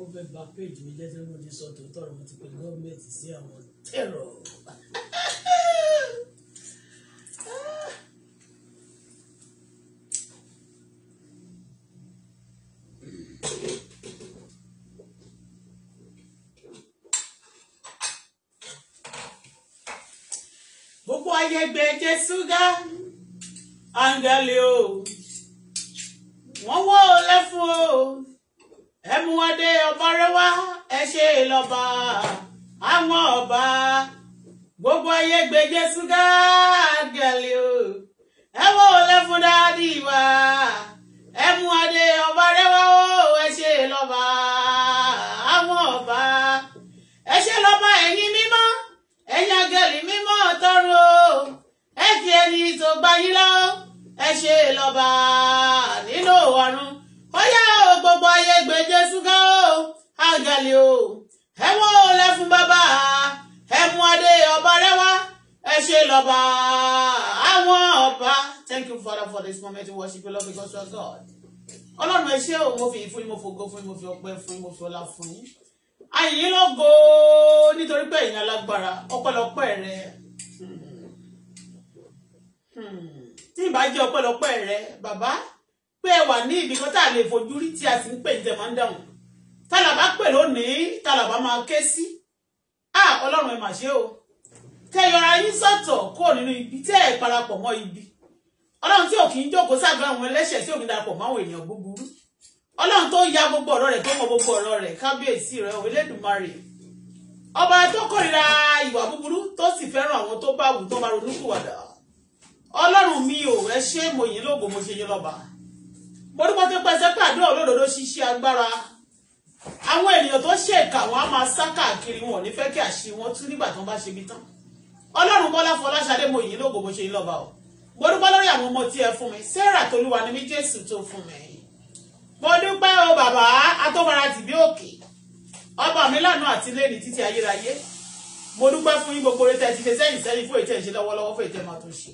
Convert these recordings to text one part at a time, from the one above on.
wọ́n fẹ́ ba péjì mi jẹ́jẹ́ ló ti sọ tòótọ́ ọ̀rọ̀ mo ti pe gọ́ọ̀mẹ̀ntì sí àwọn tẹ̀rọ̀. gbogbo ayẹgbẹ jésùgá áńgẹ́lì o wọ́n wọ́ ọ lẹ́fọ́ o ẹmúwadé ọba rẹwà ẹ ṣe lọ́ba àwọn ọba gbogbo ayé gbé Jésù gáàgàlì o ẹ wọ olè fún dáadé ìwà ẹmúwadé ọba rẹwà o ẹ ṣe lọ́ba àwọn ọba ẹ ṣe lọ́ba ẹ̀yin mímọ́ ẹ̀yin àgẹlì mímọ́ tọrọ ẹ fi ẹni tó gbayí lọ ẹ ṣe nínú ọ̀run ó gbé Jésù ká o àgàlè o ẹ mú ọlẹ fún bàbá ẹ mú adé ọba rẹwà ẹ ṣe lọ́ba àwọn ọba thank you father for this moment in worship you lord because you are God ọlọ́run ẹ ṣé o mo fi ìfún mo fògo fún mo fi ọpẹ́ fún mo fi ọlá fún yín àyìn lọ́gọ nítorí pé ẹ̀yin alágbára ọpẹ́lọpẹ́ rẹ hmm. Hmm. tí ìbá jẹ́ ọpẹ́lọpẹ́ rẹ bàbá pé ẹ wà ní ibì kan tá a lè fojú rí tí a sì ń pè ní tẹ̀mọ́ ń dáhùn tálàbà pè lónìí tálàbà máa ké sí à ọlọ́run ẹ mà ṣe o tẹ yọra yín sọ̀tọ̀ kúrò nínú ibi tẹ́ ẹ parapọ̀ mọ́ ibi ọlọ́run tí ò kì í jókòó sága àwọn ẹlẹ́ṣẹ̀ tí ò kì í darapọ̀ mọ́ àwọn ènìyàn búburú ọlọ́run tó ya gbogbo ọ̀rọ̀ rẹ̀ tó mọ gbogbo ọ̀rọ̀ rẹ̀ kábíyèsí rẹ̀ Elédùmarè ọba tó kórìíra ìwà búburú tó sì fẹ́ràn àwọn tó bá wù tó bá ronúkúwàdà ọlọ́run mi ò ẹ ṣé mo yìn lógo mo ṣe yín lọ́ba orúkọ tó pẹ́ sẹ́pẹ́ àdúrà olódodo ṣiṣẹ́ agbára àwọn ènìyàn tó ṣèkà wọn á máa sá káàkiri wọn ní fẹ́ kí àṣírí wọn tú nígbà tó ń bá ṣe bí tán ọlọ́run bọ́lá fọláṣadé mo yìí lógo bó ṣe ń lọ́ba o mo dúpẹ́ lórí àwọn ọmọ tí ẹ fún mi sarah tolúwa ni mí jésù tó fún mi mo dúpẹ́ o bàbá atọ́mọra tìbí òkè ọba mi lánàá àti lẹ́ni títí ayérayé mo dúpẹ́ fún yín gbogbo rẹ̀ tẹ́ ti ṣe sẹ́yìn sẹ́yìn fún ètò ìṣe lọ́wọ́lọ́wọ́ fún ètò ìmọ̀ tó ṣe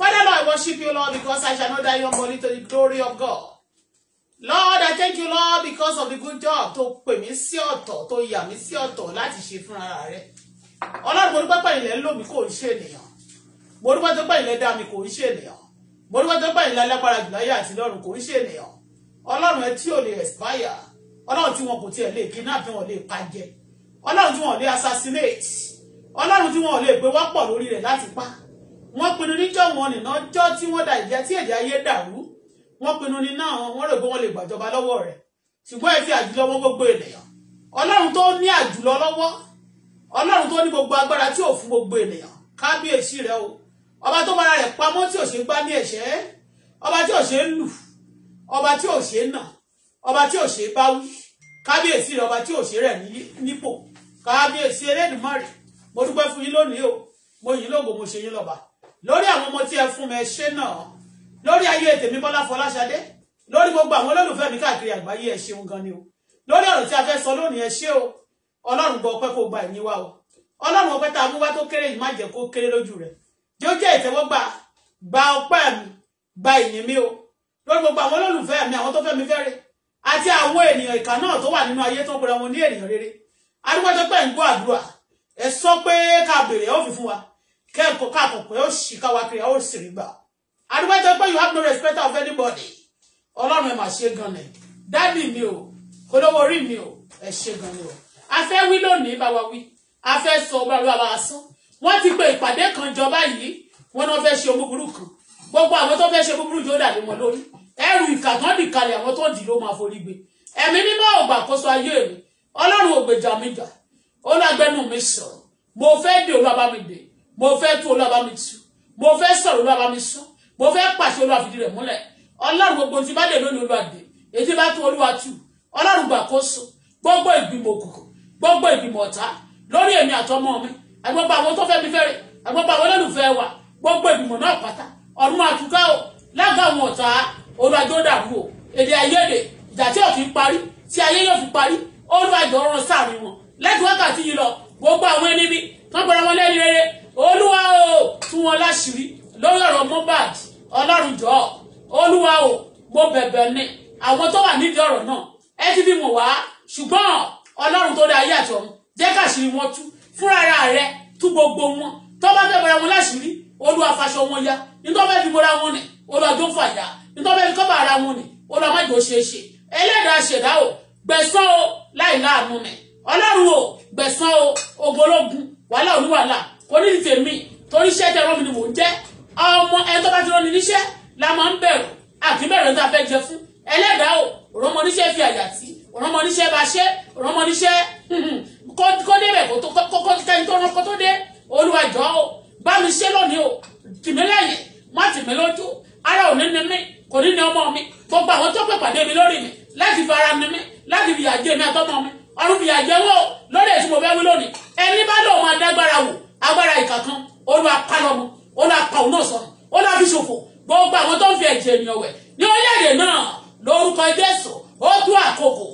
Father, Lord, I worship you, Lord, because I shall not die young only to the glory of God. Lord, I thank you, Lord, because of the good job tó pè mí sí ọ̀tọ̀ tó yà mí sí ọ̀tọ̀ láti ṣe fún ara rẹ̀. Ọlọ́run mo dúpẹ́ pé ilẹ̀ lò mí kò ń ṣe Mo dúpẹ́ tó pé ilẹ̀ dá mi ko ń ṣe Mo dúpẹ́ tó pé ilẹ̀ alágbára jù láyé àti lọ́run kò ń ṣe ènìyàn. Ọlọ́run ẹ tí ò lè expire. Ọlọ́run tí wọn kò tiẹ̀ lè kidnap wọn lè pa jẹ. Ọlọ́run tí wọn ò lè assassinate. Ọlọ́run tí wọn ò lè gbé wọ́pọ̀ lórí rẹ̀ láti pa wọ́n pinnu níjọ́ wọn nìna jọ́ tí wọ́n da ìjẹ́ tí ẹ̀jẹ̀ ayé dàrú wọ́n pinnu ní náà wọ́n rò pé wọ́n lè gbàjọba lọ́wọ́ rẹ̀ ṣùgbọ́n ẹ fi àjùlọ wọn gbogbo ènìyàn ọlọ́run tó ní àjùlọ lọ́wọ́ ọlọ́run tó ní gbogbo agbára tí ò fún gbogbo ènìyàn kábíyèsí rẹ o ọba tó bára rẹ̀ pamọ́ tí ò ṣe gbá ní ẹ̀ṣẹ́ ọba tí ò ṣe ń lù ọba tí ò ṣe nà ọba tí ò ṣe báwí kábíyèsí rẹ ọba tí ò ṣe rẹ̀ nípò kábíyèsí Elédùmarè mo dúpẹ́ fún yín lónìí o mo yìn lógo mo ṣe yín lọ́ba lórí àwọn ọmọ tí ẹ fún mi ẹ ṣe náà lórí ayé tèmi Bọ́lá Fọláṣadé lórí gbogbo àwọn olólùfẹ́ mi káàkiri àgbáyé ẹ ṣeun gan ni o lórí ọ̀rọ̀ tí a fẹ́ sọ lónìí ẹ ṣé o Ọlọ́run gbọ́ ọpẹ́ kó gba ẹ̀yìn wa o Ọlọ́run ọpẹ́ tá a mú wá tó kéré yìí má jẹ́ kó kéré lójú rẹ̀ jẹ́ ó jẹ́ ìtẹ́wọ́gbà gba ọpẹ́ mi gba ìyìn mi o lórí gbogbo àwọn olólùfẹ́ mi àwọn tó fẹ́ mi fẹ́rẹ̀ àti àwọn ènìyàn ìkà náà tó wà nínú ayé tó ń wọn ní ènìyàn rere adúgbò tó pẹ̀ ń gbọ́ àdúrà ẹ sọ pé ká béèrè ó fi fún wa kẹ́ẹ̀kọ́ káàkọ́ pé ó sì káwa kiri ó sì rí gbà àdúgbò pé you have no respect of anybody ọlọ́run ẹ̀ mà ṣe gan ni dábì mi o olówó orí mi o ẹ̀ ṣe gan ni o a fẹ́ wí lónìí bá wa wí a fẹ́ sọ ọgbàlúwà bá wa sán wọ́n ti pe ìpàdé kan jọba yìí wọ́n náà fẹ́ ṣe omúburú kan gbogbo àwọn tó fẹ́ ṣe búburú yóò dàbí wọn lórí ẹrù ìkà tán àwọn tó dì ló máa forí gbé ẹ̀mí mímọ́ ògbà àkóso ayé mi ọlọ́run ògbèjà mi jà ó lágbẹ́nu mi sọ̀rọ̀ mo fẹ́ dè ó lọ́ba mi mo fẹ́ tú olúwa bá mi tú mo fẹ́ sọ̀rọ̀ olúwa bá mi sọ mo fẹ́ pàṣẹ olúwa fìdí rẹ̀ múlẹ̀ ọlọ́run gbogbo tí bá lè lónìí olúwa dé ètí bá tú olúwa tú ọlọ́run gbàkóso gbogbo ìgbìmọ̀ òkùnkùn gbogbo ìgbìmọ̀ ọ̀tá lórí èmi àtọmọ mi àgbọ̀gbọ̀ àwọn tó fẹ́ mi fẹ́rẹ̀ àgbọ̀gbọ̀ àwọn olólùfẹ́ wa gbogbo ìgbìmọ̀ náà pátá ọ̀run àtúkà o lága àwọn ọ̀tá olúwa jọ̀ọ́ dàrú o èdè àìyedè ìjà tí ò fi parí tí ayé yóò fi parí olúwa jọ̀ọ́ rán sáàrin wọn lẹ́tùwákàtí yìí lọ gbogbo àwọn ẹni mi tán gbọ́dọ̀ wọn lẹ́ni rere olúwa o tú wọn láṣìírí lórí ọ̀rọ̀ Mohbad ọlọ́run jọ̀ọ́ olúwa o mo bẹ̀bẹ̀ ni àwọn tó wà nídìí ọ̀rọ̀ náà ẹ ti fi mọ̀ wá ṣùgbọ́n ọlọ́run tó dá ayé àti ọ̀run jẹ́ káṣírí wọn tú fúnra rẹ tú gbogbo wọn tó bá fẹ́ bọ̀ra wọn láṣìírí olúwa faṣọ wọn ya nítorí bẹ́ẹ̀ fi bọ̀ra wọn ni olúwa tó ya, nítorí bẹ́ẹ̀ fi kọ́ bá ara wọn ni olúwa má jò ṣe é ṣe ẹlẹ́dàá ṣẹ̀dá o gbẹ̀sán o láì láàánú mi ọlọ́run o gbẹ̀sán o ògbólógún wàhálà oníwàhálà kò ní ti tèmi torí iṣẹ́ tẹ rọ́ọ̀mù ni mò ń jẹ́ ọmọ ẹni tó bá ti rọ́ọ̀ni níṣẹ́ la máa ń bẹ̀rù àkíbẹ̀rẹ̀ tá a fẹ́ jẹ fún ẹlẹ́dàá o òrọ́mọ oníṣẹ́ fi àyà tí òrọ́mọ oníṣẹ́ bá ṣe òrọ́mọ oníṣẹ́ kó débẹ̀ kó kẹ́ni tó rán kó tó dé olúwa jọ o bá mi ṣe lónìí o tìmí lẹ́yìn má tìmí lójú ara ò ní ní mí kò ní ní ọmọ mi gbogbo àwọn tó pè pàdé mi lórí mi láti fi ara mi mí láti fi ìyàjẹ mi àtọmọ mi ọrùn fi ìyàjẹ wọ lórí ètò mo fẹ́ wí lónìí ẹni bá lòun adágbára wò agbára ìkà kan olúwa pa lọ́mọ olúwa pa òun náà sọnù olúwa fi ṣòfò gbogbo àwọn tó ń fi ẹ̀jẹ̀ ènìyàn wẹ̀ ní orílẹ̀-èdè náà lórúkọ jésù ó tó àkókò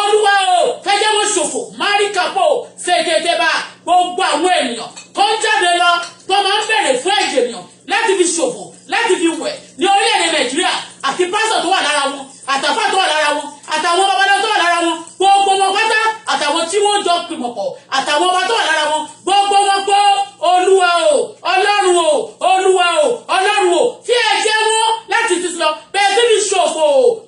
olúwa o fẹ́jẹ́ wọn ṣòfò máríkàpọ̀ ṣèkèkèbà gbogbo àwọn ènìyàn tó ń jáde lọ tó máa ń bẹ̀rẹ̀ fún ẹ̀jẹ̀ ènìyàn láti fi ṣòfò láti fi wẹ̀ ní orílẹ̀-èdè nàìjíríà àti pásọ̀ tó wà lára wọn àtàfà tó wà lára wọn àtàwọn babaláwo tó wà lára wọn gbogbo wọn pátá àtàwọn tí wọ́n jọ pìmọ̀pọ̀ àtàwọn ọba tó wà lára wọn gbogbo wọn gbọ́ olúwa o ọlọ́run o olúwa o ọlọ́run o fi ẹ̀jẹ̀ wọn láti títí lọ bẹ́ẹ̀ tí mi ṣòfò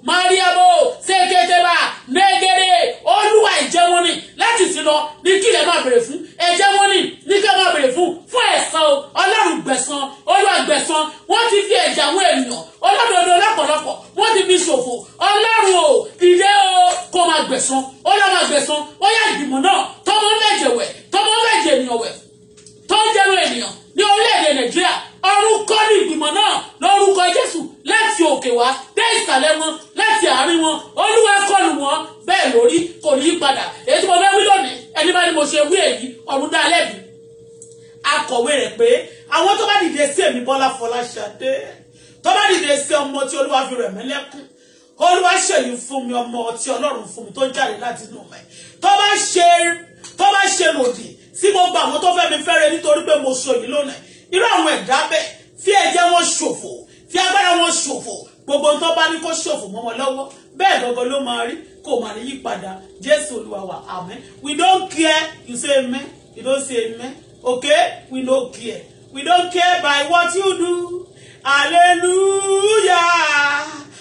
mariamo ṣèkẹtẹba mẹgẹrẹ olúwa ẹ̀jẹ̀ wọn ni láti sí lọ ní kílẹ̀ máa bèrè fún ẹ̀jẹ̀ wọn ni ní kílẹ̀ máa bèrè fún fún ẹ̀san o ọlọ́run gbẹ̀san olúwa gbẹ̀san wọ́n ti fi ẹ̀jẹ̀ àwọn ènìyàn olódodo lọ́pọ̀lọpọ̀ wọ́n ti fi ṣòfò ọlọ́run o dìde o kó máa gbẹ̀san ó lọ́ máa gbẹ̀san ó yá ìgbìmọ̀ náà tọ́mọ ń lẹ̀jẹ̀ wẹ̀ tọ́mọ ń lẹ̀jẹ̀ ènìyàn wẹ̀ tó ń jẹ́rọ ènìyàn ní orílẹ̀-èdè nàìjíríà orúkọ ní ìgbìmọ̀ náà lórúkọ jésù láti òkè wá dé ìsàlẹ̀ wọn láti àárín wọn olúwa kọlù wọn bẹ́ẹ̀ lórí kò ní í padà èyí tí mo fẹ́ wí lónìí ẹni bá ní mo ṣe wí èyí ọ̀run dá lẹ́bi akọ̀wé rẹ̀ pé àwọn tó bá dìde sí èmi bọ́lá fọláṣadé tó bá dìde sí ọmọ tí olúwa fi rẹ̀ mí olúwa ṣèyí fún mi ọmọ tí ọlọ́run fún mi tó jáde láti inú mi tó bá ṣe lòdì tí mo gba àwọn tó fẹ́ mi fẹ́rẹ̀ nítorí pé mo sọ yìí lónìí irú àwọn ẹ̀dá bẹ́ẹ̀ tí ẹ̀jẹ̀ wọn ṣòfò tí agbára wọn ṣòfò gbogbo tó bá ní kó ṣòfò mọ́ wọn lọ́wọ́ bẹ́ẹ̀ gbogbo ló máa rí kò máa yí padà jésù olúwa wa amen we don't care you say amen you don't say amen okay we no care we don't care by what you do Hallelujah.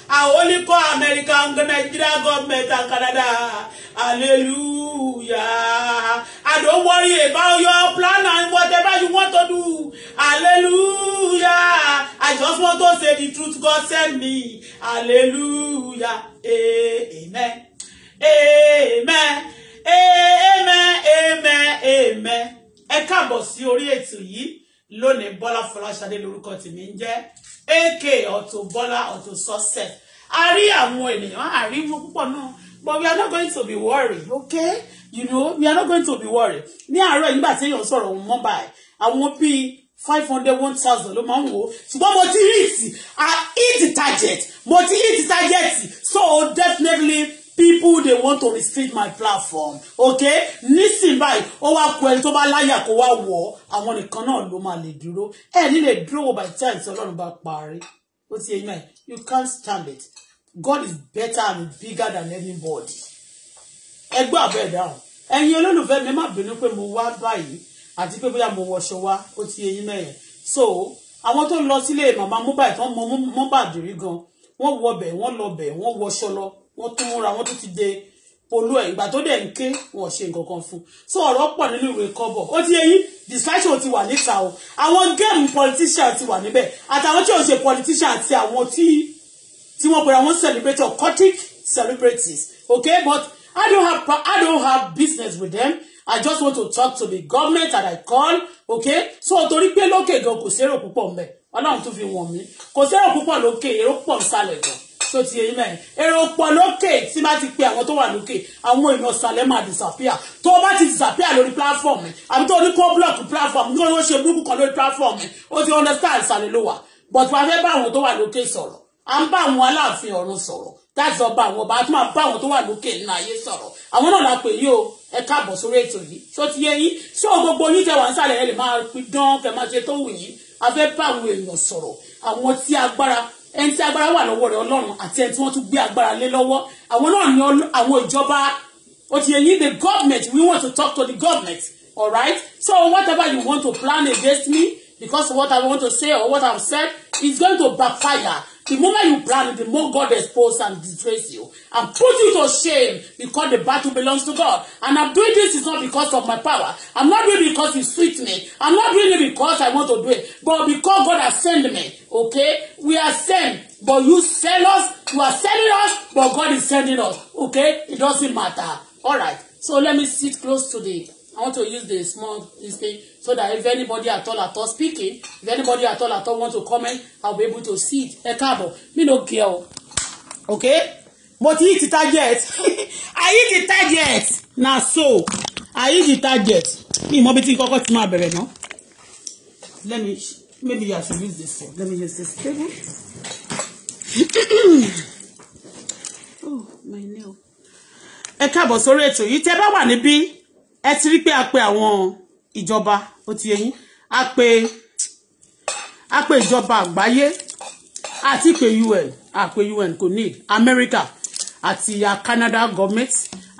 Our only call American, Nigeria government and Canada. Hallelujah. I don't worry about your plan and whatever you want to do. Hallelujah. I just want to say the truth God sent me. Hallelujah. Amen. Amen. Amen. Amen. Amen. Ẹ káàbọ̀ sí orí ètò yìí. lónìí bọ́lá fọláṣadé lórúkọ tèmi ń jẹ́ ak Auto Bola Auto Success a rí àwọn ènìyàn a rí wọn púpọ̀ náà but we are not going to be worried okay you know we are not going to be worried ní àárọ̀ nígbà tí èèyàn sọ̀rọ̀ òun mọ́ báyìí àwọn bíi five hundred one thousand ló máa ń wò ó ṣùgbọ́n mo ti hit i hit target mo ti hit target so definitely people they want to restrict my platform okay nísìn báyìí ó wá ku ẹni tó bá láyà kó wá wọ̀ àwọn nìkan náà ló máa lè dúró ẹ ní lè dúró by time tí Ọlọ́run bá parí ó ti yẹn you can't stand it God is better and bigger than anybody ẹgbẹ́ àbẹ́ ìdáhùn ẹ̀yin olólùfẹ́ mi má bínú pé mo wá báyìí àti pé bóyá mo wọṣọ wá ó ti yẹn mẹ́yẹn so àwọn tó lọ sílé màmá Mohbad tán mọ Mohbad rí gan wọ́n wọbẹ̀ wọ́n lọbẹ̀ wọ́n wọṣọ lọ wọ́n tún múra wọ́n tún ti de polú ẹ̀ ìgbà tó dẹ̀ ń ké wọ́n ṣe nǹkan kan fún so ọ̀rọ̀ pọ̀ nínú ìwé kọ́bọ̀ ó ti eyín distraction ti wà níta o àwọn géèmù politician ti wà níbẹ̀ àtàwọn tí ò ṣe politician àti àwọn tí tí wọ́n pèrè àwọn celebrator cultic celebrities okay but I don't have I don't have business with them I just want to talk to the government that I call okay so torí pé lókè gan kò sérò púpọ̀ mbẹ̀ ọlọ́run tún fi wọ̀n mí kò sérò púpọ̀ lókè èrò pọ̀ nsàlẹ̀ gan ṣó ti yẹ yín mẹ́rin èrò pọ̀ lókè tí bá ti pe àwọn tó wà lókè àwọn èèyàn sàlẹ̀ máa disappear tó o bá ti disappear lórí platform àbí tó o ní kó block platform tó o ní ṣe búrúkú kan lórí platform mi o ti understand sàlẹ̀ ló wà but wàá fẹ́ bá àwọn tó wà lókè sọ̀rọ̀ à ń bá àwọn aláàfin ọ̀run sọ̀rọ̀ that's ọba àwọn ọba àtúmọ̀ bá àwọn tó wà lókè nínú ayé sọ̀rọ̀ àwọn náà la pè yí o ẹ káàbọ̀ sórí ètò yìí tó ti yẹ o gbogbo yín tẹ wà ẹ lè máa pidán kẹ máa ṣe tó wù yín a fẹ́ bá àwọn èèyàn sọ̀rọ̀ àwọn tí agbára ẹni tí agbára wà lọ́wọ́ rẹ̀ ọlọ́run àti ẹni tí wọ́n tún gbé agbára lé lọ́wọ́ àwọn náà ni àwọn ìjọba ó ti yẹn the government we want to talk to the government All right. so whatever you want to plan against me because of what I want to say or what I have said is going to backfire The moment you brand, the more God exposes and disgrace you and put you to shame because the battle belongs to God. And I'm doing this is not because of my power. I'm not doing it because it suits me. I'm not doing it because I want to do it, but because God has sent me. Okay? We are sent, but you send us, you are sending us, but God is sending us. Okay? It doesn't matter. All right. So let me sit close to the, I want to use the small, this thing so that if anybody at all at all speaking if anybody at all at all want to comment I'll be able to see it ẹ káàbọ̀ me no girl okay But ti the target I hit the target na so I hit the target Me, mọ bí tí kọ́kọ́ ti máa bẹ̀rẹ̀ náà let me maybe I should use this one let me use this table oh my nail ẹ káàbọ̀ sórí ètò yìí tẹ́ bá wà níbí ẹ ti rí pé a pe àwọn ìjọba ó ti yé yín a pè a pè ìjọba àgbáyé àti pé UN a pè UN kò ní America àti Canada government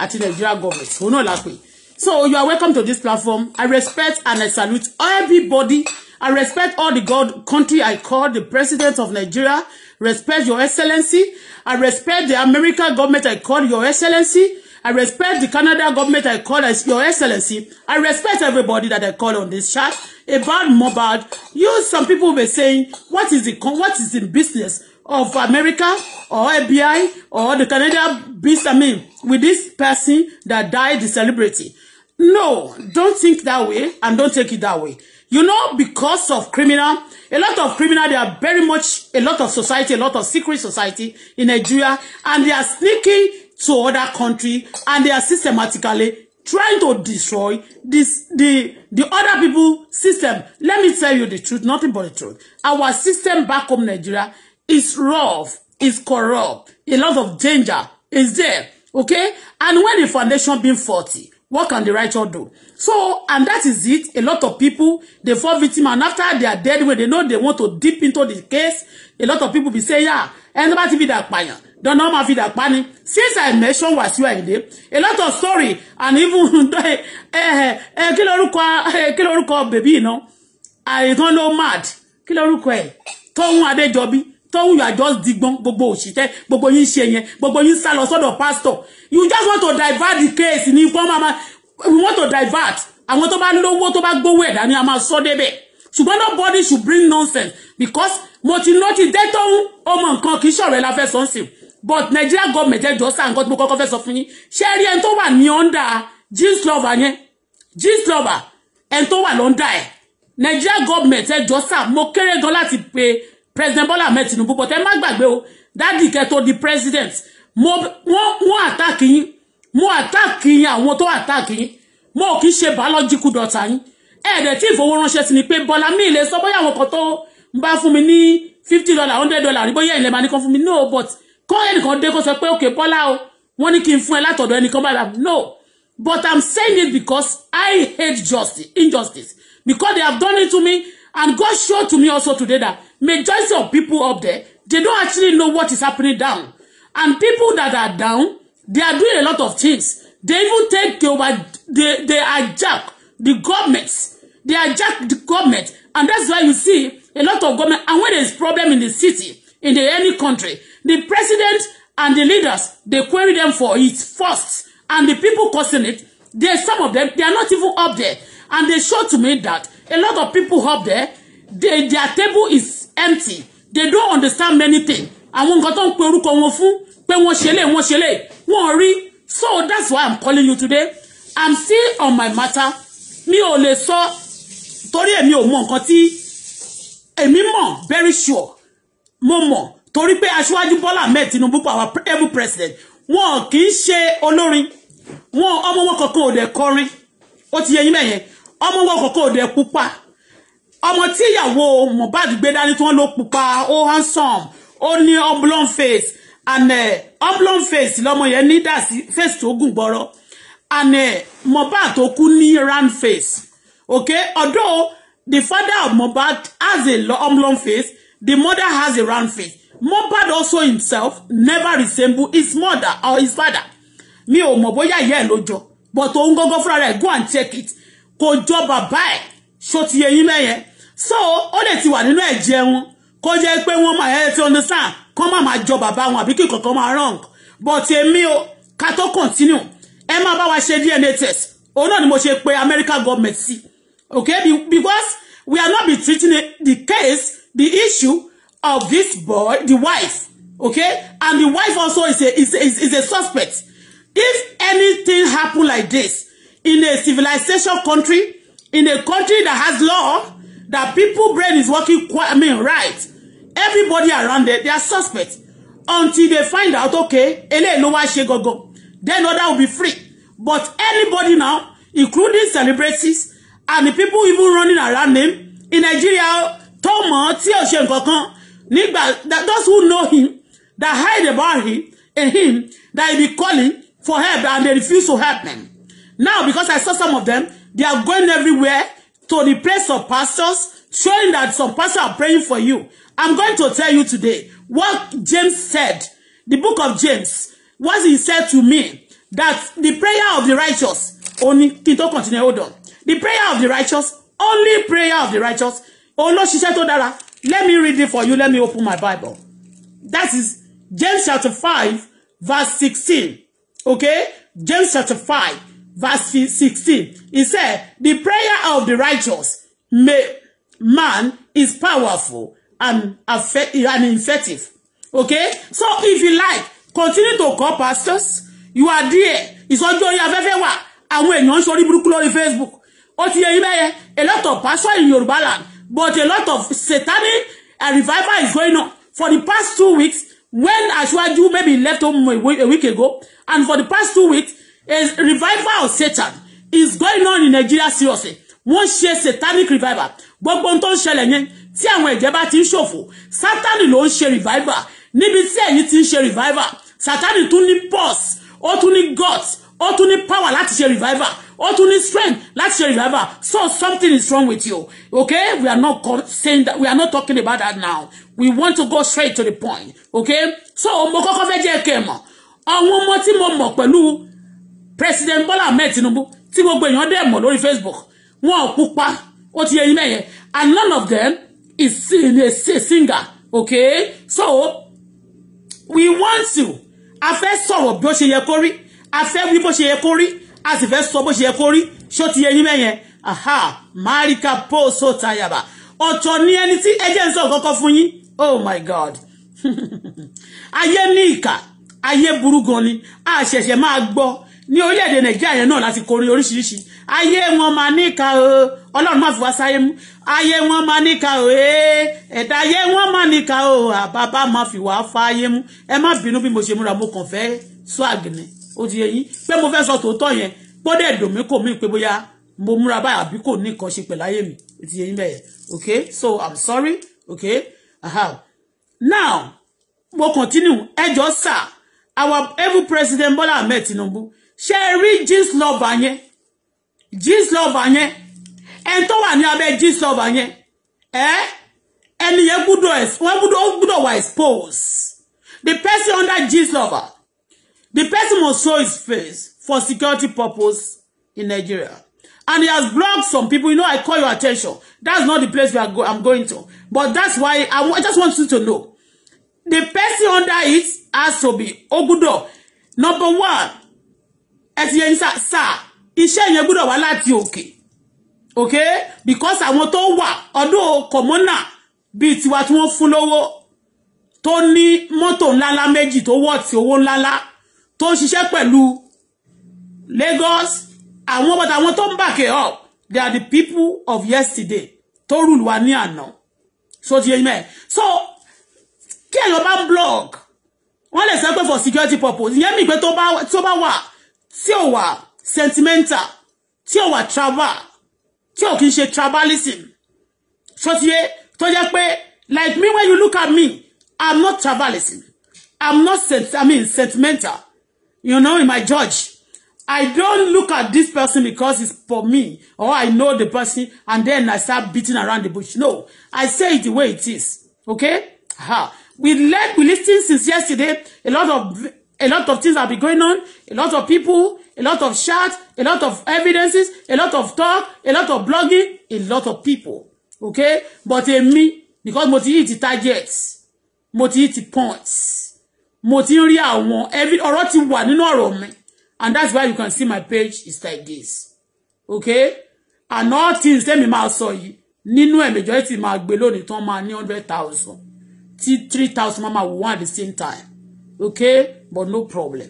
àti Nigeria government òun náà la pè so you are welcome to this platform I respect and I salute everybody. I respect all the God country I call the president of Nigeria. Respect your excellency. I respect the American government I call your excellency. I respect the Canada government I call as Your Excellency. I respect everybody that I call on this chat. About Mohbad, you some people were saying, what is the what is the business of America or FBI or the Canada business? I mean, with this person that died, the celebrity. No, don't think that way and don't take it that way. You know, because of criminal, a lot of criminal, they are very much, a lot of society, a lot of secret society in Nigeria, and they are sneaking to other country and they are systematically trying to destroy this the the other people system let me tell you the truth nothing but the truth our system back home Nigeria is rough is corrupt a lot of danger is there okay and when the foundation being faulty what can the righteous do so and that is it a lot of people they fall victim and after they are dead when they know they want to dip into the case a lot of people be say yeah ẹni bá ti fi dà dọ̀nà máa fi dàpá ni since I mention Wasiu Ayinde a lot of story and even eh, eh, eh, kí lorúkọ kí lorúkọ bèbí iná àìtán ló mad kí lorúkọ ẹ tóun adéjọbí tóun yóò àjọ digbọn gbogbo òṣìṣẹ́ gbogbo yín ṣe yẹn gbogbo yín sá lọ sọ́dọ̀ pastor you just want to divert the case ní ikú ọmọ we want to divert àwọn tó bá lówó tó bá gbówó ẹ̀dá ni a máa sọ débẹ̀ ṣùgbọ́n nobody should bring nonsense because mo ti notice dé tóun ọmọ nǹkan kì í ṣọ̀rọ̀ ẹ la fẹ́ sọ́nsìn but Nigeria government ẹjọ́ sáà nǹkan tí mo kọ́kọ́ fẹ́ sọ fún yín ṣé rí ẹni tó wà ní ọ́ndà jeans lover yẹn jeans lover ẹni tó wà lọ́ndà ẹ̀ Nigeria government ẹjọ́ sáà mo kéré gan láti pe president Bola Ahmed Tinubu but ẹ má gbàgbé o dáàdì kẹtó di president mo wọ́n àtàkì yín mo àtàkì yín àwọn tó àtàkì yín mo kì í ṣe biological daughter yín ẹ̀ẹ́dẹ̀ tí ìfowó ránṣẹ́ sí ni pé Bọ́lá mi lè sọ bóyá àwọn kan tó ń bá fún mi ní fifty dollar hundred dollar ní bóyá ìlẹ̀ máa ní kan fún mi no but kọ́ ẹnìkan dé kó sọ pé okay Bọ́lá o wọ́n ní kí n fún ẹ látọ̀dọ̀ ẹnìkan báyìí no but I'm saying it because I hate justice injustice because they have done it to me and God showed to me also today that majority of people up there they don't actually know what is happening down and people that are down they are doing a lot of things they even take over they they hijack the government they hijack the government and that's why you see a lot of government and when there is problem in the city in the any country The president and the leaders, they query them for it first. And the people causing it, they, some of them, they are not even up there. And they show to me that a lot of people up there, they, their table is empty. They don't understand many things. Àwọn nǹkan tó ń pe orúkọ wọn fún pé wọ́n ṣe lé wọ́n ṣe lé wọ́n rí. So that's why I'm calling you today. I'm still on my matter. Mi ò lè sọ torí èmi ò mọ nǹkan tí èmi mọ̀ very sure mo mọ̀ torí pé aṣíwájú Bọ́lá Ahmed Tinubu our able president wọn kì í ṣe olórin wọn ọmọ wọn kankan ò dẹ̀ kọrin ó ti yẹ yín mẹ́yẹn ọmọ wọn kankan ò dẹ̀ pupa ọmọ tí ìyàwó Mohbad gbé dání tí wọ́n ló pupa ó handsome ó ní oblong face and uh, oblong face lọmọ yẹn ní dàsí face tó gùn gbọ́rọ́ and uh, Mohbad tó kú ní round face okay although the father of Mohbad has a oblong face the mother has a round face Mohbad also himself never resemble his mother or his father mi ò mọ̀ bóyá ìyá ẹ̀ ló jọ but òun gangan fúnra rẹ̀ go and check it kò jọ bàbá ẹ̀ ṣó ti yẹ yín so ó lè ti wà nínú ẹ̀jẹ̀ wọn kó jẹ́ pé wọ́n máa ẹ̀ ti understand kó má máa jọ bàbá wọn àbí kí kankan máa wrong but èmi o ká tó continue ẹ máa bá wa ṣe DNA test òun náà ni mo ṣe pé American government sí okay because we are not be treating the case the issue of this boy, the wife, okay? And the wife also is a, is, is, is a suspect. If anything happen like this in a civilization country, in a country that has law, that people brain is working, I mean, right, everybody around there, they are suspects. Until they find out, okay, eléyìí ló wá ṣe gogo, then other will be free. But anybody now, including celebrities and the people even running around them in Nigeria, tó mọ̀ tí ò ṣe nǹkan nígbà that those who know him that hide about him and him that he be calling for help and they refuse to help them now because I saw some of them they are going everywhere to the place of pastors showing that some pastors are praying for you I'm going to tell you today what James said the book of James what he said to me that the prayer of the righteous only kí n continue hold on the prayer of the righteous only prayer of the righteous òun ló ṣiṣẹ́ Let me read it for you. Let me open my Bible. That is James chapter 5, verse 16. Okay? James chapter 5, verse 16. It said, The prayer of the righteous may, man is powerful and, and effective. Okay? So if you like, continue to call pastors. You are there. It's on your wà. Àwọn èèyàn ń ṣorí Facebook. A lot of pastors in Yorùbá land But a lot of satanic and uh, revival is going on. For the past two weeks, when Ashwaju maybe left home a week, ago, and for the past two weeks, a revival of Satan is going on in Nigeria seriously. Wọ́n ṣe satanic revival. Gbogbo ohun tó ń ṣẹlẹ̀ yẹn tí àwọn ẹ̀jẹ̀ bá ti ń ṣòfò. Sátánì ló ń ṣe revival. Níbi tí ẹ̀yin ti ń ṣe revival. Sátánì tún ní pulse. Ó tún ní guts ó tún ní power láti ṣe revival ó tún ní strength láti ṣe revival so something is wrong with you okay we are not saying that we are not talking about that now we want to go straight to the point okay so ọmọ kọ́kọ́ fẹ́ jẹ́ kẹ́ mọ̀ àwọn ọmọ tí mo mọ̀ pẹ̀lú president Bola Ahmed Tinubu tí gbogbo èèyàn dẹ̀ mọ̀ lórí Facebook wọn ò pupa ó ti yẹ yín mẹ́yẹn and none of them is a singer okay so we want you a fẹ́ sọ̀rọ̀ bí ó ṣe yẹ kó rí a fẹ́ wí bó ṣe yẹ kó rí a sì fẹ́ sọ bó ṣe yẹ kó rí ṣó ti yẹ yín mẹ́yẹn aha marika poso tayaba ọ̀tọ̀ ni ẹni tí ẹ jẹ́ ń sọ kọ́kọ́ fún yín oh my god ayé ní ìkà ayé burú gan ni a ṣẹ̀ṣẹ̀ máa gbọ́ ní orílẹ̀-èdè nàìjíríà yẹn náà láti korí oríṣiríṣi ayé wọn máa níka o ọlọ́run máa fi wá sáyé mú ayé wọn máa níka o eh. ẹ̀dá ayé wọn máa níka o àbábá máa fi wá fáyé mú ẹ má bínú bí mo ṣe múra mo kàn fẹ́ swag ni ó ti yẹ yín pé mo fẹ́ sọ tòótọ́ yẹn gbọ́dẹ̀ dùn kò mí pé bóyá mo múra báyìí àbí kò ní nǹkan ṣe pẹ̀lú ayé mi ó ti yẹ yín bẹ́ẹ̀ okay so i'm sorry okay now mo continue ẹjọ́ sà our every president Bola Ahmed Tinubu ṣe rí jeans lover yẹn jeans lover yẹn ẹni tó wà ní abẹ́ jeans lover yẹn ẹ́ ẹni yẹn gbúdọ̀ wọ́n gbúdọ̀ wà expose the person under jeans lover The person must show his face for security purpose in Nigeria. And he has blocked some people. You know, I call your attention. That's not the place where go I'm going to. But that's why I, I just want you to know. The person under it has to be Ogudo. Number one, ẹ̀sìn sá iṣẹ́ yẹn gbọ́dọ̀ wá láti Okay? Because àwọn tó wà ọdún kọ̀mọ́nà bíi tiwa tí wọ́n fún lówó tó ní mọ́tò ńláńlá méjì tó wọ̀ tí owó ńláńlá tó ń ṣiṣẹ́ pẹ̀lú Lagos àwọn bàtà àwọn tó ń back it up they are the people of yesterday tó rule wa ní àná so ti yẹn mẹ́ so kí èèyàn bá ń blog wọ́n lè sọ for security purpose ìyẹn mi pé tó bá wà tí ò wà sentimental tí ò wà travel tí ò kì í ṣe tribalism so ti yẹ tó jẹ́ pé like me when you look at me I'm not tribalism I'm not sent I mean sentimental you know, in my church. I don't look at this person because it's for me or I know the person and then I start beating around the bush. No, I say it the way it is. Okay? Ha. We let we listen since yesterday. A lot of a lot of things have been going on. A lot of people, a lot of shots, a lot of evidences, a lot of talk, a lot of blogging, a lot of people. Okay? But in me, because mo ti hit the targets, mo ti hit the points mo ti rí àwọn every ọ̀rọ̀ ti wà nínú ọ̀rọ̀ mi and that's why you can see my page is like this okay and all things tẹ́mi máa sọ yìí nínú ẹ̀ majority máa gbé lónìí tán máa ní hundred thousand tí three thousand máa máa wọ́n at the same time okay but no problem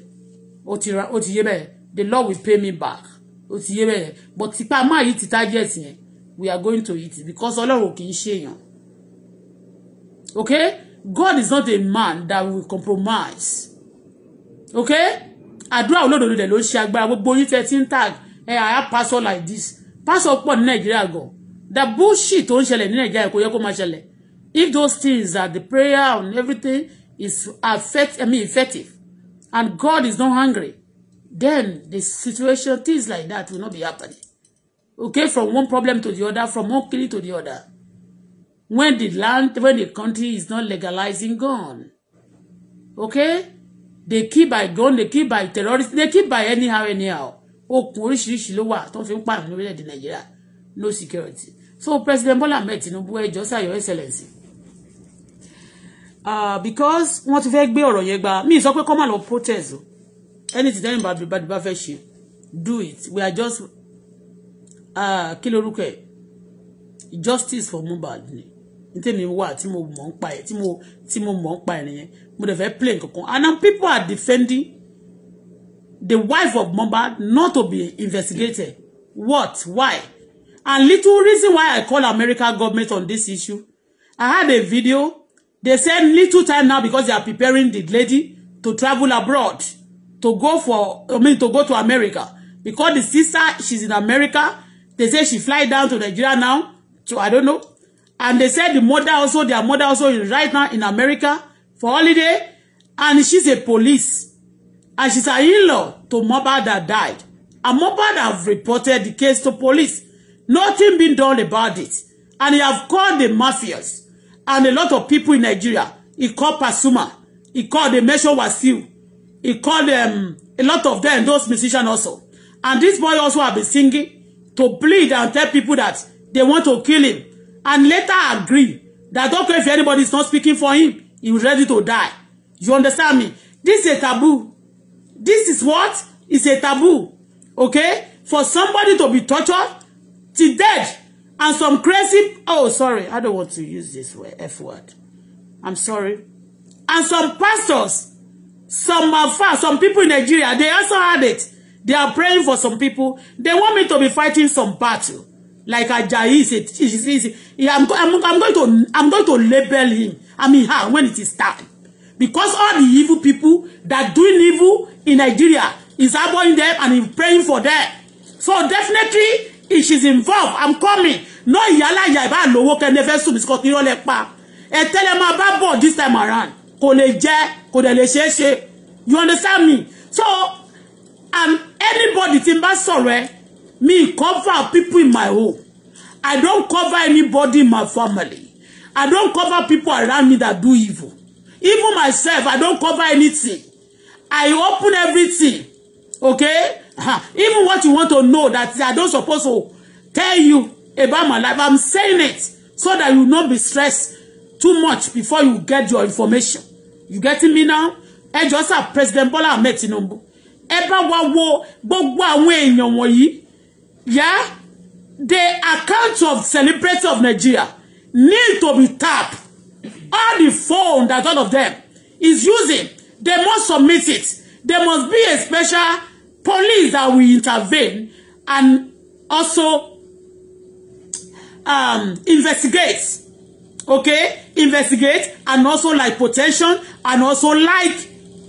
ó ti ra ó ti yé bẹ́ẹ̀ the Lord will pay me back ó ti yé bẹ́ẹ̀ but tipa máa yí ti target yẹn we are going to eat because ọlọ́run kì í ṣèyàn okay God is not a man that will compromise okay àdúrà olódodo dẹ̀ ló ṣe agbára gbogbo yín tẹ́ ti ń tag ẹ àyà pásọ like this pásọ pọ̀ ní nàìjíríà gan the bullshit tó ń ṣẹlẹ̀ ní nàìjíríà kò yẹ kó máa ṣẹlẹ̀ if those things are the prayer and everything is affect I mean effective and God is not hungry then the situation things like that will not be happening okay from one problem to the other from one killing to the other when the land when the country is not legalizing gun okay they kill by gun they kill by terrorist they kill by anyhow anyhow okùn oríṣiríṣi ló wà tó fi ń pààyàn ní orílẹ̀-èdè nàìjíríà no security so president bola ahmed tinubu ẹjọ́ sàyọ excellency uh, because wọ́n ti fẹ́ gbé ọ̀rọ̀ yẹn gba mi sọ pé kọ́ máa lọ protest o anything tẹ́yìn bàbí bá fẹ́ ṣe do it we are just ah, kí lorúkọ ẹ̀ justice for mobile. ni ntẹ́mi wà tí mo mọ̀ ń pa ẹ̀ tí mo tí mo mọ̀ ń pa ẹ̀ nìyẹn mo dẹ̀ fẹ́ play nkankan and now people are defending the wife of Mohbad not to be investigated what why and little reason why I call America government on this issue I had a video they said little time now because they are preparing the lady to travel abroad to go for I mean to go to America because the sister she's in America they say she fly down to Nigeria now so I don't know and they said the mother also their mother also is right now in America for holiday and she's a police and she's an in-law to Mohbad that died and Mohbad have reported the case to police nothing been done about it and he have called the mafias and a lot of people in Nigeria he called Pasuma he called the Mesho Wasiu he called um, a lot of them those musicians also and this boy also have been singing to plead and tell people that they want to kill him and later agree that don't care if anybody is not speaking for him he was ready to die you understand me this is a taboo this is what is a taboo okay for somebody to be tortured to death and some crazy oh sorry I don't want to use this word f word I'm sorry and some pastors some alpha some people in Nigeria they also had it they are praying for some people they want me to be fighting some battle like Ajayi is a she's, she's, I'm, I'm, I'm going to I'm going to label him I mean her when it is time because all the evil people that doing evil in Nigeria is aboying them and praying for them so definitely if she's involved I'm coming no yala ìyá ìbá lówó kẹ́ni ẹ fẹ́ sùn mí sí kọ́kí rọ́lẹ́ pa ẹ tẹ́lẹ̀ máa bá bọ̀ this time around kò lè jẹ́ kò dẹ̀ lè ṣeé ṣe you understand me so um, anybody tí n bá sọ̀rọ̀ Me cover people in my home. I don't cover anybody in my family. I don't cover people around me that do evil. Even myself, I don't cover anything. I open everything. Okay? Uh-huh. Even what you want to know that I don't supposed to tell you about my life. I'm saying it so that you not be stressed too much before you get your information. You getting me now? Ẹ jọ President Bola Ahmed Tinubu. Ẹ bá wa wo gbogbo àwọn èèyàn yeah, the account of celebrities of Nigeria need to be tapped. All the phone that all of them is using, they must submit it. There must be a special police that will intervene and also um, investigate. Okay? Investigate and also like protection and also like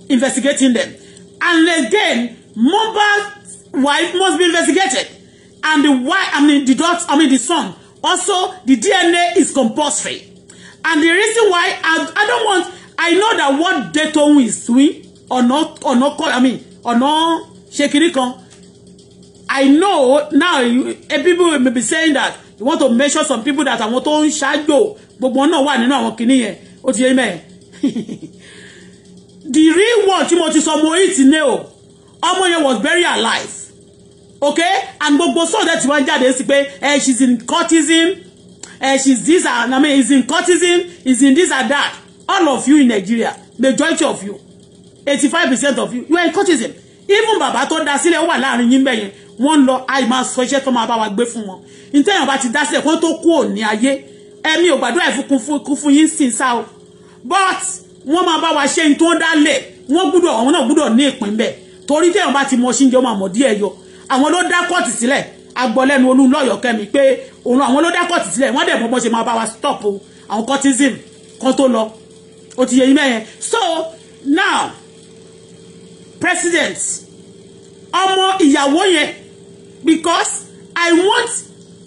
investigating them. And again, Mohbad's wife must be investigated and the wife, I mean the daughter, I mean the sun Also, the DNA is compulsory. And the reason why I, I don't want, I know that what Dayton is doing or not, or not call, I mean, or not it on. I know now you, eh, people may be saying that you want to measure some people that are tó ń shadow, but wọn náà one you know kìíní yẹn ó ti yé mẹ́ẹ̀. The real one tí mo ti sọ mo eat ní o ọmọ was very alive okay and gbogbo sọ́ọ̀ dẹ̀ tí wọ́n jáde sí pé ẹ eh, she's in courtesan eh? she's this and I mean is in courtesan is in this and that all of you in Nigeria majority of you eighty five percent of you you are in courtesan even bàbá tó dá sílẹ̀ ó wà láàrin yín bẹ́yẹn wọ́n lọ àì máa sọ iṣẹ́ tó máa bá wa gbé fún wọn ìtẹ̀yàn bá ti dá sílẹ̀ kó tó kú òní ayé ẹ̀mí ò gbàdúrà ìfúnkún fún yín sìn sá o but wọ́n máa bá wa ṣe ní tó ń dá lẹ̀ wọ́n gbúdọ̀ àwọn náà gbúdọ̀ ní ìpín bẹ́ẹ̀ torí tẹ̀yàn bá ti mọ ṣíńjẹ́ ó máa mọ̀ díẹ̀ yọ àwọn ló dá kọ́ọ̀tì sílẹ̀ agbọ́lẹ́nu olú lọ́yọ̀kẹ́mi pé òun àwọn ló dá kọ́ọ̀tì sílẹ̀ wọ́n dẹ̀ mọ́ bó ṣe máa bá wa stop o àwọn cortism kan tó lọ ó ti yẹ yín mẹ́yẹn so now president ọmọ ìyàwó yẹn because I want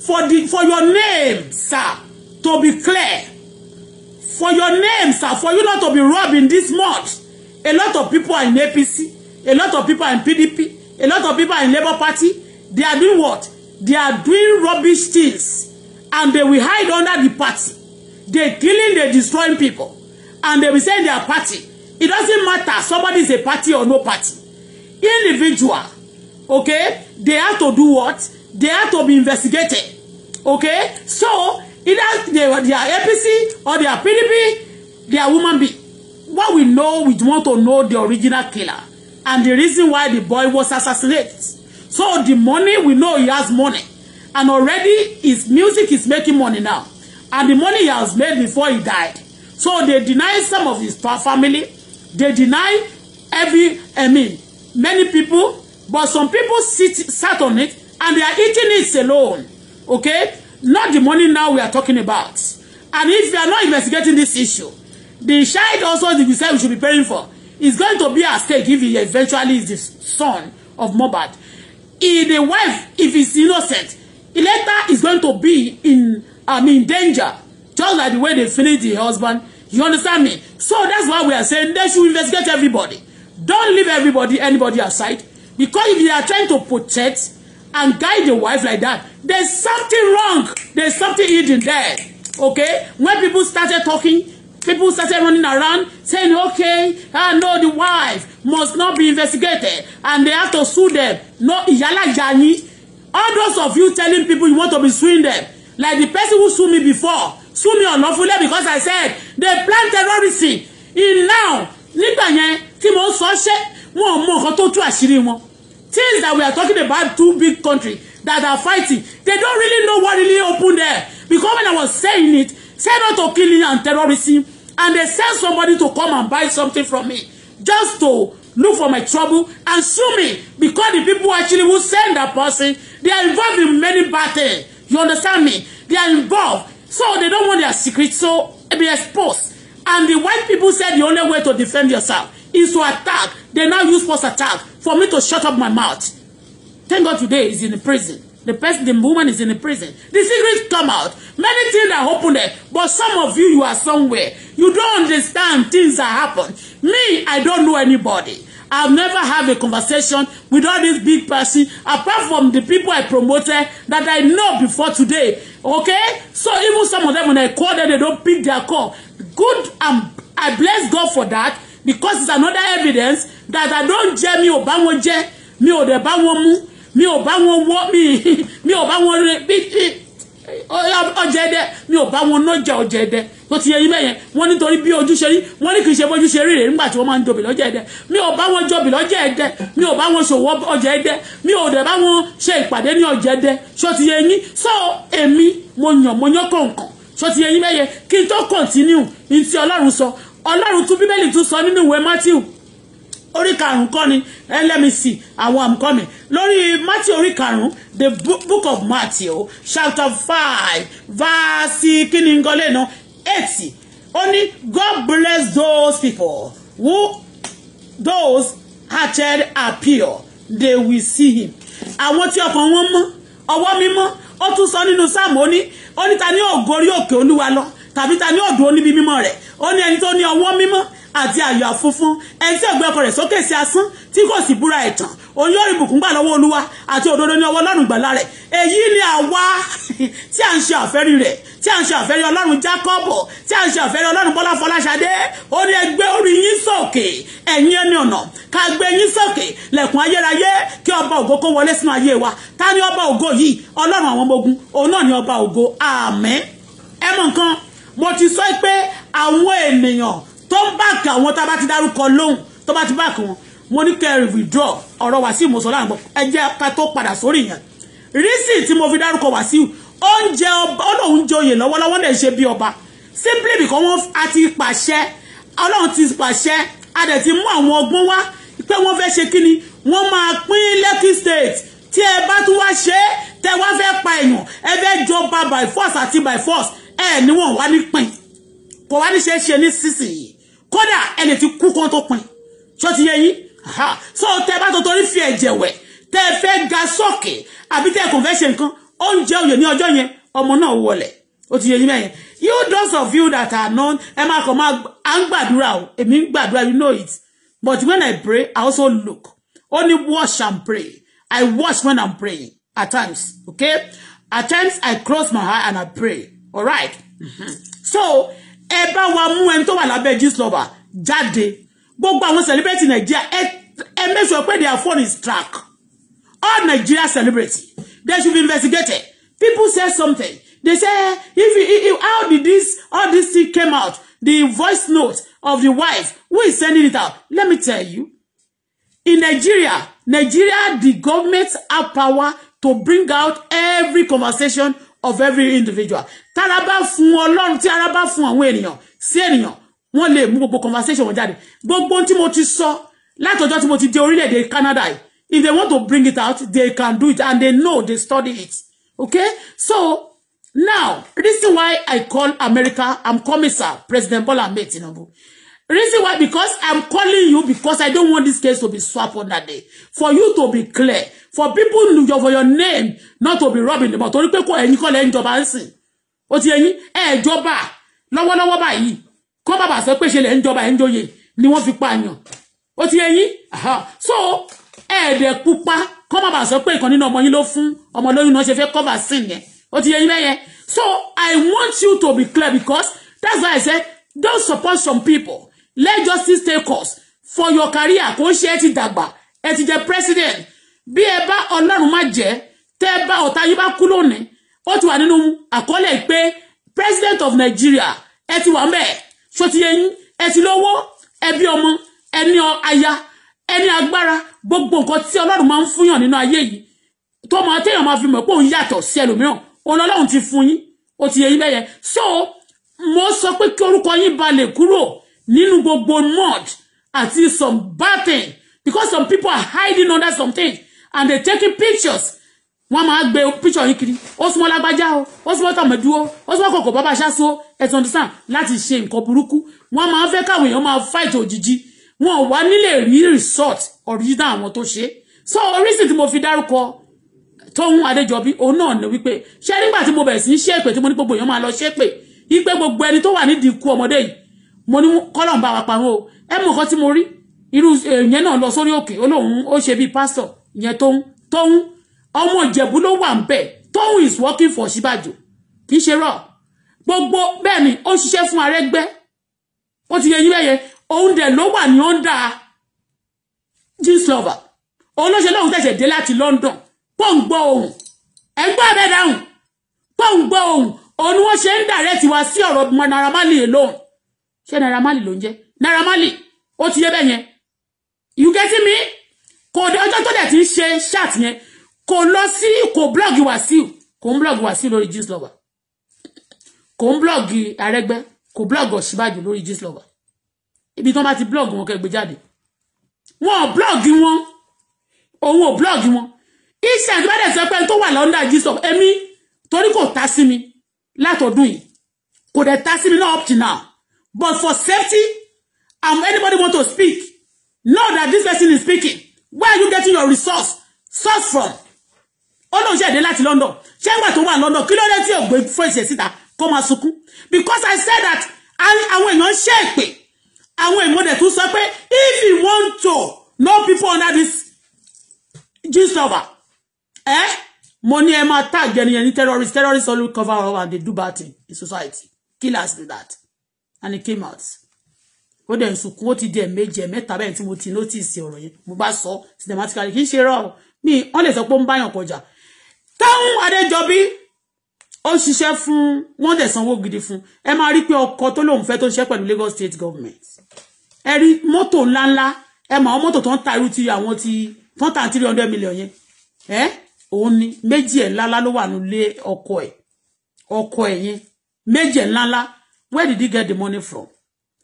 for the for your name sir to be clear for your name sir for you not to be robbed in this month a lot of people are in APC a lot of people are in PDP A lot of people are in Labour Party. They are doing what? They are doing rubbish things. And they will hide under the party. They killing, they destroying people. And they will say they are party. It doesn't matter. Somebody is a party or no party. Individual. Okay? They have to do what? They have to be investigated. Okay? So, either they, they are APC or they are PDP, they are woman be. What we know, we want to know the original killer and the reason why the boy was assassinated. So the money, we know he has money. And already his music is making money now. And the money he has made before he died. So they deny some of his family. They deny every, I mean, many people. But some people sit, sat on it and they are eating it alone. Okay? Not the money now we are talking about. And if you are not investigating this issue, the child also, the said we should be paying for. Is going to be at stake if he eventually is the son of Mohbad. If the wife, if he's innocent, he later is going to be in, um, I mean, danger. Just like the way they finish the husband. You understand me? So that's why we are saying they should investigate everybody. Don't leave everybody, anybody aside. Because if you are trying to protect and guide the wife like that, there's something wrong. There's something hidden there. Okay? When people started talking, People started running around saying, okay, I know the wife must not be investigated and they have to sue them. No, Iyala Jani. All those of you telling people you want to be suing them, like the person who sued me before, sue me unlawfully because I said they plan terrorism. In now, nígbà yẹn tí mo sọ ṣe wọn ò mọ nǹkan tó tú àṣírí wọn things that we are talking about two big countries that are fighting they don't really know what really open there because when I was saying it say no to killing and terrorism and they send somebody to come and buy something from me just to look for my trouble and sue me because the people actually who send that person they are involved in many bad things you understand me they are involved so they don't want their secret so eh, be exposed and the white people said the only way to defend yourself is to attack they now use force attack for me to shut up my mouth thank God today is in the prison The person, the woman is in the prison. The secrets come out. Many things are open there. But some of you, you are somewhere. You don't understand things that happen. Me, I don't know anybody. I've never have a conversation with all these big person apart from the people I promoted that I know before today. Okay? So even some of them, when I call them, they don't pick their call. Good, um, I bless God for that because it's another evidence that I don't jẹ́ mi ò bá wọn jẹ́ mi ò dẹ̀ bá wọn mú mi ò bá wọn wọ́ mi mi ò bá wọn rẹ bí ọjẹdẹ mi ò bá wọn nọjà ọjẹdẹ tó ti yẹ yín bẹ́yẹn wọ́n nítorí bí ojú ṣe rí wọ́n ní kì í ṣe bójú ṣe rí rèé nígbà tí wọ́n máa ń jọbì lọ́jà ẹ̀dẹ mi ò bá wọn jọbì lọ́jà ẹ̀dẹ mi ò bá wọn ṣòwò ọjà ẹ̀dẹ mi ò dẹ̀ bá wọn ṣe ìpàdé ní ọjà ẹ̀dẹ ṣó ti yẹ yín sọ èmi mo yàn mo yán kọ̀ọ̀kan ṣó ti yẹ yín bẹ́yẹn kí n tó kọ̀ntínú ní ti ọlọ́run sọ ọlọ́run tún bíbélì tún sọ nínú ìwé Mátíù orí karùn-ún kọ́ ni let me see àwọn àmúkọ́mi lórí Matthew orí karùn-ún the book of Matthew chapter five verse kíni ngọ́lé náà eighty ó ní God bless those people who those hatched are they will see him àwọn tí ọkàn wọn mọ́ ọwọ́ mímọ́ ó tún sọ nínú sáàmù ó ní ó ní ta ni ó gorí òkè olúwa lọ tàbí ta ni ó dúró níbi mímọ́ ó ní ẹni tó ní ọwọ́ mímọ́ àti àyọ̀ àfunfun ẹni tí ẹ̀gbẹ́ ọkọ rẹ̀ sókè sí asán tí kò sì búra ẹ̀tàn òun yóò rí bùkún gbà lọ́wọ́ olúwa àti òdodo ní ọwọ́ ọlọ́run gbàlà rẹ̀ èyí ni àwa tí à ń ṣe àfẹ́rí rẹ̀ tí a ń ṣe àfẹ́rí ọlọ́run jákọ́bù tí à ń ṣe àfẹ́rí ọlọ́run bọ́lá fọláṣadé ó ní ẹgbẹ́ orí yín sókè ẹ̀yin ẹni ọ̀nà ká gbé yín sókè lẹ̀kùn ayérayé kí ọba ògo kó wọlé sínú ayé wa ta ni ọba ògo yìí ọlọ́run àwọn ọmọ ogun òun náà ni ọba ògo àmín ẹ mọ̀ nǹkan mo ti sọ pé àwọn ènìyàn tó ń báàkì àwọn tá a bá ti dárúkọ lóhùn tó bá ti báàkì wọn mo ní kẹ́ withdraw ọ̀rọ̀ Wàsíù mo sọ láàgbọ́ ẹ jẹ́ ká tó padà sórí yẹn rísì tí mo fi dárúkọ Wàsíù oúnjẹ ọba ọlọ́run joyè lọ́wọ́lọ́wọ́ lè ṣe bí ọba simply because wọ́n a ti pàṣẹ ọlọ́run ti pàṣẹ a dẹ̀ ti mú àwọn ọgbọ́n wá pé wọ́n fẹ́ ṣe kí ni wọ́n máa pín Lekki state tí ẹ bá tún wá ṣe é tẹ wá fẹ́ pa èèyàn ẹ fẹ́ jọba by force àti by force ẹ ní wọ́n wá ní pín kò wá ní ṣe é ṣe ní sísìnyí kódà ẹni tí kú kan tó pin ṣó ti yẹ yín so tẹ bá tó torí fi ẹ̀jẹ̀ wẹ̀ tẹ fẹ́ ga sọ́ọ̀kì àbí tẹ kò fẹ́ ṣe nǹkan oúnjẹ òye ní ọjọ́ yẹn ọmọ náà wọlẹ̀ ó ti yẹ yín bẹ́yẹn you those of you that are known ẹ máa kàn máa à ń gbàdúrà o èmi ń gbàdúrà you know it but when I pray I also look only watch and pray I watch when I'm praying at times okay at times I close my eye and I pray all right mm-hmm. so ẹ bá wa mú ẹni tó wà lábẹ́ Gistlover jáde gbogbo àwọn celebrity Nigeria ẹ make sure pé their phone is track all Nigeria celebrity they should be investigated people say something they say if, if, if how did this all this thing came out the voice note of the wife who is sending it out let me tell you in Nigeria Nigeria the government have power to bring out every conversation of every individual tára bá fún ọlọ́run tí ara bá fún àwọn ènìyàn sí ènìyàn wọ́n lè mú gbogbo conversation wọn jáde gbogbo tí mo ti sọ látọjọ́ tí mo ti dé orílẹ̀-èdè Canada if they want to bring it out they can do it and they know they study it okay so now reason why I call America I'm coming sir President Bola Ahmed Tinubu reason why because I'm calling you because I don't want this case to be swapped on that day for you to be clear for people for your name not to be rubbing them out torí pé kò ẹ̀yin kọ́ lẹ́yìn ìjọba ń ó ti yẹn ẹ joba, lọ́wọ́lọ́wọ́ báyìí kó bàbá sọ pé ṣe lè ń jọba ẹ̀ ń ni wọ́n fi pààyàn ó ti yẹn so ẹ̀ẹ́dẹ̀ pupa kó bàbá sọ pé ìkan nínú ọmọ yín ló fún ọmọ lóyún náà ṣe fẹ́ kọ́ vaccine yẹn ó ti yẹn bẹ́yẹn so I want you to be clear because that's why I said don't support some people let justice take course for your career kò ṣe ẹ ti dàgbà ẹ ti jẹ president bí ẹ ba ọlọ́run má jẹ́ tẹ́ bá ọ̀tá yín bá kú lónìí ó ti wà nínú àkọọ́lẹ̀ pé president of Nigeria ẹ ti wà mẹ́ẹ̀ ṣòtìyẹyìn ẹ ti lówó ẹbí ọmọ ẹni aya ẹni agbára gbogbo nǹkan tí ọlọ́run máa ń fúnyàn nínú ayé yìí tó máa téèyàn máa fi mọ̀ pé òun yàtọ̀ sí ẹlòmíràn òun ọlọ́run ti fún yín ó ti yẹ bẹ́yẹn so mo sọ pé kí orúkọ yín ba lè kúrò nínú gbogbo mud àti some bad things because some people are hiding under some things and they taking pictures wọ́n máa gbé píṣọ̀ yín kiri ó súnmọ́ lágbájá o ó súnmọ́ tọ̀mọ̀dú o ó súnmọ́ kòkò bàbá aṣáṣú o ẹ̀sùn ọ̀dún sàn láti ṣe nǹkan burúkú wọ́n máa fẹ́ káwọn èèyàn máa fight òjijì wọn ò wá nílé rí resort original àwọn tó ṣe so orísìí tí mo fi dárúkọ tóhun adéjọbí òun náà ni wípé ṣé nígbà tí mo bẹ̀rẹ̀ sí í ṣépè tí mo ní gbogbo èèyàn máa lọ ṣépè ipe gbogbo ẹni tó wà nídìí ikú ọmọdé yìí mo ní kọ́lọ̀n bá wa pamọ́ o ẹ mọ̀ nǹkan tí mo rí irú èèyàn náà lọ sórí òkè ó lóun ó ṣe bíi pásítọ̀ ìyẹn tóhun tóhun ọmọ ìjẹ̀bú ló wà ń bẹ̀ tóun is working for ṣíbàjò kì í ṣe rọ̀ gbogbo bẹ́ẹ̀ ni ó ṣiṣẹ́ fún arẹ́gbẹ́ ó ti yẹ yín bẹ́ẹ̀ yẹn òun dẹ̀ ló wà ní ọ́ndà jíńsìlọ́và òun ló ṣe lóun tẹ̀sẹ̀ dé láti London pọ̀ ń gbọ́ ohùn ẹ̀ ń gbọ́ abẹ́ dáhùn pọ̀ ń gbọ́ ohùn òun ni wọ́n ṣe ń dàrẹ́ tiwa sí ọ̀rọ̀ Naira Marley lóhùn ṣé Naira Marley ló ń jẹ́ Naira Marley ó ti yẹ bẹ́ẹ̀ yẹn you get me kò dé ọjọ́ tó dẹ̀ ti ń ṣe ṣáàtì yẹn kò lọ sí kò blọ́ọ̀gì Wàsíù kò ń blọ́ọ̀gì Wàsíù lórí Gistlover kò ń blọ́ọ̀gì Arẹ́gbẹ́ kò blọ́ọ̀gì Ọ̀ṣínbàjò lórí Gistlover ibi tí wọ́n bá ti blọ́ọ̀gì wọn kẹgbẹ́ jáde wọn ò blọ́ọ̀gì wọn òun ò blọ́ọ̀gì wọn iṣẹ́ àgbẹ̀dẹ̀ sọ pé tó wà lọ́ndà Gistlover èmi torí kò ta sí mi látọ̀dún yìí kò dẹ̀ ta sí mi náà up to now but for safety am anybody want to speak know that this person is speaking where you getting your resource source from ó lóun ṣẹ̀dé láti London ṣé ń gbà tó wà London kí ló dé tí ògbé fèsì síta kó máa sunkún because I said that àwọn èèyàn ṣe èpè àwọn ìmọ̀dẹ̀ tún sọ pé if you want to know people under this gist lover ẹ Money ní ẹ máa tag ẹniyẹn ní terrorist terrorist all cover up and they do bad thing in society killers do that and it came out ó dẹ̀ ń sunkún ó ti di ẹ̀mẹ́jì ẹ̀mẹ́ta bẹ́ẹ̀ tí mo ti notice ọ̀rọ̀ yẹn mo bá sọ systematically kì í ṣe rọ̀ mi wọ́n lè sọ pé ó ń báyàn kọjá táwọn adéjọbí ó ṣiṣẹ́ fún wọ́n dẹ̀ sanwó gidi fún ẹ máa rí pé ọkọ tó lóun fẹ́ tó ń ṣiṣẹ́ pẹ̀lú Lagos State Government ẹ rí mọ́tò ńláńlá ẹ mọ̀ àwọn mọ́tò tó ń ta irú ti àwọn ti tó ń ta three hundred million yẹn ẹ òun ni méjì ẹ̀ ńláńlá ló wà nílé ọkọ ẹ̀ ọkọ ẹ̀ yẹn méjì ẹ̀ ńláńlá where did he get the money from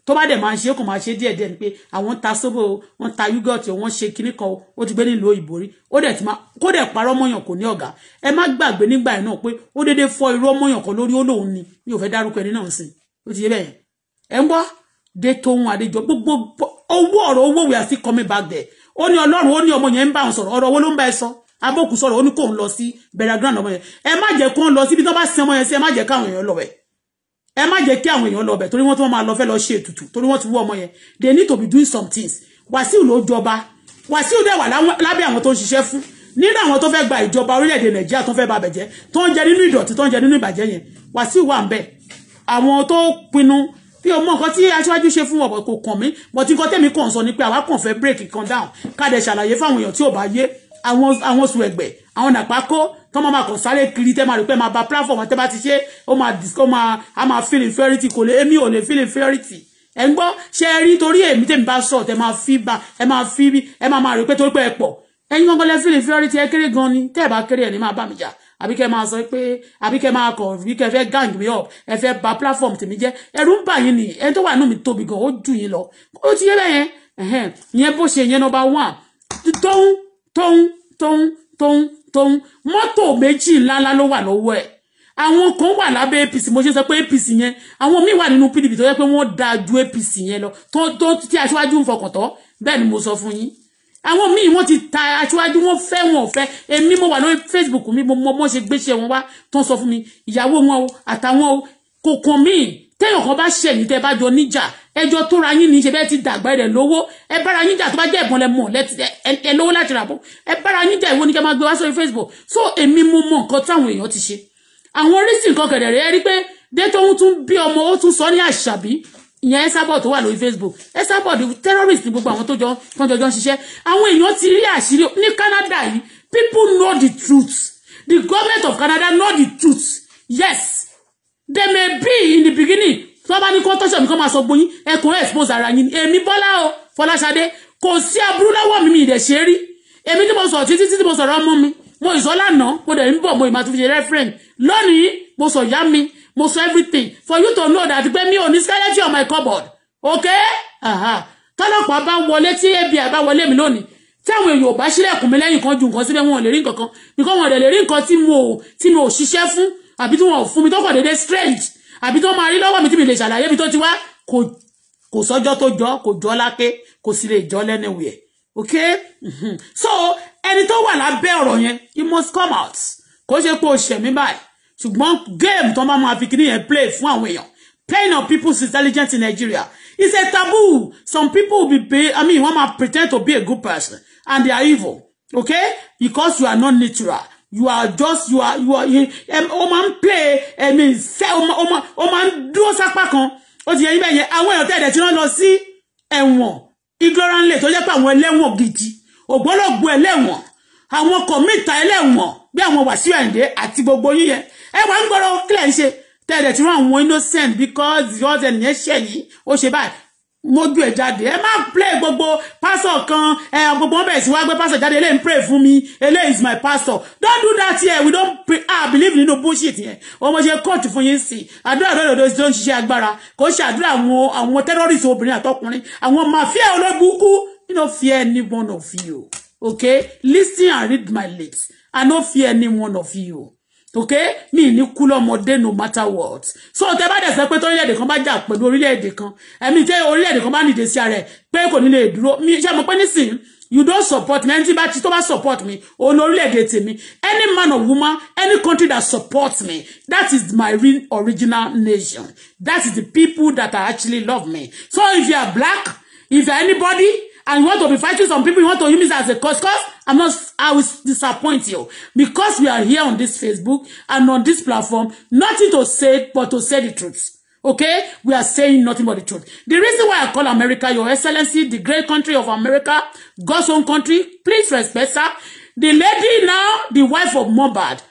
tó bá dẹ̀ máa ṣe ó kàn máa ṣe díẹ̀ díẹ̀ ni pé àwọn ta sóbò wọn ta yúgọ̀tì wọn ṣe kinní kan ó ti gbé nílùú òyìnbó rí ó dẹ̀ ti máa kó dẹ̀ parọ́ mọ́yàn kò ní ọ̀gá ẹ má gbàgbé nígbà yẹn náà pé ó déédéé fọ irọ́ mọ́yàn kan lórí ó ni mi ò fẹ́ dárúkọ ẹni náà sí ó ti yé bẹ́ẹ̀ ẹ ń gbọ́ dé tóun àdéjọ gbogbo owó ọ̀rọ̀ owó we are still coming back there ó ní ọlọ́run ó ní ọmọ yẹn ń bá òun sọ̀rọ̀ ọ̀rọ̀ owó ló ń bá ẹ sọ abókù sọ̀rọ̀ ó ní kóun lọ sí ẹ má jẹ́ kí àwọn èèyàn lọ bẹ̀ torí wọ́n tí wọ́n máa lọ fẹ́ lọ ṣe ètùtù torí wọ́n ti wú ọmọ yẹn they need to be doing some things Wàsíù ló jọba Wàsíù dẹ̀ wà lábẹ́ àwọn tó ń ṣiṣẹ́ fún nínú àwọn tó fẹ́ gba ìjọba orílẹ̀-èdè Nàìjíríà tó fẹ́ ba bẹ̀jẹ́ tó ń jẹ nínú ìdọ̀tí tó ń jẹ nínú ìbàjẹ́ yẹn Wàsíù wà ń bẹ̀ àwọn tó pinnu bí o mọ nǹkan tí aṣáájú ṣe fún ọ̀pọ̀ kò kàn mí but nǹkan tẹ́mi kàn sọ ni pé àwa kàn fẹ́ break kan down ká dẹ̀ ṣàlàyé fáwọn èèyàn tí ò bá yé àwọn àwọn sùn ẹ̀gbẹ́ àwọn nàpákó tó máa máa kàn sáré kiri tẹ́ máa rò pé máa ba platform tẹ́ bá ti ṣe ó máa disco máa a máa feel inferiority kò lè èmi ò lè feel inferiority ẹ̀ ń gbọ́ ṣe é rí torí èmi tèmi bá sọ̀ tẹ́ máa fi ba ẹ máa fi bí ẹ máa máa rò pé torí pé ẹ pọ̀ ẹ̀yin gangan lẹ feel inferiority ẹ kéré gan ni tẹ́ ẹ bá kéré ẹ̀ ní máa bá mi jà àbí kẹ́ máa sọ pé àbí kẹ́ máa kọ̀ bí kẹ́ fẹ́ gang me up ẹ fẹ́ ba platform tèmi jẹ́ ẹ̀rù ń bà yín nìyí ẹni tó wà nínú mi tóbi gan ó jù yín lọ ó ti yé bẹ́yẹn ìyẹn bó ṣe yẹn number one tóun tóun tóun tóun tóun mọ́tò méjì ńláńlá ló wà lọ́wọ́ ẹ̀ àwọn kan wà lábẹ́ APC mo ṣe sọ pé APC yẹn àwọn míì wà nínú PDP tó yẹ pé wọ́n da ju APC yẹn lọ tó tó tí aṣáájú ń fọkàn tán bẹ́ẹ̀ ni mo sọ fún yín àwọn míì wọ́n ti ta aṣáájú wọ́n fẹ́ wọn ò fẹ́ èmi mo wà lórí Facebook mi mo mọ bọ́n ṣe gbéṣẹ́ wọn wá tó ń sọ fún mi ìyàwó wọn o àtàwọn o kò kàn míì téèyàn kan bá ṣẹ̀yìn tẹ́ bá jọ níjà ẹjọ́ tó ra yín ní ṣe bẹ́ẹ̀ ti dàgbà ẹ̀rẹ̀ lówó ẹ bára yín jà tó bá jẹ́ ìbọn lẹ mọ̀ ẹ lówó láti rà bọ́ ẹ bára yín jà ìwọ ni kẹ́ máa gbé wá sórí Facebook so èmi mo mọ nǹkan táwọn èèyàn ti ṣe àwọn oríṣi nǹkan kẹ̀dẹ̀ rẹ̀ ẹ rí pé dẹ́tọ́ ń tún bí ọmọ ó tún sọ ní àṣàbí ìyẹn Esabod tó wà lórí Facebook Esabod terrorist ni gbogbo àwọn tó jọ tó jọjọ ń ṣiṣẹ́ àwọn èèyàn ti rí àṣírí ní Canada yìí people know the truth the government of Canada know the truth yes they may be in the beginning tó bá ní kó tọ́ṣọ̀ mi kó máa sọ gbóyin ẹkùnrin expose ara yín èmi bọ́lá o fọláṣadé kò sí aburú lọ́wọ́ mi mi ìdẹ̀ ṣe rí èmi tí mo sọ títí tí mo sọ̀rọ̀ ọmọ mi mo ìsọ lánàá mo dẹ̀ ń bọ̀ mo ìmọ̀ àtúnṣe referent lónìí mo sọ ìyá mi mo sọ everything for you to know that pé mi ò ní skeleton on my cupboard okay tọ́lọ́pàá bá wọlé tí abi bá wọlé mi lónìí tí àwọn èèyàn ò bá ṣílẹ̀kùn mi lẹ́yìn kan ju nǹkan síbẹ̀ wọn ò lè rí nǹkan kan Because wọn ò lè rí nǹkan tí mo ò ṣiṣẹ́ fún àbí tí wọn ò fún mi tó kọ̀ déédéé strange àbí tó máa rí lọ́wọ́ mi tí mi lè ṣàlàyé mi tó ti wá kò kò sọ́jọ́ tó jọ kò jọ láké kò sì lè jọ lẹ́nìwẹ̀ẹ́ ok mhm. so ẹni tó wà lábẹ́ ọ̀rọ̀ yẹn you must come out kò ṣe pé o ṣẹ̀mí báyìí ṣùgbọ́n game tó máa máa fi kíní yẹn play fún àwọn èèyàn playing on people's intelligence in Nigeria is a taboo some people be pay, I mean wọ́n máa pretend to be a good person and they are evil okay because you are not natural you are just you are you are o máa ń play ẹ̀mí ìfẹ́ o máa ń dúró sápá kan ó ti yẹ yín bẹ́ẹ̀ yẹn àwọn èèyàn tẹ̀lé tí wọ́n lọ sí ẹ̀wọ̀n ignorantly tó jẹ́ pé àwọn ẹlẹ́wọ̀n gidi ògbólógbò ẹlẹ́wọ̀n àwọn kọ̀míta ẹlẹ́wọ̀n bí àwọn Wàsíù Àyìndé àti gbogbo yín yẹn ẹ wà ń gbọ́dọ̀ kílẹ̀ ń ṣe tẹ̀lé tí wọ́n àwọn innocent because the other nation yìí ó ṣe báyìí mójú ẹ̀ jáde ẹ má pray, gbogbo pastor kan ẹ gbogbo wọn bẹ̀rẹ̀ sí wá gbé pastor jáde eléyìí ń pray fún mi eléyìí is my pastor don't do that here we don't pray ah believe nínú bullshit yẹn ọmọ ṣe court fún yín sí àdúrà lọ́dọ̀dọ̀ tó ń ṣiṣẹ́ agbára kò ṣe àdúrà àwọn àwọn terrorist obìnrin àtọkùnrin àwọn mafia olóbùkú you no fear any one of you okay listen and read my lips i no fear any one of you okay mi ní kú lọ́mọdé no matter what so tẹ́ bá dẹ̀ sọ pé torílẹ̀-èdè kan bá jà pẹ̀lú orílẹ̀-èdè kan ẹ̀mí tẹ́ orílẹ̀-èdè kan bá nìde sí ara ẹ̀ pé kò ní lè dúró mi ṣe mo pé nísìnyí you don't support me ẹni tí bá ti tó bá support me òun orílẹ̀-èdè tèmi any man or woman any country that supports me that is my real original nation that is the people that are actually love me so if you are black if you are anybody and you want to be fighting some people you want to use me as a cause cause i'm not i will disappoint you because we are here on this facebook and on this platform nothing to say but to say the truth okay we are saying nothing but the truth the reason why i call america your excellency the great country of america god's own country please respect her the lady now the wife of Mohbad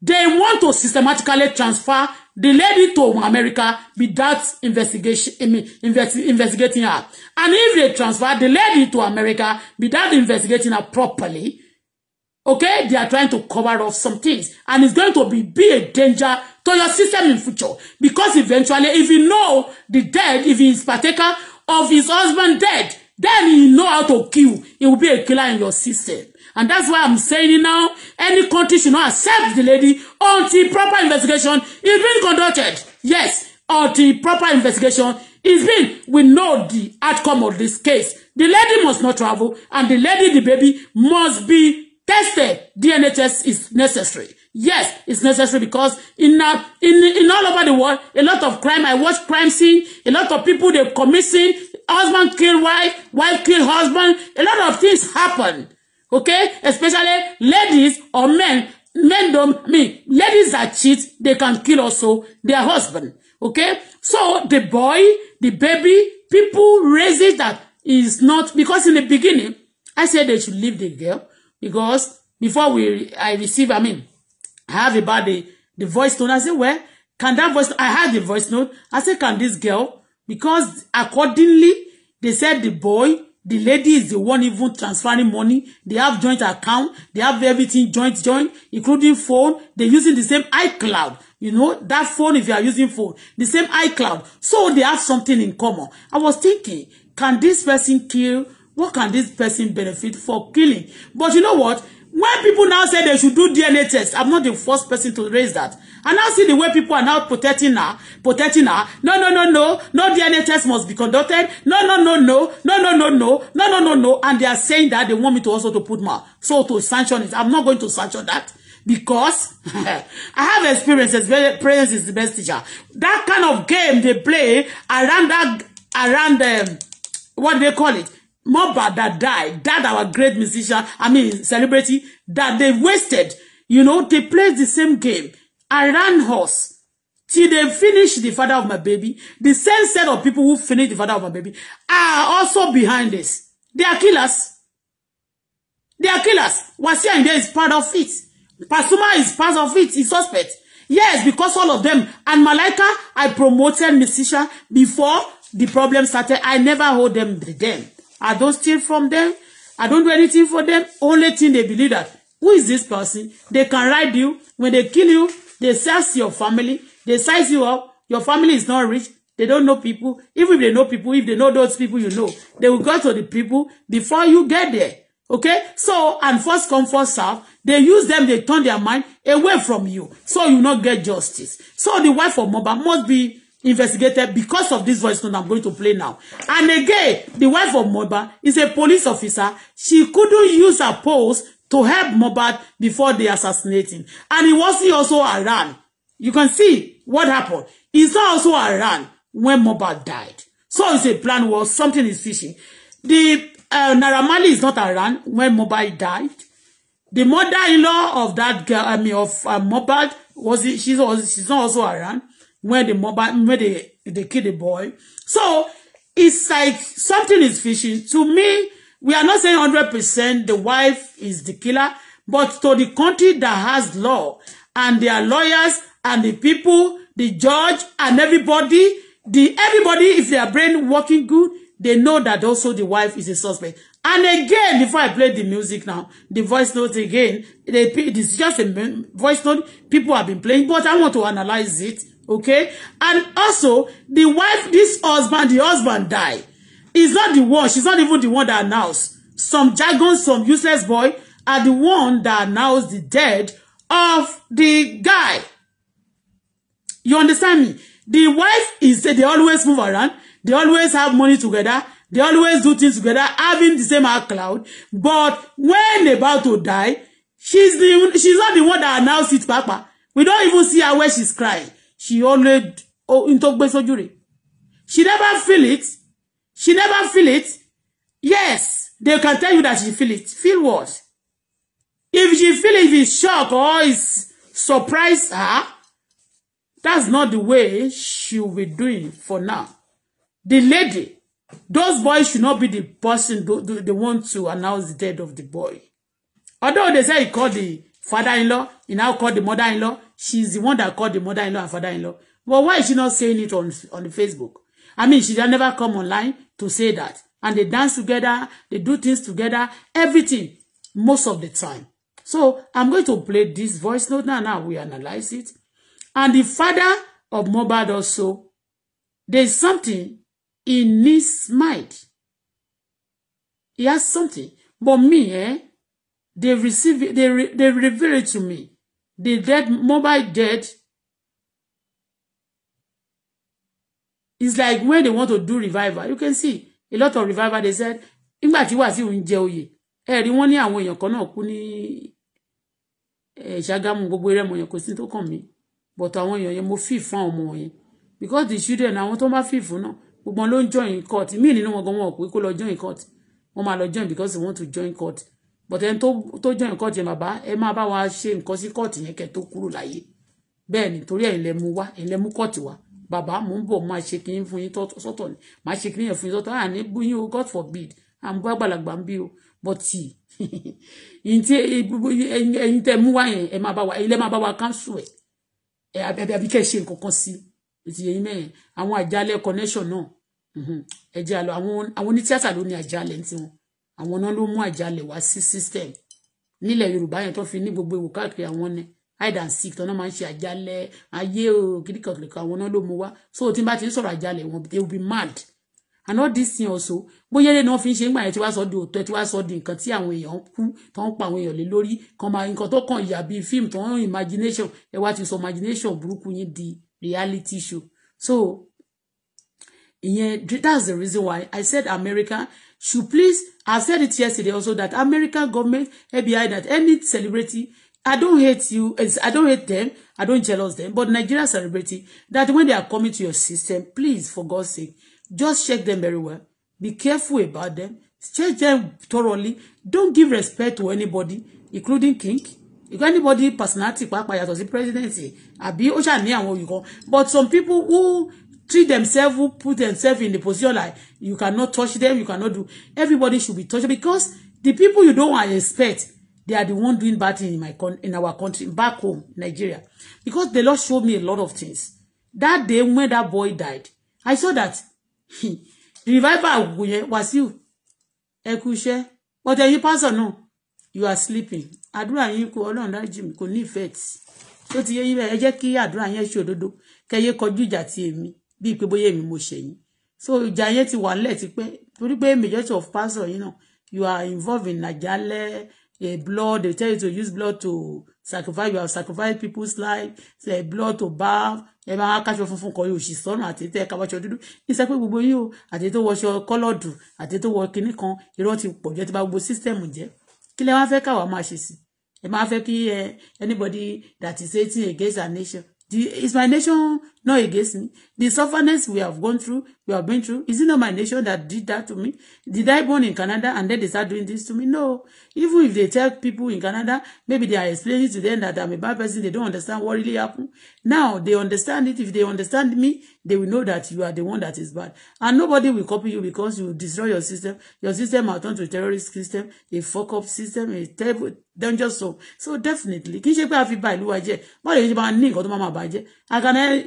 they want to systematically transfer the lady to America without investigation I mean, investigating her and if they transfer the lady to America be that investigating her properly okay they are trying to cover up some things and it's going to be be a danger to your system in future because eventually if you know the dead if he is partaker of his husband dead then he know how to kill he will be a killer in your system And that's why I'm saying it now. Any country should not accept the lady until proper investigation is being conducted. Yes, until proper investigation is being. We know the outcome of this case. The lady must not travel and the lady, the baby, must be tested. DNHS is necessary. Yes, it's necessary because in uh, in in all over the world, a lot of crime. I watch crime scene. A lot of people they commit sin. Husband kill wife, wife kill husband. A lot of things happen okay especially ladies or men men don't mean ladies that cheat they can kill also their husband okay so the boy the baby people raise it that is not because in the beginning I said they should leave the girl because before we I receive I mean I have about the the voice tone. I say, well can that voice I had the voice note I say, can this girl because accordingly they said the boy The lady is the one even transferring money. They have joint account. They have everything joint, joint, including phone. They're using the same iCloud. You know, that phone, if you are using phone, the same iCloud. So they have something in common. I was thinking, can this person kill? What can this person benefit for killing? But you know what? When people now say they should do DNA test, I'm not the first person to raise that. And now see the way people are now protecting her, protecting her. No, no, no, no. No DNA test must be conducted. No, no, no, no. No, no, no, no. No, no, no, no. And they are saying that they want me to also to put my so to sanction it. I'm not going to sanction that because I have experiences where is the best teacher. That kind of game they play around that around um, what they call it. Moba that died, that our great musician, I mean celebrity, that they wasted. You know, they play the same game. I ran horse till they finish the father of my baby. The same set of people who finish the father of my baby are also behind this. They are killers. They are killers. Wasiu there is part of it. Pasuma is part of it. He's suspect. Yes, because all of them. And Malaika, I promoted Misisha before the problem started. I never hold them them. I don't steal from them. I don't do anything for them. Only thing they believe that, who is this person? They can ride you. When they kill you, They size your family. They size you up. Your family is not rich. They don't know people. Even if they know people, if they know those people you know, they will go to the people before you get there. Okay? So, and first come, first serve. They use them, they turn their mind away from you. So you not get justice. So the wife of Moba must be investigated because of this voice note I'm going to play now. And again, the wife of Moba, is a police officer. She couldn't use her post to help Mohbad before they assassinate him. And he wasn't also around. You can see what happened. He's not also around when Mohbad died. So it's a plan was something is fishing. The uh, Naramali is not around when Mohbad died. The mother-in-law of that girl, I mean of uh, Mohbad, was it, she's also she's not also around when the Mohbad when they they kill the boy. So it's like something is fishing. To me, we are not saying hundred percent the wife is the killer, but to the country that has law and their lawyers and the people, the judge and everybody, the everybody, if their brain working good, they know that also the wife is a suspect. And again, before I play the music now, the voice note again, they, it is just a voice note people have been playing, but I want to analyze it, okay? And also, the wife, this husband, the husband died. It's not the one. She's not even the one that announced. Some jargon, some useless boy are the one that announced the death of the guy. You understand me? The wife is they always move around. They always have money together. They always do things together, having the same cloud. But when about to die, she's the she's not the one that announced it, Papa. We don't even see her where she's crying. She only oh in talk into She never feel it. She never feel it. Yes, they can tell you that she feel it. Feel what? If she feel if it's shock or it's surprise her, that's not the way she will be doing for now. The lady, those boys should not be the person do, do, they want to announce the death of the boy. Although they say he called the father-in-law, he now called the mother-in-law. She's the one that called the mother-in-law and father-in-law. But why is she not saying it on, on the Facebook? I mean, she never come online to say that. And they dance together, they do things together, everything, most of the time. So I'm going to play this voice note now. Now we analyze it. And the father of Mobad also, there's something in his mind. He has something. But me, eh? They receive it, they, re, they reveal it to me. The dead, Mohbad dead it's like when they want to do revival you can see a lot of revival they said nígbà tí Wàsíù ń jẹ oyè ẹ rí wọn ní àwọn èèyàn kan náà eh ní Ṣàgámù gbogbo eré ọmọọyàn kò sí tó kàn mí but àwọn èèyàn yẹn mo fi fún àwọn ọmọ because the children àwọn tó má feel fún náà gbogbo wọn join court míì nínú wọn gan wọn ò pé kó join court wọn máa lọ join because they want to join court but to to join court yẹn bàbá ẹ máa bá wa ṣe nǹkan sí court yẹn kẹ́ tó kúrò láyé bẹ́ẹ̀ ni torí ẹ̀yin lẹ mú wá ẹ̀yin lẹ mú court wa bàbá mò ń bọ̀ máa ṣe kínní fún yín sọ́tọ̀ ni máa ṣe kínní yẹn fún yín sọ́tọ̀ à ní bú yín o God forbid à ń bú àgbàlagbà ń bí o bọ́tì yín tí ẹ̀yin tẹ́ mú wá yẹn ẹ máa bá wa ilé máa bá wa káńsù ẹ̀ àbí kẹ́ ṣe nǹkan kan sí ètò yẹn mẹ́rin àwọn àjálẹ̀ connection náà ẹ jẹ́ àlọ́ àwọn onítìátà ló ní àjálẹ̀ ní tiwọn àwọn náà ló mú àjálẹ̀ wá sí system nílẹ̀ Yorùbá yẹn tó fi ní gbogbo ìwò káàkiri àwọn ni hide and seek tọ́nà máa ń ṣe àjálẹ̀ ayé o kìdíkan kìdíkan àwọn náà ló mú wá so tí n bá ti ń sọ̀rọ̀ àjálẹ̀ wọn they will be mad and all this thing also bóyá ilé ni wọ́n fi ń ṣe ń gbà yẹn tí wàá sọ di òótọ́ tí wàá sọ di nǹkan tí àwọn èèyàn kú tó ń pa àwọn èèyàn lé lórí kan máa nǹkan tó kàn yà bíi fíìmù tó ń imagination ẹ wá ti sọ imagination burúkú yín di reality show so ìyẹn that's the reason why I said America should please I said it yesterday also that American government FBI that any celebrity I don't hate you. I don't hate them. I don't jealous them. But Nigeria celebrity, that when they are coming to your system, please, for God's sake, just check them very well. Be careful about them. Check them thoroughly. Don't give respect to anybody, including king. If anybody personality pàápàá yàtọ̀ sí presidency, I be ṣà ní àwọn But some people who treat themselves, who put themselves in the position like you cannot touch them, you cannot do. Everybody should be touched because the people you don't expect they are the one doing bad thing in my con in our country back home Nigeria because the Lord showed me a lot of things that day when that boy died I saw that the revival Wasiu ẹ kú iṣẹ́ but ẹ̀yin pastor náà you are sleeping àdúrà yín kò Ọlọ́run dájú mi kò ní effect tó ti yé yín bẹ́ẹ̀ ẹ jẹ́ kí àdúrà yẹn ṣe òdodo kẹyẹ kọjú ìjà ti èmi bíi pé bóyá èmi mo ṣẹ̀yìn so ìjà yẹn ti wà nílẹ̀ tipẹ́ torí pé majority of pastor yín náà you are involved in Nàjálẹ́ a blood they tell you to use blood to sacrifice you have sacrificed people's life say blood to bath ẹ máa káṣọ funfun kan yóò sì sọnù àti tẹ káwáṣọ dúdú iṣẹ pé gbogbo yìí o àti tó wọṣọ kọlọdù àti tó wọ kinní kan irọ́ ti pọ̀ jẹ́ ti bà gbogbo sísítẹ̀mù jẹ́ kí lẹ wá fẹ́ káwa máa ṣe sí ẹ máa fẹ́ kí anybody that is hating against our nation The, is my nation not against me? The sufferings we have gone through, we have been through, is it not my nation that did that to me? Did I born in Canada and then they start doing this to me? No. Even if they tell people in Canada, maybe they are explaining to them that I'm a bad person, they don't understand what really happened. Now, they understand it. If they understand me, they will know that you are the one that is bad and nobody will copy you because you destroy your system your system will turn to a terrorist system a fuck up system a terrible dangerous soul so definitely kì í ṣe ba ìlú wa jẹ́ báwo ni ṣe máa ní i can eh,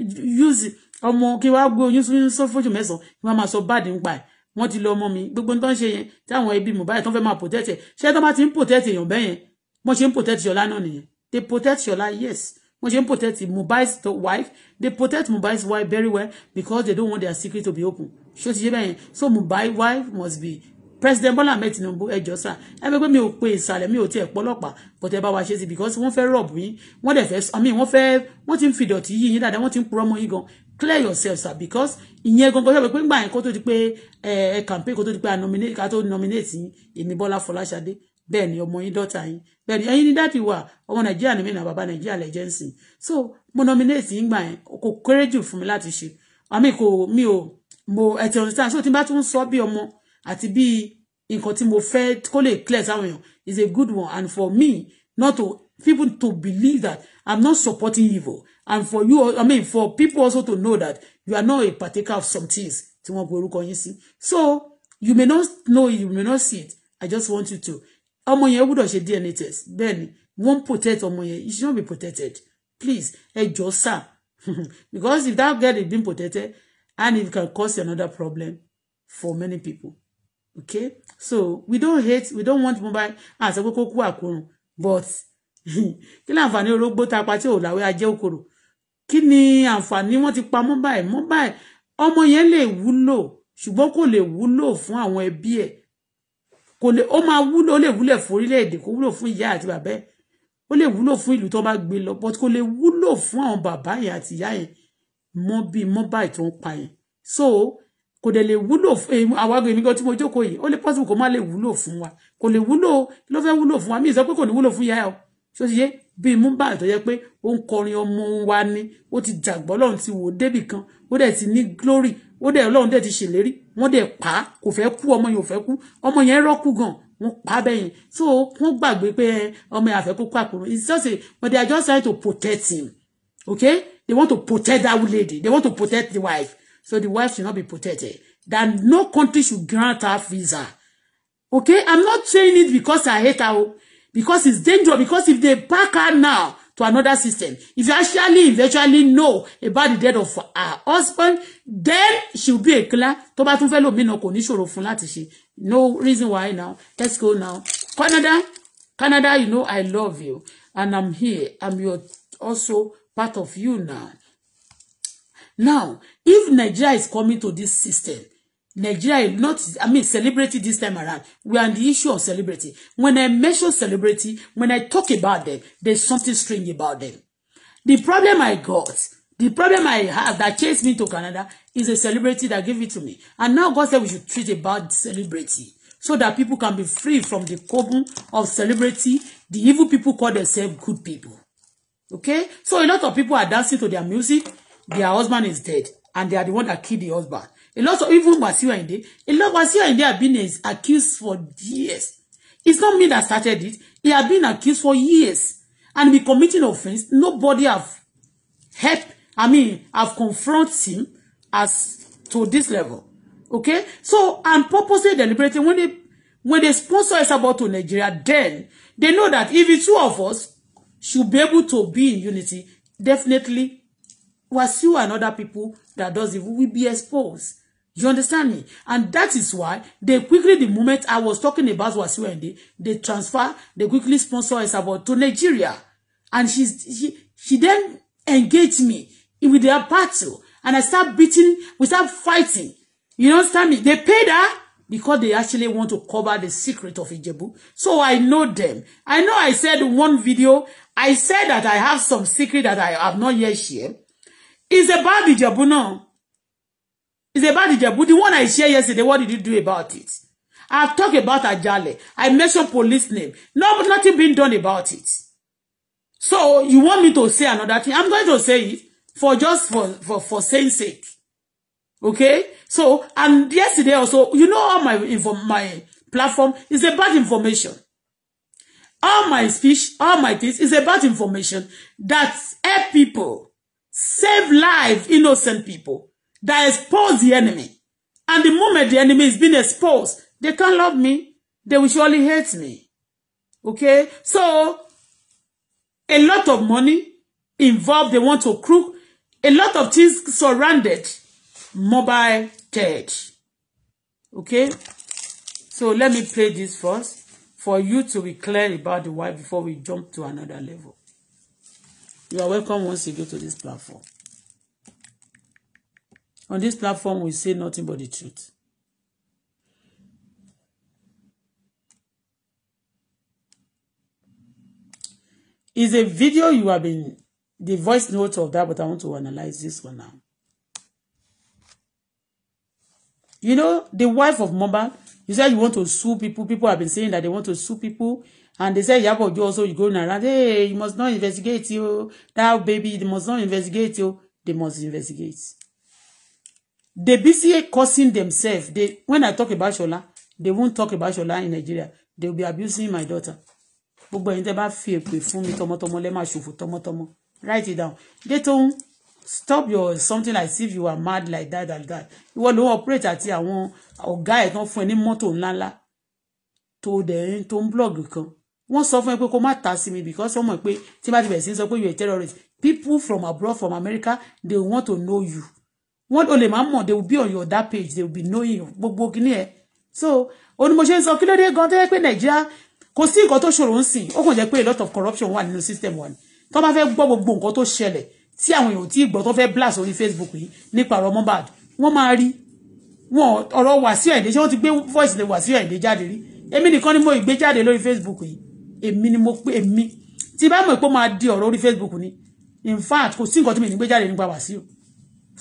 use ọmọ kí wàá gbé oyún sọ fóṣù mẹ́sàn-án kí wàá máa sọ bad nípa ẹ̀ wọ́n ti lọ ọmọ mi gbogbo nǹkan ṣe yẹn táwọn ẹbí Mohbad tó fẹ́ máa protect ẹ̀ ṣé tó bá ti ń protect èèyàn bẹ́yẹn wọ́n ṣe ń protect Ṣọlá náà nìyẹn they protect Ṣọlá yes wọ́n ṣe ń protect Mohbad's wife they protect mobiles wife very well because they don't want their secret to be open ṣé ṣe bẹ́ẹ̀ so mobile wife must be president Bola Ahmed Tinubu ẹjọ sa. ẹ fẹ́ pé mi ò pe ìsàlẹ̀ mi ò tiẹ̀ pọ́lọ́pàá but ẹ bá wa ṣe sí because wọ́n fẹ́ rọ̀bù yín wọ́n dẹ̀ fẹ́ àmì wọ́n fẹ́ wọ́n ti ń fi ìdọ̀tí yí yín dáadáa wọ́n ti ń purọ́ mọ́ yín gan clear yourself sir because ìyẹn gangan ṣàpè pé ńgbà yẹn kó tó di pé ẹ campaign kó tó di pé a nominate ká tó nominate yín èmi Bọ́lá Fọláṣadé bẹ́ẹ̀ ni ọmọ yín dọ́ta yín bẹ́ẹ̀ ni ẹ̀yin ní dáàdì wà ọmọ nàìjíríà ni mí nà bàbá nàìjíríà lẹ́jẹ̀ ń sìn so mo nominate yín gbà yẹn kò kéré jù fún mi láti ṣe àmì kò mi ò mo ẹ̀tì ọ̀nìtàn so tí n bá tún sọ bí ọmọ àti bí nǹkan tí mo fẹ́ kó lè clear sáwọn èèyàn is a good one and for me not to people to believe that I'm not supporting evil and for you I mean for people also to know that you are not a partaker of some things tí wọ́n pe orúkọ yín sí so you may not know you may not see it I just want you to ọmọ yẹn gbọ́dọ̀ ṣe DNA test bẹ́ẹ̀ ni wọ́n protect ọmọ yẹn you should not be protected please ẹ jọ sá because if that girl is being protected and it can cause another problem for many people okay so we don't hate we don't want mobile àti pé kó kú àkóràn but kí ni àǹfààní orógbó tá a pa tí ò láwé ajé òkòrò kí ni àǹfààní wọ́n ti pa mobile mobile ọmọ yẹn lè wúlò ṣùgbọ́n kò lè wúlò fún àwọn ẹbí ẹ̀ kò lè ó máa wúlò ó lè wúlò fún orílẹ̀-èdè kò wúlò fún ìyá àti bàbá ẹ̀ ó lè wúlò fún ìlú tó bá gbé lọ but kò lè wúlò fún àwọn bàbá yẹn àti ìyá yẹn mọ́ bíi mobile tó ń pa yẹn so kò dẹ̀ lè wúlò fún èmi àwágbé mi gan tí mo jókòó yìí ó lè possible kó má lè wúlò fún wa kò lè wúlò kí ló fẹ́ wúlò fún wa mi sọ pé kò lè wúlò fún ìyá o tó ti yé bíi mobile tó yẹ pé ó ń kọrin ọmọ wa ni ó ti dàgbọ́ lọ́run ti wò débì kan ó dẹ̀ ti ní glory ó dẹ̀ ọlọ́run dẹ̀ ti ṣèlérí wọ́n dẹ̀ pa á kò fẹ́ kú ọmọ yẹn ò fẹ́ kú ọmọ yẹn rọ́kù gan wọ́n pa á bẹ́yìn so wọ́n gbàgbé pé eh, ọmọ yẹn àfẹ́ kó kó àkùrọ̀ it's just a but they are just trying to protect him okay they want to protect that lady they want to protect the wife so the wife should not be protected that no country should grant her visa okay i'm not saying it because i hate her o oh. because it's dangerous because if they pack her now to another system. If you actually eventually know about the death of her husband, then she will be a killer. To bá tún fẹ́ lò mí náà kò ní ṣòro fún láti No reason why now. Let's go now. Canada, Canada, you know I love you and I'm here. I'm your also part of you now. Now, if Nigeria is coming to this system, Nigeria is not, I mean, celebrity this time around. We are on the issue of celebrity. When I mention celebrity, when I talk about them, there's something strange about them. The problem I got, the problem I have that chased me to Canada is a celebrity that gave it to me. And now God said we should treat a bad celebrity so that people can be free from the coven of celebrity. The evil people call themselves good people. Okay? So a lot of people are dancing to their music. Their husband is dead. And they are the one that killed the husband. A lot of even Wasiu Ayinde, a lot Wasiu Ayinde have been accused for years. It's not me that started it. He have been accused for years and be committing offense. Nobody have helped, I mean, have confronted him as to this level. Okay? So, and purposely deliberating when they when they sponsor about to Nigeria, then they know that if two of us should be able to be in unity, definitely Wasiu and other people that does it will be exposed. You understand me? And that is why they quickly, the moment I was talking about Wasiu Ayinde, they transfer, they quickly sponsor us about to Nigeria. And she's, she, she then engaged me with their battle. And I start beating, we start fighting. You understand me? They paid her because they actually want to cover the secret of Ijebu. So I know them. I know I said one video, I said that I have some secret that I have not yet shared. It's about Ijebu now. It's about the jabu. The one I shared yesterday, what did you do about it? I've talked about Ajale. I mentioned police name. No, but nothing being done about it. So you want me to say another thing? I'm going to say it for just for, for, for saying sake. Okay? So, and yesterday also, you know all my, inform my platform is about information. All my speech, all my things is about information that help people, save lives, innocent people that expose the enemy. And the moment the enemy is being exposed, they can't love me. They will surely hate me. Okay? So, a lot of money involved. They want to crook. A lot of things surrounded mobile church. Okay? So, let me play this first for you to be clear about the why before we jump to another level. You are welcome once you get to this platform. On this platform, we say nothing but the truth. Is a video you have been, the voice note of that, but I want to analyze this one now. You know, the wife of Mumba. you said you want to sue people. People have been saying that they want to sue people. And they say, Iyabo Ojo also, you going around, hey, you must not investigate you. That baby, they must not investigate you. They must investigate they busy cursing themselves they when i talk about Shola they won't talk about Shola in Nigeria they will be abusing my daughter gbogbo ẹ̀yin tẹ́ bá fi èpè fún mi tọmọtọmọ lẹ máa ṣòfò tọmọtọmọ write it down Dayton stop your something like if you are mad like that and that ìwọ ló ń operate àti àwọn ọ̀gá ẹ̀ tán fún ẹ ní mọ́tò ńláńlá tó dẹ̀ tó ń blog kan wọ́n sọ fún ẹ pé kó má ta sí mi because wọ́n mọ̀ pé tí bá ti bẹ̀rẹ̀ sí sọ pé you are a terrorist people from abroad from America they want to know you wọ́n ò lè máa mọ̀ they will be on your that page they will be knowing gbogbo kìíní ẹ̀ so onímọ̀ṣe ń sọ kí ló dé gan tó yẹ pé nàìjíríà kò sí nǹkan tó ṣòro ń sìn ó kàn jẹ́ pé a lot of corruption wà nínú system wa ni tó bá fẹ́ gbọ́ gbogbo nǹkan tó ṣẹlẹ̀ tí àwọn èèyàn tí ì tó fẹ́ blast orí Facebook yìí nípa ọ̀rọ̀ Mohbad wọ́n máa rí wọn ọ̀rọ̀ Wàsíù Àyìndé ṣé wọ́n ti gbé voice lè Wàsíù Àyìndé jáde rí èmi nìkan ni mo ìgbé jáde lórí Facebook yìí èmi ni mo pé èmi tí bá mọ̀ pé ó máa di ọ̀rọ̀ orí Facebook ni in fact kò sí nǹkan tí mi ní gbé jáde nípa Wàsíù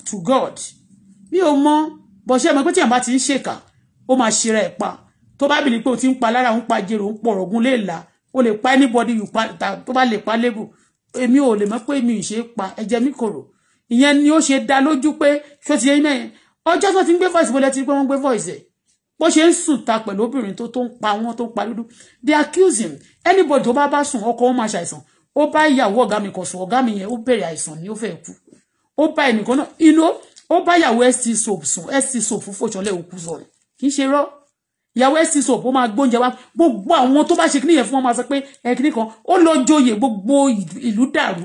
to God mi ò mọ bó ṣe mọ̀ pé tí àbá ti ń ṣèkà ó máa ṣe rẹ̀ pa tó bá bìlí pé o ti ń pa lára òun pa jèrò òun pọ̀ ọ̀gùn lè là o lè pa anybody you pa tó bá lè pa lébù èmi ò lè mọ̀ pé mi ì ṣe é pa ẹ̀jẹ̀ mi kòrò ìyẹn ni ó ṣe dá lójú pé ṣó ti yẹ iná yẹn ọjọ́ tó ti ń gbé voice bọ́lẹ̀ ti pé wọ́n gbé voice ẹ̀ bó ṣe ń sùn ta pẹ̀lú obìnrin tó tó ń pa wọ́n tó ń pa dúdú they accuse him anybody tó bá bá sùn ọkọ wọn máa ṣàìsàn ó bá ìyàwó ọ̀gá mi kan sùn ọ̀gá mi yẹn ó bẹ̀rẹ̀ àìsàn ni ó fẹ́ kú ó bá ẹnìkan náà iná ó bá yàwó st soap sùn st soap fòṣọlẹ òkú sọ̀rọ̀ kì í ṣe rọ ìyàwó st soap ó máa gbóúnjẹ wa gbogbo àwọn tó bá ṣe kíníyẹn fún wọn máa sọ pé ẹkíní kan ó lọ joyè gbogbo ìlú dàrú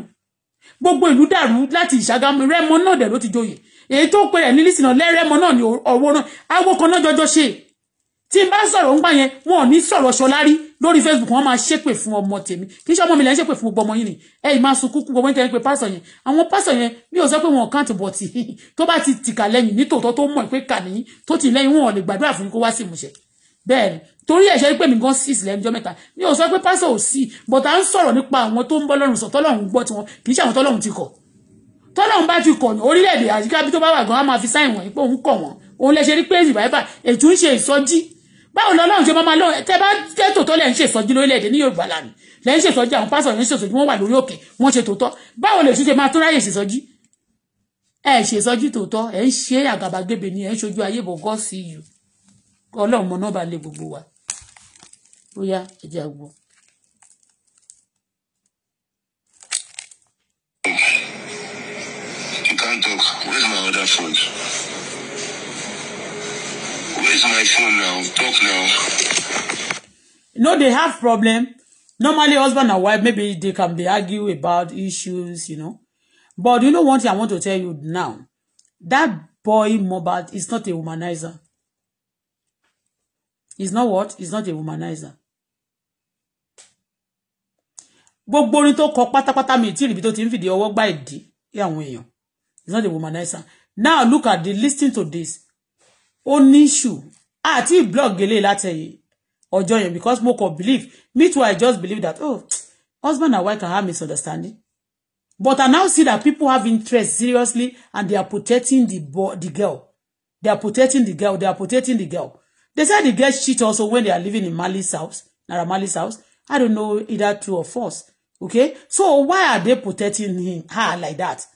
gbogbo ìlú dàrú láti ìṣàgámù rẹmọ náà dẹ ló ti joyè èyí tó pè rẹ ní lísìnà lẹrẹmọ náà ní ọwọ́ náà àwọn kan náà jọjọ ṣe tí n bá sọ̀rọ̀ ń gbà yẹn wọn ò ní sọ̀rọ̀ ṣọlárí lórí facebook wọn máa ṣépè fún ọmọ tèmi kì í ṣe ọmọ mi lẹ́yìn ṣépè fún gbogbo ọmọ yìí ni ẹ ì máa sunkún kú gbogbo nítorí pé pásọ yẹn àwọn pásọ yẹn mi ò sọ pé wọn ò káàtì bọ̀ tì tó bá ti tìkà lẹ́yìn nítòótọ́ tó mọ̀ pé kà níyìn tó ti lẹ́yìn wọn ò lè gbàdúrà fún kó wá sí ìmúṣẹ bẹ́ẹ̀ ni torí ẹ̀ṣẹ́ pé mi gan six lẹ́njọ́ mẹ́ta mi ò sọ pé pásọ ò sí but à ń sọ̀rọ̀ nípa àwọn tó ń bọ́ lọ́rùn sọ tọ́lọ́run gbọ́ tiwọn kì í ṣe àwọn tọ́lọ́run ti kọ̀ tọ́lọ́run bá ti kọ̀ ní orílẹ̀-èdè àyíká bí tó bá wà gan á máa fi sáìn wọ̀nyí pé òun kọ̀ wọ́n òun lè rí pé ìbáyébà ètò ń ṣe ìsọjí báwo lọ lọ́run ṣe máa máa lọ tẹ bá tẹ tòótọ́ lẹ́ ń ṣèṣọ́jú lórílẹ̀‐èdè ní Yorùbá lánàá lẹ́ ń ṣèṣọ́jú àwọn pásọ̀ lẹ́ ń ṣèṣọ́jú wọ́n wà lórí òkè wọ́n ṣe tòótọ́ báwo lè ṣe máa tó ráyè ṣèṣọ́jú ẹ ṣèṣọ́jú tòótọ́ ẹ ń ṣe àgàbàgebè ni ẹ ń ṣojú ayé bọ̀ God see you ọlọ́run mọ náà bá lè gbogbo wa ó yá ẹ jẹ́ àgbo. You can't talk. Where's my other phone? Where's my phone now? Talk now. You they have problem. Normally, husband and wife, maybe they can they argue about issues, you know. But you know one thing I want to tell you now? That boy Mohbad is not a womanizer. He's not what? He's not a womanizer. Gbogbo orin tó kọ pátápátá mi tí ìrìbí tó ti ń fìdí ọwọ́ gbá ìdí àwọn èèyàn. He's not a womanizer. Now look at the listening to this ó ní ṣù àti blog eléyìí látẹ̀yìn ọjọ́ yẹn because mo kàn believe me too i just believe that oh husband and wife can have misunderstanding but i now see that people have interest seriously and they are protecting the boy the girl they are protecting the girl they are protecting the girl they say the girl cheat also when they are living in Mali's house Naira Mali's house i don't know either true or false okay so why are they protecting him her like that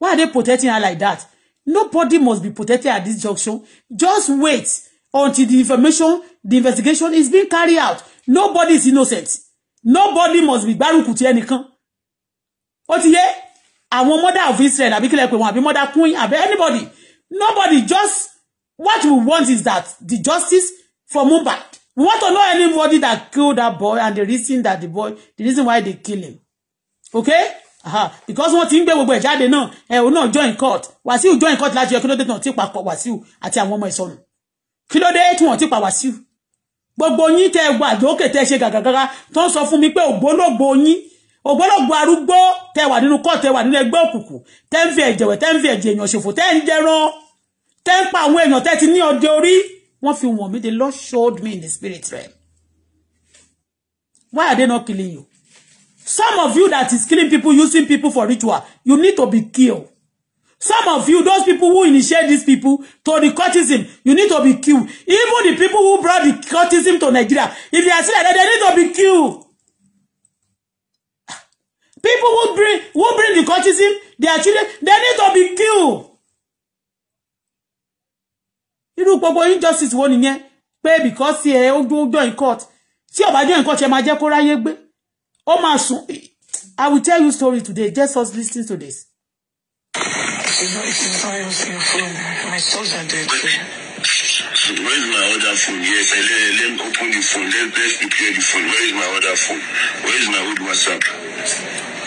why are they protecting her like that Nobody must be protected at this junction. Just wait until the information, the investigation is being carried out. Nobody is innocent. Nobody must be gbárùkù ti ẹnìkan. Ó ti yé àwọn mother of Israel àbí kílẹ̀ pé wọn àbí mother queen àbí anybody. Nobody just what we want is that the justice for Mohbad. We want to know anybody that killed that boy and the reason that the boy, the reason why they kill him. Okay? because wọ́n ti ń gbé gbogbo ẹ̀ jáde náà ẹ̀ òun náà join court wàsíù join court láti yọ kí ló dé tí wọ́n ti pa wàsíù àti àwọn ọmọ ìsọnù kí ló dé tí wọ́n ti pa wàsíù gbogbo yín tẹ wà lókè tẹ ṣe gàgàgàgà tó ń sọ fún mi pé ògbólógbò yín ògbólógbò arúgbó tẹ wà nínú court tẹ wà nínú ẹgbẹ́ òkùnkùn tẹ ń fi ẹ̀jẹ̀wẹ̀ tẹ ń fi ẹ̀jẹ̀ èèyàn ṣòfò tẹ ń jẹran tẹ ń pa àwọn èèyàn tẹ ti ní ọdẹ orí wọ́n fi wọ̀n mi the Lord showed me in the spirit realm why are they not killing you Some of you that is killing people, using people for ritual, you need to be killed. Some of you, those people who initiate these people to the cultism, you need to be killed. Even the people who brought the cultism to Nigeria, if they are still they need to be killed. People who bring who bring the cultism, their children, they need to be killed. You know, gbogbo injustice wo nìyẹn pé because ẹ eh, ó join court See, ó bá join court ẹ máa jẹ́ kó ráyé gbé ó máa sùn I will tell you story today just us listening to this. It's phone. My sons Where is my other phone? Yes, I let, let me open the phone. Let, let's prepare the phone. Where is my other phone? Where is my old WhatsApp?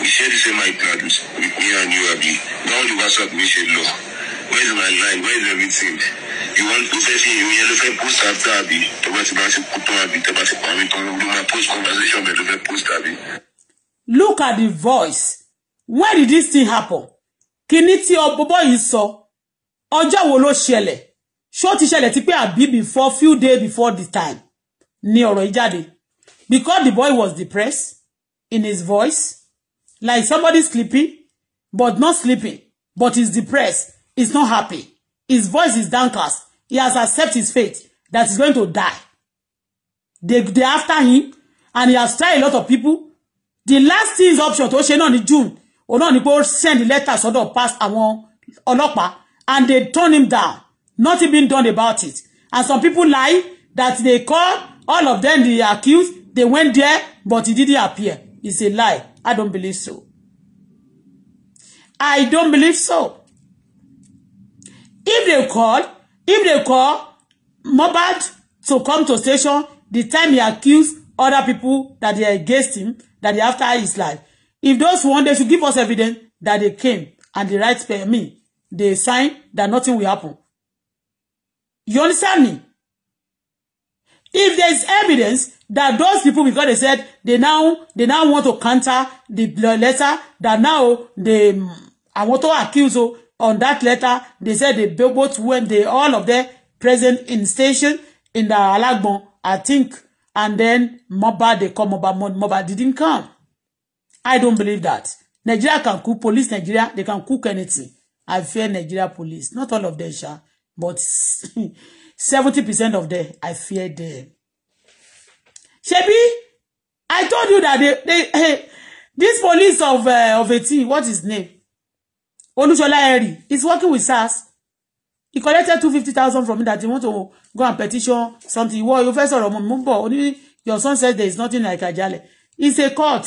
We share the same iPad with, me and you, Abi. Now the WhatsApp we share low. Where is my line? Where is everything? ìwọ ló fẹ́ fi ìròyìn ló fẹ́ post after àbí tó bá ti bá ti kú tán àbí tó bá ti pàmì tán ló máa post conversation bẹ́ẹ̀ ló fẹ́ post àbí. look at the voice Where did this thing happen kíní tí ọbọbọ yìí sọ ọjọ́ wo ló ṣẹlẹ̀ ṣó ti ṣẹlẹ̀ ti pé àbí before few days before the time ni ọ̀rọ̀ yìí jáde because the boy was depressed in his voice like somebody sleeping but not sleeping but he's depressed he's not happy his voice is downcast He has accepted his fate that he's going to die. They, they after him and he has tried a lot of people. The last thing is option to ṣe náà ní June. Òun náà ni pé ó send letter sọ́dọ̀ past àwọn ọlọ́pàá and they turn him down. Nothing being done about it. And some people lie that they call all of them the accused. They went there but he didn't appear. It's a lie. I don't believe so. I don't believe so. If they call, If they call Mohbad to come to station, the time he accuse other people that they against him, that they after his life. If those one, they should give us evidence that they came and the write pay me. They sign that nothing will happen. You understand me? If there is evidence that those people, because they said they now they now want to counter the letter that now they I want to accuse you on that letter, they said the both went, they all of them present in station in the Alagbon, I think. And then Moba, they come. Moba, Moba didn't come. I don't believe that. Nigeria can cook police, Nigeria, they can cook anything. I fear Nigeria police. Not all of them, sha, but percent of them, I fear them. Shebi, I told you that they, they hey, this police of uh, of 18, what is name? Olusola Eri is working with SARS. He collected 250,000 from me that he want to go and petition something. Well, you first or Mumbo, only your son says there is nothing like Ajale. It's a court.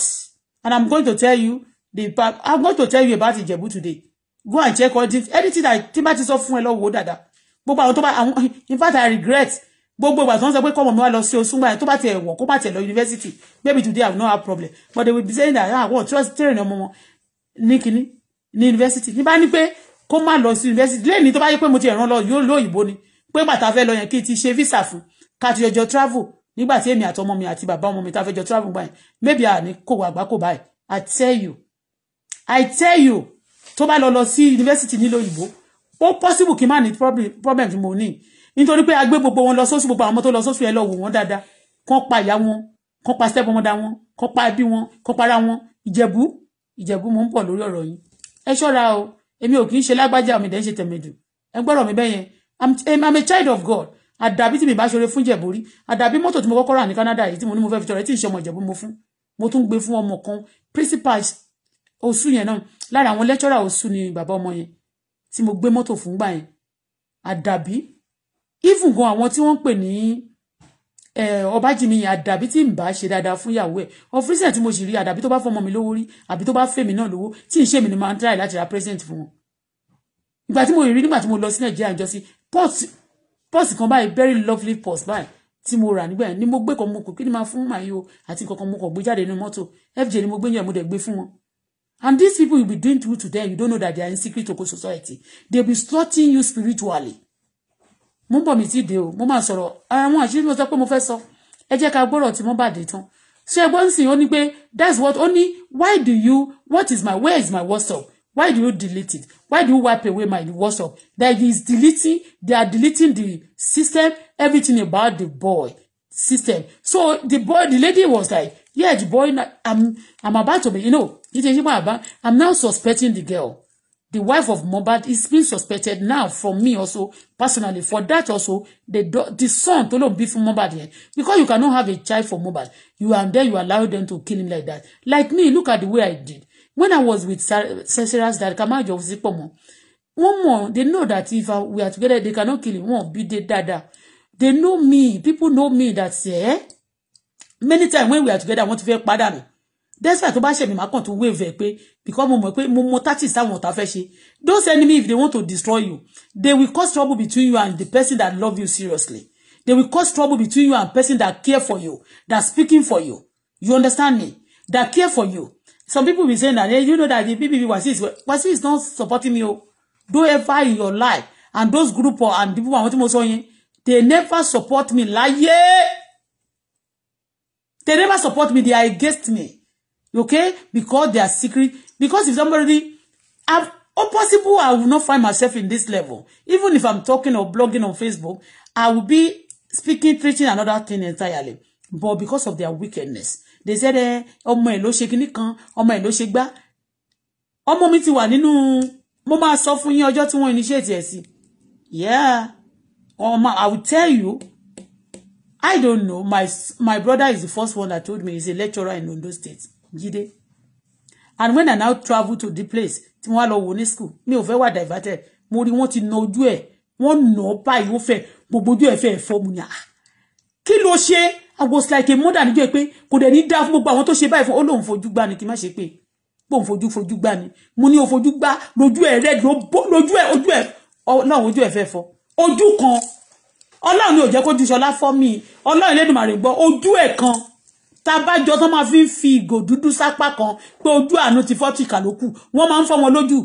And I'm going to tell you the part. I'm going to tell you about Ijebu today. Go and check all this. Anything that Timothy saw from ẹ lọ́wọ́ dáadáa. Gbogbo in fact I regret gbogbo ìgbà tó ń sọ pé kọ́mọ̀ mi wá lọ sí Osungba yẹn or university maybe today I will not problem but they will be saying that ah wọ́n tí wọ́n ti tẹ̀rẹ̀ ní ọmọ ní yunifásitì ní bá ní pé kó má lọ sí yunifásitì lẹ́yìn tó bá yẹ pé mo ti ẹ̀ràn lọ yóò lóyìnbó ni pé bàtà fẹ́ lọ yẹn kí n ti ṣe visa fún ká ti travel nígbà tí èmi àtọmọ mi àti bàbá ọmọ mi tá fẹ́ jọ travel gbà yẹn maybe àní kò wà àgbákò báyìí I tell you I tell you tó bá lọ lọ sí yunifásitì nílò òyìnbó ó possible kí n má ní problem tí mo ní nítorí pé a gbé gbogbo wọn lọ sóṣù gbogbo àwọn ọmọ tó lọ sóṣù yẹn lọ wò wọn dáadáa kán pa ìyá wọn kán pa step ọmọdá wọn kán pa ẹbí wọn kán para wọn ìjẹ̀bú ìjẹ̀bú mo ń pọ̀ lórí ọ̀rọ̀ yìí ẹ ṣọ́ra o èmi ò kì í ṣe lágbájá mi dẹ̀ ń ṣe tẹ̀mẹ̀dù ẹ gbọ́dọ̀ mi bẹ́yẹn i'm a child of God àdàbí tí mi bá ṣoore fún ìjẹ̀bú rí àdàbí mọ́tò tí mo kọ́kọ́ rà ní Canada yìí tí mo ní mo fẹ́ fi tọrẹ tí ì ṣe ọmọ ìjẹ̀bú mo fún mo tún gbé fún ọmọ kan principal oṣù yẹn náà lára àwọn lecturer, oṣù ni bàbá ọmọ yẹn tí mo gbé mọ́tò fún gbà yẹn àdàbí even gan àwọn tí wọ́n ń pè ní Ọbájìmí yẹn àdàbí tí ń bá ṣe dáadáa fún ìyàwó ẹ̀ ọ̀fíìsẹ̀ tí mo sì rí àdàbí tó bá fọmọ mi lówó rí àbí tó bá fèmí náà lówó tí ń ṣèmi ni máa ń try láti ra present fún wọn. ìgbà tí mo rí nígbà tí mo lọ sí nàìjíríà ìjọsí pọ́ọ̀sì kan báyìí very lovely pọ́ọ̀sì báyìí tí mo rà nígbà yẹn ni mo gbé kan mo kò kí ni máa fún màá yìí o àti nǹkan kan mo kò gbé jáde nínú mọ́tò fj ni mo gbé yẹn mo dẹ̀ gbé fún wọn and these people you be doing true to them you don't know that they are in secret oko society they be slaughtering you spiritually mo ń bọ̀ mí tíì dé o mo máa sọ̀rọ̀ àwọn àṣírí mo sọ pé mo fẹ́ sọ ẹ jẹ́ ká gbọ́rọ̀ tí mo bá dé tán ṣé ẹ gbọ́n sìn ó ní pé that's what ó ní why do you what is my where is my WhatsApp why do you delete it why do you wipe away my WhatsApp that is deleting they are deleting the system everything about the boy system so the boy the lady was like yeah the boy i'm i'm about to be you know he think about i'm now suspecting the girl the wife of Mohbad is being suspected now from me also personally for that also the the son tó be bí fún here because you cannot have a child for Mohbad you and then you allow them to kill him like that like me look at the way I did when I was with Cesar's dad of osipomo One more, they know that if I, we are together they cannot kill him One be dé dada. they know me people know me that eh, many times when we are together wọ́n ti fẹ́ padà mi despite tó bá ṣe mi máa kàn to wave ẹ because mo mọ̀ pé mo mọ tactics táwọn ọ̀tá fẹ́ ṣe those enemy if they want to destroy you they will cause trouble between you and the person that love you seriously they will cause trouble between you and person that care for you that speaking for you you understand me that care for you some people be saying that hey, you know that the BBB was is was is not supporting you oh. Do ever in your life and those group or and people àwọn tí mo sọ yẹn they never support me láyé they never support me they are against me okay because they are secret because if somebody have or oh, possible I will not find myself in this level even if I'm talking or blogging on Facebook I will be speaking preaching another thing entirely but because of their wickedness they said eh ọmọ ẹ̀ ló ṣe kinní kan ọmọ ẹ̀ ló ṣe gbá ọmọ mi ti wà nínú mo máa sọ fún yín ọjọ́ tí wọ́n initiate ẹ̀ sí yeah ọmọ I will tell you I don't know my my brother is the first one that told me he's a lecturer in Ondo State Jídé and when I now travel to the place tí wọ́n á lọ wò ní school mi ò fẹ́ wà diverted mo rí wọ́n ti na ojú ẹ̀ wọ́n nà ọ́ báyìí ó fẹ́ gbogbo ojú ẹ̀ fẹ́ fọ́ mu ni ah kí ló ṣe I was like a mother níjọ́ pé kò dẹ̀ ní dá fún gbogbo àwọn tó ṣe báyìí fún ó lóun fojú gbá ni kí n má ṣe pé bóun fojú fojú gbá ni mo ní o fojú gbá lójú ẹ̀ rẹ̀ lójú ẹ̀ ojú ẹ̀ ọlọ́run ojú ẹ̀ fẹ́ fọ́ ojú kan ọlọ́run ni ò jẹ́ kó ju ṣọlá fọ́ mi ọlọ́run lẹ́dùnmàrè gbọ́ ojú ẹ̀ kan tabájọ tó máa fi ń fi ìgò dúdú sápá kan pé ojú àánú ti fọ́tì kàlókù wọ́n máa ń fọ́ wọn lójú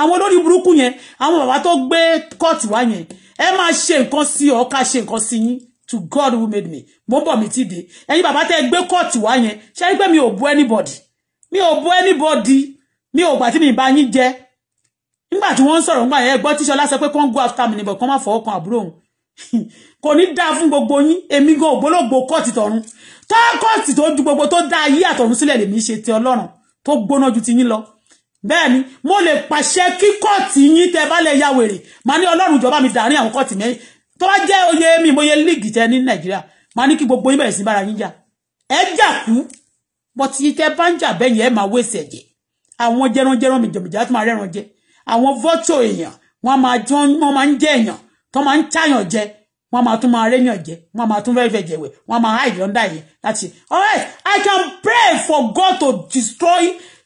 àwọn olórí burúkú yẹn àwọn bàbá tó gbé kóòtù wá yẹn ẹ máa ṣe nǹkan sí ọ ká ṣe nǹkan sí yín to God who made me mo ń bọ̀ mí ti dé ẹ̀yin bàbá tẹ́ gbé kóòtù wá yẹn ṣe é pé mi ò bú anybody mi ò bú anybody mi ò gbà tí mi bá yín jẹ nígbà tí wọ́n ń sọ̀rọ̀ nígbà yẹn gbọ́ tí Ṣọlá sọ pé kán go after mi nìbọn kán má fọwọ́ kan àbúrò òun kò ní dáa fún gbogbo yín èmi gan ògbólógbò kóòtù tọ̀run tọ́kọ̀tì tó ju gbogbo tó dá ayé àtọ̀run sílẹ̀ lèmi ṣe ti ọlọ́run tó gbóná ju ti yín lọ bẹ́ẹ̀ ni mo lè pàṣẹ kí kọ́ọ̀tì yín tẹ bá lẹ ya wèrè màá ní ọlọ́run ìjọba mi dàárín àwọn kọ́ọ̀tì mẹ́rin tó bá jẹ́ oyè mi ìmọye líìgì jẹ ní nàìjíríà màá ní kí gbogbo yín bẹ̀rẹ̀ sí bára yín jà ẹ jà kú bọ́tí tẹ bá ń jà bẹ́ẹ̀ yẹn ẹ máa wéṣẹ̀ ẹ̀jẹ̀ àwọn jẹranjẹran mìjọmìjà tó máa rẹ́ran jẹ àwọn vọ́tò èèyàn wọ́n máa jẹ́ èèyàn tó máa ń cháyàn jẹ wọ́n máa tún máa réyàn jẹ wọ́n máa tún fẹ́ẹ́ jẹ̀wẹ̀ wọ́n máa hide under yẹn láti all i can pray for god to destroy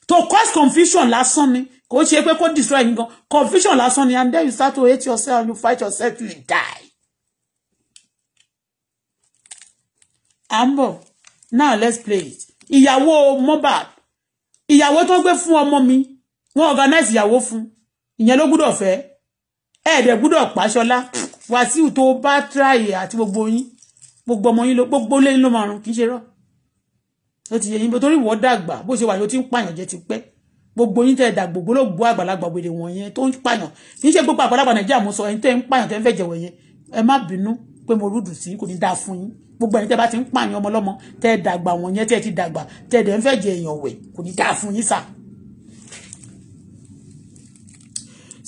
to cause confusion lásán ni kò ṣe pé kó destroy yín gan confusion lásán ni and then you start to hate yourself and you fight yourself till you die. ambo now let's play it ìyàwó Mohbad ìyàwó tó gbé fún ọmọ mi wọ́n organize ìyàwó fún ìyẹn ló gbúdọ̀ fẹ́ ẹ̀ẹ́dẹ̀ gbúdọ̀ pàṣọlá. Wàsíù tó bá tíráyè àti gbogbo yín gbogbo ọmọ yín ló gbogbo lẹ́yìn ló máa kì í ṣe rọ́ ó ti yẹ yín torí ìwọ dàgbà bó ṣe wà ló ti ń pààyàn jẹ ti pẹ́ gbogbo yín tẹ̀ dàgbò gbólógbó àgbàlagbà wèrè wọ̀nyẹn tó ń pààyàn kì í ṣe gbogbo àgbàlagbà nàìjíríà mo sọ ẹni tẹ́ ń pààyàn tẹ́ ń fẹ̀jẹ̀ wọ̀nyẹn ẹ má bínú pé mo rúdù sí kò ní dáa fún yín gbogbo ẹni tẹ́ bá ti ń pààyàn ọmọ lọ́mọ tẹ́ dàgbà wọ̀nyẹn tẹ́ ti dàgbà tẹ́ dẹ̀ ń fẹ̀jẹ̀ èèyàn wẹ̀ kò ní dáa fún yín sà.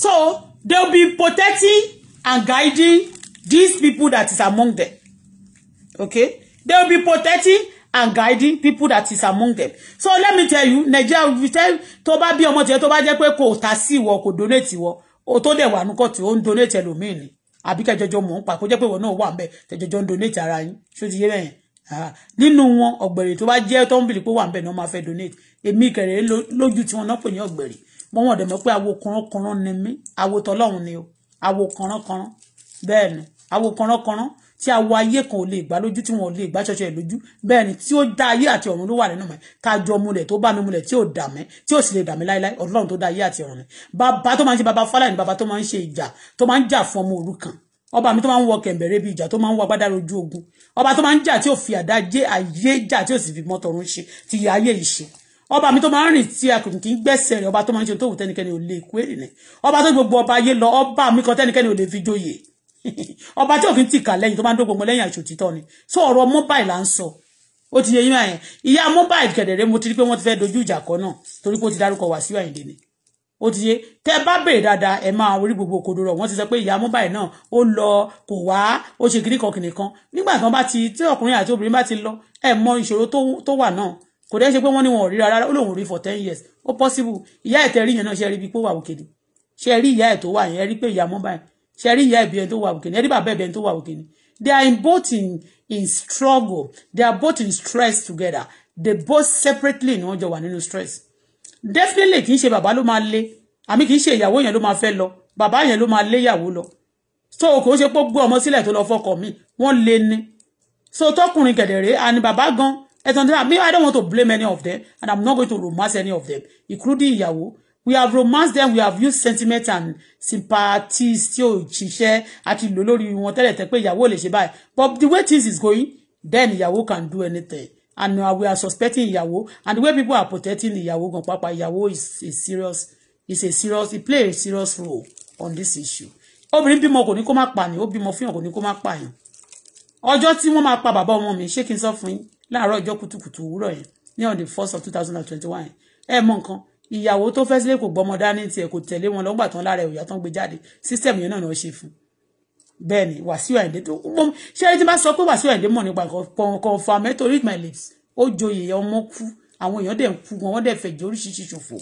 So they will be protecting and guiding these people that is among them. Okay? They will be protecting and guiding people that is among them. So let me tell you, Nigeria will be tell tó bá bí ọmọ tiẹ̀ tó bá jẹ́ pé ta sí ìwọ kò donate ìwọ o tó dẹ̀ wà nùkọ́ tí ó ń donate ẹlòmíì ni àbí kẹjọjọ mọ̀ ń pa kó jẹ́ pé ìwọ náà wà ń bẹ̀ tẹjọjọ ń donate ara yín ṣó ti yé bẹ́yẹn ah, nínú wọn ọ̀gbẹ̀rẹ̀ tó bá jẹ́ tó ń bìlì pé wà ń bẹ̀ náà máa fẹ́ donate Emi kẹrẹ̀ lójú tí wọn náà pè ní ọ̀gbẹ̀rẹ̀ mọ́ wọn dẹ̀ mọ́ pé awo kọ̀rọ̀kọ̀rọ̀ ni mí awo tọlọ́run ni o Awo kànrànkànràn bẹ́ẹ̀ ni Awo kànrànkànràn tí àwo ayé kan ò lè gbá lójú tí wọn ò lè gbá ṣọṣọ ẹ lójú bẹ́ẹ̀ ni tí ó dá ayé àti ọ̀run ló wà nínú mi kájọ mulẹ̀ tó bá mi mulẹ̀ tí ò dà mí tí ò sì lè dà mí láéláé Ọlọ́run tó dá ayé àti ọ̀run ni bàbá tó máa ń ṣe bàbá Fálàní bàbá tó máa ń ṣe ìjà tó máa ń jà fún ọmọ òrukàn ọba mi tó máa ń wọ kẹ̀m̀bẹ̀rẹ̀ bí ìjà tó máa ń wọ agbádá ojú ogun ọba tó máa ń jà tí ò fi àdá ayé jà tí ò sì fi mọ́tọ̀run ṣe ti ayé ìṣe ọba mi tó máa ń rìn tí a kì í gbẹ́sẹ̀ rẹ̀ ọba tó máa ń ṣe tó wù tẹ́nikẹ́ni ò lè kú èrè náà ọba tó gbogbo ọba ayé lọ ọba mi kan tẹ́nikẹ́ni ò lè fi joyè ọba tí òfin tìkà lẹ́yìn tó máa ń dógbòmọ lẹ́yìn àṣò títọ́ ni tó ọ̀rọ̀ mobile là ń sọ ó ti yẹ yín báyẹn ìyá mobile kẹ̀dẹ̀rẹ́ mo ti rí pé wọ́n ti fẹ́ dojú ìjà kan náà torí pé ó ti dárúkọ Wàsíù Àyìndé ni ó ti yé tẹ bá bèrè dáadáa ẹ máa orí gbogbo òkodo rọ wọ́n ti sọ pé ìyá mobile náà ó lọ kò wá ó ṣe kìnnìkan kìnnìkan nígbà tí wọ́n bá ti tí ọkùnrin àti obìnrin bá ti lọ ẹ mọ ìṣòro tó wà náà kò dẹ́ ṣe pé wọ́n ní wọn ò ríra rárá ó lóun rí for ten years ó possible ìyá ẹ̀ tẹ́ rí yẹn náà ṣe rí ibi pé ó wà òkèdè ṣe rí ìyá ẹ̀ tó wà yẹn ẹ rí pé ìyá mọ́ báyìí ṣe rí ìyá ẹ̀bí ẹni tó wà òkèdè ẹ rí bàbá ẹ̀bí ẹni tó wà òkèdè they are both in in struggle they are both in stress together they both separately ni wọ́n jọ wà nínú stress definitely kì í ṣe bàbá ló máa lé àmì kì í ṣe ìyàwó yẹn ló máa fẹ́ lọ bàbá yẹn ló máa lé ìyàwó lọ so kò ṣe pé gbé ọmọ sílẹ̀ tó lọ fọkọ mi wọ́n lé ní so tọkùnrin kẹ̀dẹ̀rẹ́ àní bàbá gan-an I mean, I don't want to blame any of them, and I'm not going to romance any of them, including Ìyàwó. We have romanced them, we have used sentiment and sympathy. Still, Chiche, ṣiṣẹ́ àti lò lórí wọn tẹ́lẹ̀ tẹ́ pé ìyàwó But the way things is going, then ìyàwó can do anything. And uh, we are suspecting ìyàwó, and the way people are protecting ìyàwó gan papa, ìyàwó is a serious, is a serious, he plays a serious role on this issue. Obìnrin bímọ kò ní kó má Obi ó bímọ fún yàn kò ní kó má pààyàn. Ọjọ́ tí wọ́n máa pa bàbá ọmọ láàárọ̀ ọjọ́ kùtùkùtù òwúrọ̀ yẹn ní on the first two thousand and twenty-one ẹ mọ nǹkan ìyàwó tó fẹ́ sílé kò gbọ́mọ dání tiẹ̀ kò tẹ̀lé wọn lọ́gbà tán lára ìyá tán gbé jáde system yẹn náà ni wọ́n ṣe fún bẹ́ẹ̀ ni Wàsíù Àyìndé tó mọ ṣé ẹni tí bá sọ pé Wàsíù Àyìndé mọ̀ nípa confam ẹ to my lips ó joyè ọmọ kú àwọn èèyàn dẹ̀ ń kú wọn wọ́n dẹ̀ fẹ̀jẹ̀ oríṣiríṣi ṣòfò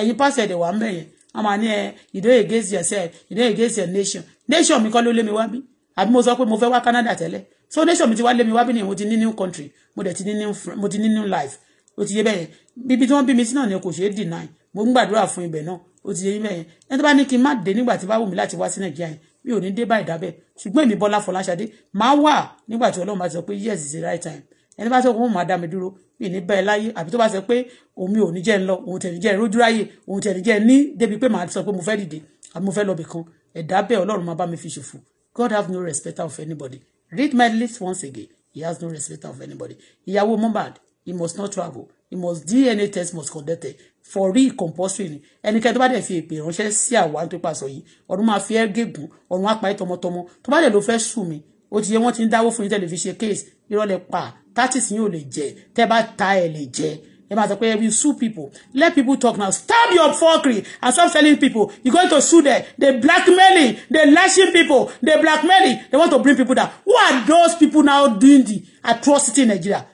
ẹ̀yin pásẹ̀ dẹ̀ wà ń bẹ̀yẹn wọ́n máa ní ẹ you don against yourself you don against your nation nation mi kọ́ ló lé mi wá bí àbí mo sọ pé mo fẹ́ wá Canada tẹ́lẹ̀ so nation mi ti wá lé mi wá bí ni mo ti ní new country mo dẹ̀ ti ní new mo ti ní new life ó ti yé bẹ́ẹ̀ bíbi tí wọ́n bí mi sí náà ni kò ṣeé deny mo ń gbàdúrà fún ibẹ̀ náà ó ti yé yín bẹ́ẹ̀ ẹni tó bá ní kí n má dé nígbà tí bá wù mí láti wá sí nàìjíríà yẹn mi ò ní dé báyìí dábẹ́ ṣùgbọ́n èmi Bọ́lá Fọláṣadé máa wà nígbà tí Ọlọ́run bá sọ pé yes is the right time ẹni bá sọ pé òun máa dá mi dúró mi ní bẹ́ẹ̀ láyé àbí tó bá sọ pé òun mi ò ní jẹ́ ń lọ òun tẹ̀lé jẹ́ ń rójú ráyè òun tẹ̀lé jẹ́ ń ní débi pé màá sọ pé mo fẹ́ dìde àbí mo fẹ́ lọ bìkan ẹ̀dá bẹ́ẹ̀ Ọlọ́run máa bá mi fi ṣòfò God have no respect of anybody Read my list once again. He has no respect of anybody. Ìyàwó Mohbad, he must not travel. He must DNA test must conduct it for real compulsory ni ẹnikẹ́ni tó bá dẹ̀ fi èpè ránṣẹ́ sí àwa tó pàṣọ yìí ọ̀run máa fi ẹ́ gègùn ọ̀run á pa ẹ́ tọmọtọmọ tó bá dẹ̀ ló fẹ́ sùn mí ó ti yẹ wọ́n ti ń dáwó fún yín tẹ́lẹ̀ case irọ́ lẹ pa tátìsì yín lè jẹ tẹ́ bá ta ẹ̀ lè jẹ ẹ máa sọ pé we sue people let people talk now stop your forkery and stop selling people you going to sue them they blackmailing they lashing people they blackmailing they want to bring people down who are those people now doing the atrocity in Nigeria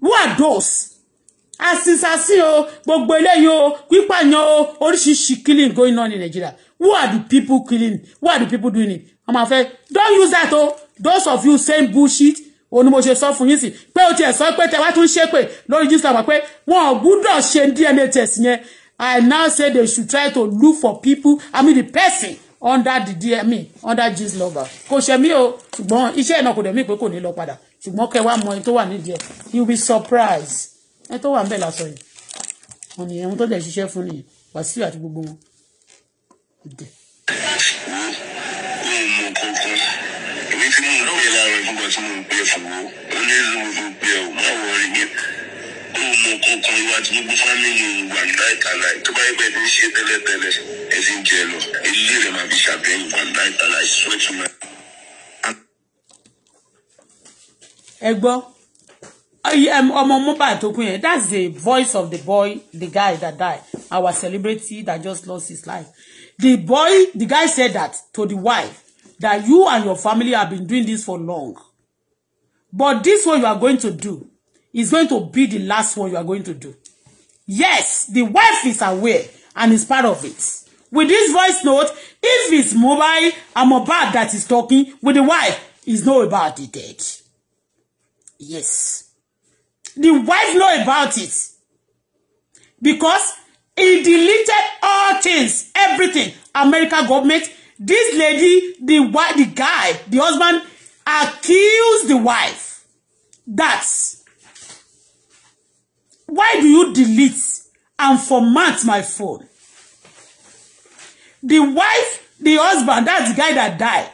who are those asisasi o gbogbo eléyìí o pípàyàn o oríṣiríṣi killing going on in Nigeria who are the people killing who are the people doing it ọmọ afẹ don't use that o those of you saying bullshit Onu ni mo ṣe sọ fún yín sí pé o tiẹ̀ sọ pé tẹ̀wá tún ṣe pé lórí jísà wà pé wọn ò gbúdọ̀ ṣe DNA test yẹn I now say they should try to look for people I mean the person under the DME under Jesus lover kò ṣe mí o ṣùgbọ́n iṣẹ́ náà kò dẹ̀ mí pé kò ní lọ padà ṣùgbọ́n kẹ wá mọ ẹni tó wà nídìí ẹ̀ you be surprised ẹni tó wà ń bẹ̀ lásọ yìí wọn ni ẹni tó dẹ̀ ṣiṣẹ́ fún nìyẹn Wàsíù àti gbogbo wọn tí mò ń pè lára ìgbà tí ẹ gbọ́ ọmọ Mohbad tó kú yẹn that's the voice of the boy the guy that died our celebrity that just lost his life the boy the guy said that to the wife that you and your family have been doing this for long. But this one you are going to do is going to be the last one you are going to do. Yes, the wife is aware and is part of it. With this voice note, if it's mobile and Mohbad that is talking with the wife, is know about the dead. Yes. The wife know about it. Because he deleted all things, everything. American government this lady the wife the guy the husband accused the wife that why do you delete and format my phone the wife the husband that's the guy that died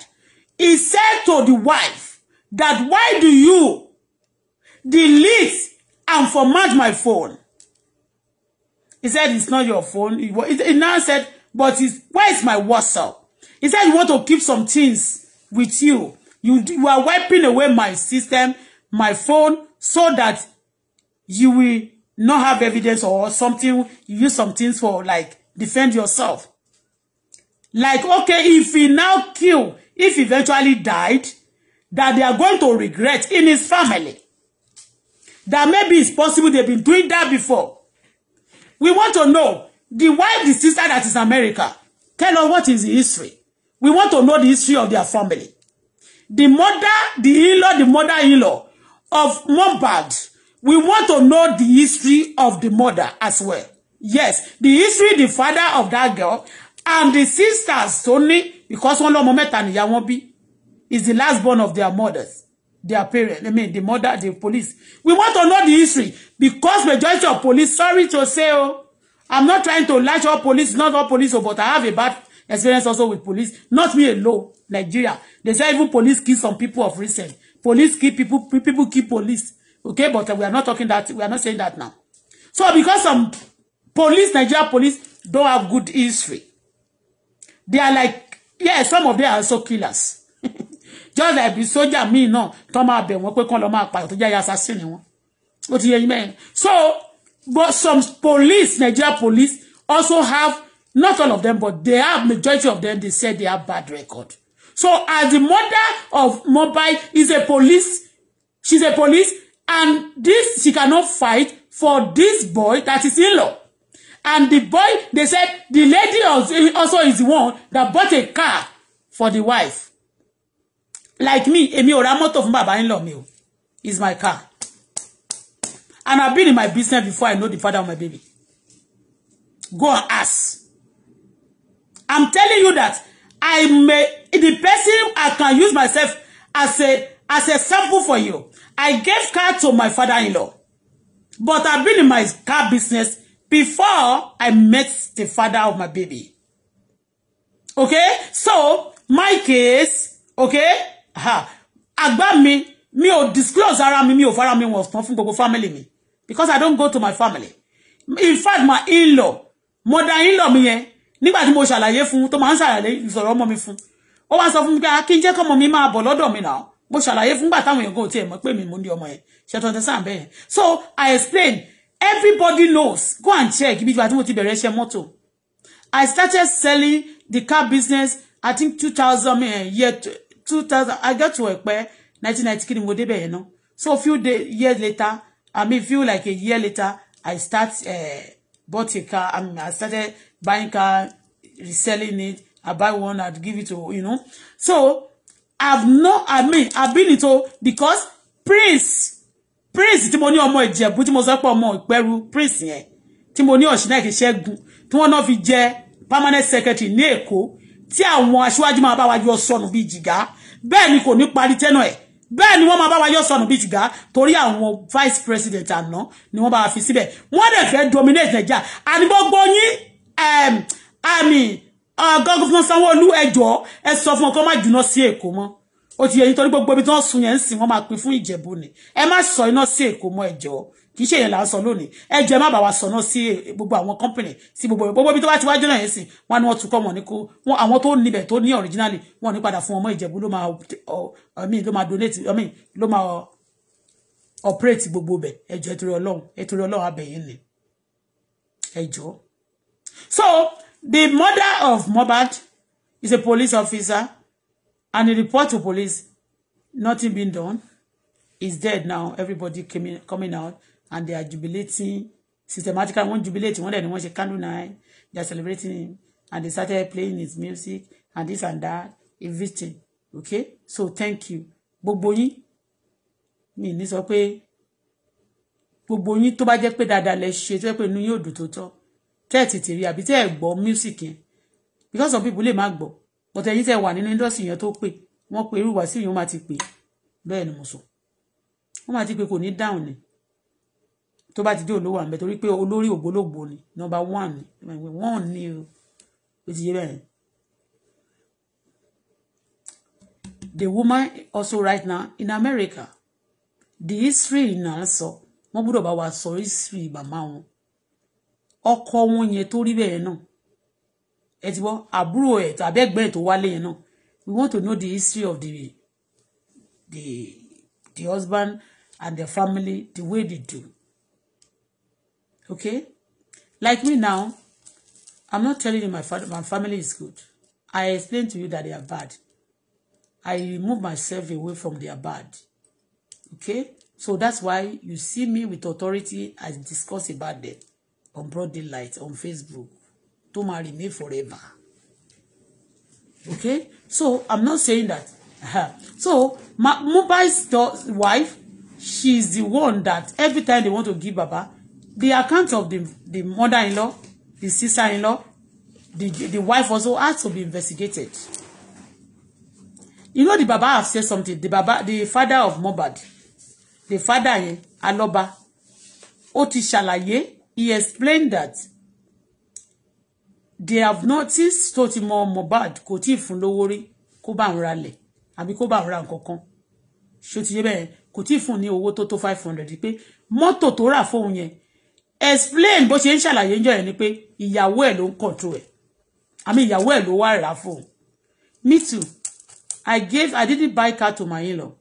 he said to the wife that why do you delete and format my phone he said it's not your phone he, he now said but it's where is my WhatsApp He said you want to keep some things with you. You, you are wiping away my system, my phone, so that you will not have evidence or something. You use some things for like defend yourself. Like, okay, if he now kill, if eventually died, that they are going to regret in his family. That maybe it's possible they've been doing that before. We want to know the wife, the sister that is America. Tell us what is the history. We want to know the history of their family. The mother, the in-law, the mother-in-law of Mohbad. We want to know the history of the mother as well. Yes, the history, the father of that girl, and the sisters Tony, because one lọ́mọ and nìyá is the last born of their mothers, their parents. I mean, the mother, the police. We want to know the history because majority of police. Sorry to say, oh, I'm not trying to lash all police, not all police, oh, but I have a bad experience also with police. Not me alone, Nigeria. They say even police kill some people of recent. Police kill people, people kill police. Okay, but we are not talking that, we are not saying that now. So because some police, Nigeria police, don't have good history. They are like, yeah, some of them are also killers. Just like the soldier, me, no. Tó máa bẹ̀ wọ́n pé kán lọ máa assassin So, but some police, Nigeria police, also have Not all of them, but they have majority of them, they say they have bad record. So as the mother of Mohbad is a police, she's a police, and this she cannot fight for this boy that is in-law. And the boy, they said the lady also, is the one that bought a car for the wife. Like me, Emi ò ra mọ́tò fún bàbá in-law mi o. my car. And I've been in my business before I know the father of my baby. Go and ask. I'm telling you that I may the person I can use myself as a as a sample for you. I gave car to my father-in-law, but I've been in my car business before I met the father of my baby. Okay, so my case, okay, ha, About me, me ò disclose around me, me ò fara mi wọ̀n tán fún gbogbo family me, because I don't go to my family. In fact, my in-law, mother-in-law me. yẹn nígbà tí mo ṣàlàyé fún tó máa ń ṣàlàyé ìsọ̀rọ̀ ọmọ mi fún ó wá sọ fún mi pé ah, kí n jẹ́ kọ́mọ mi máa bọ̀ lọ́dọ̀ mi náà mo ṣàlàyé fúngbà táwọn èèyàn kò tiẹ̀ mọ̀ pé mi mo ní ọmọ yẹn ṣe tó tẹ́sán bẹ́ẹ̀ so I explain everybody knows go and check ibi tí mo ti bẹ̀rẹ̀ ṣe mọ́tò I started selling the car business I think two thousand eh, year two thousand I got to Ẹ̀pẹ́ nineteen ninety kí ni mo débẹ̀ yẹn náà so few day, years later I mean few like a year later I start. Uh, bought a car. I mean, I started buying car, reselling it. I buy one, I'd give it to, you know. So, I've no, I mean, I've been into, because Prince, Prince, tí mo ní ọmọ Ìjẹ̀bú, tí mo sọ pé ọmọ Ìpẹ́rù, Prince yẹn, tí mo ní Ọ̀ṣínàkè Ṣẹ́gun, tí wọ́n náà fi jẹ permanent secretary ní Èkó, tí àwọn aṣíwájú máa bá wájú ọ̀sọ̀nù bíi jìgá, bẹ́ẹ̀ ni kò ní parí tẹ́nà ẹ̀ bẹ́ẹ̀ ni wọ́n máa bá wa yọ sọnù bíi ṣùgá torí àwọn vice president àná ni wọ́n bá wa fi síbẹ̀ wọ́n dẹ̀ fẹ́ dominate Nàìjíríà àní gbogbo yín àmì uh, gọ́gùnfún Sanwó-Olú ẹjọ́ ẹ sọ fún ọkọ má jùnà sí Èkó mọ́ ó ti yẹ yín torí gbogbo ibi tí wọ́n sun yẹn ń sìn wọ́n máa pín fún Ìjẹ̀bú ni ẹ má sọ iná sí Èkó mọ́ ẹjọ́ kì í ṣe èèyàn là ń sọ lónìí ẹjọ ẹ má bàa wa sọ náà sí gbogbo àwọn company sí gbogbo gbogbo ibi tó bá ti wájú náà yẹn sìn wọn ni wọn tún kọ wọn ní kó wọn àwọn tó níbẹ̀ tó ní originally wọn ní padà fún ọmọ Ìjẹ̀bú ló máa ọmí ló máa donate ọmí ló máa operate gbogbo bẹ̀ ẹjọ ẹtúrẹ Ọlọ́run ẹtúrẹ Ọlọ́run abẹyẹn ni ẹjọ. So the mother of Mohbad is a police officer and he report to police nothing been done Is dead now everybody coming coming out and they are jubilating systematically One jubilate one dẹ̀ ni wọ́n ṣe candle night they are celebrating him and they started playing his music and this and that everything okay so thank you gbogbo yín mi ni sọ pé gbogbo yín tó bá jẹ́ pé dáadáa lẹ ṣe tó jẹ́ pé inú yóò dùn tó tọ́ tẹ́ tètè rí àbí tẹ́ ẹ̀ gbọ́ music yẹn because some people lè má gbọ́ but ẹ̀yin tẹ́ wà nínú industry yẹn tó pè wọ́n pe irú wàásù yìí wọ́n máa ti pè bẹ́ẹ̀ ni mo sọ wọ́n máa ti pè kò ní dáhùn ni tó bá ti dé olówó àmì torí pé olórí ògbólógbò ni nọ́mbà one ni one ni o ó ti yé bẹ́ẹ̀. the woman also right now in America the history náà sọ wọ́n gbọ́dọ̀ bá wa sọ history màmá wọn ọkọ wọn yẹn tó rí bẹ́ẹ̀ náà ẹ ti gbọ́ àbúrò ẹ̀ tàbí ẹ̀gbẹ́ ẹ̀ tó wálé yẹn náà we want to know the history of the the the husband and the family the way they do Okay? Like me now, I'm not telling you my, fa- my family is good. I explained to you that they are bad. I remove myself away from their bad. Okay? So that's why you see me with authority. I discuss about them on broad daylight on Facebook. To marry me forever. Okay? So I'm not saying that. so my Mohbad's wife, she's the one that every time they want to give Baba, the account of the the mother-in-law the sister-in-law the the wife also has to be investigated you know the baba have said something the baba the father of Mohbad the father yẹn Aloba ó ti he explained that they have noticed tó ti mọ Mohbad kò tí ì fún lówó rí kó bá ń ralẹ̀ àbí kó bá ń ra nǹkan ti yé bẹ́ẹ̀ kò tí ì fún ní owó tó tó five hundred pé mọ́tò tó explain bó ṣe ń ṣàlàyé ńjọ yẹn ni pé ìyàwó ẹ̀ ló ń control ẹ̀ àmì ìyàwó ẹ̀ ló wá rà fún me too I gave I didn't buy car to my in-law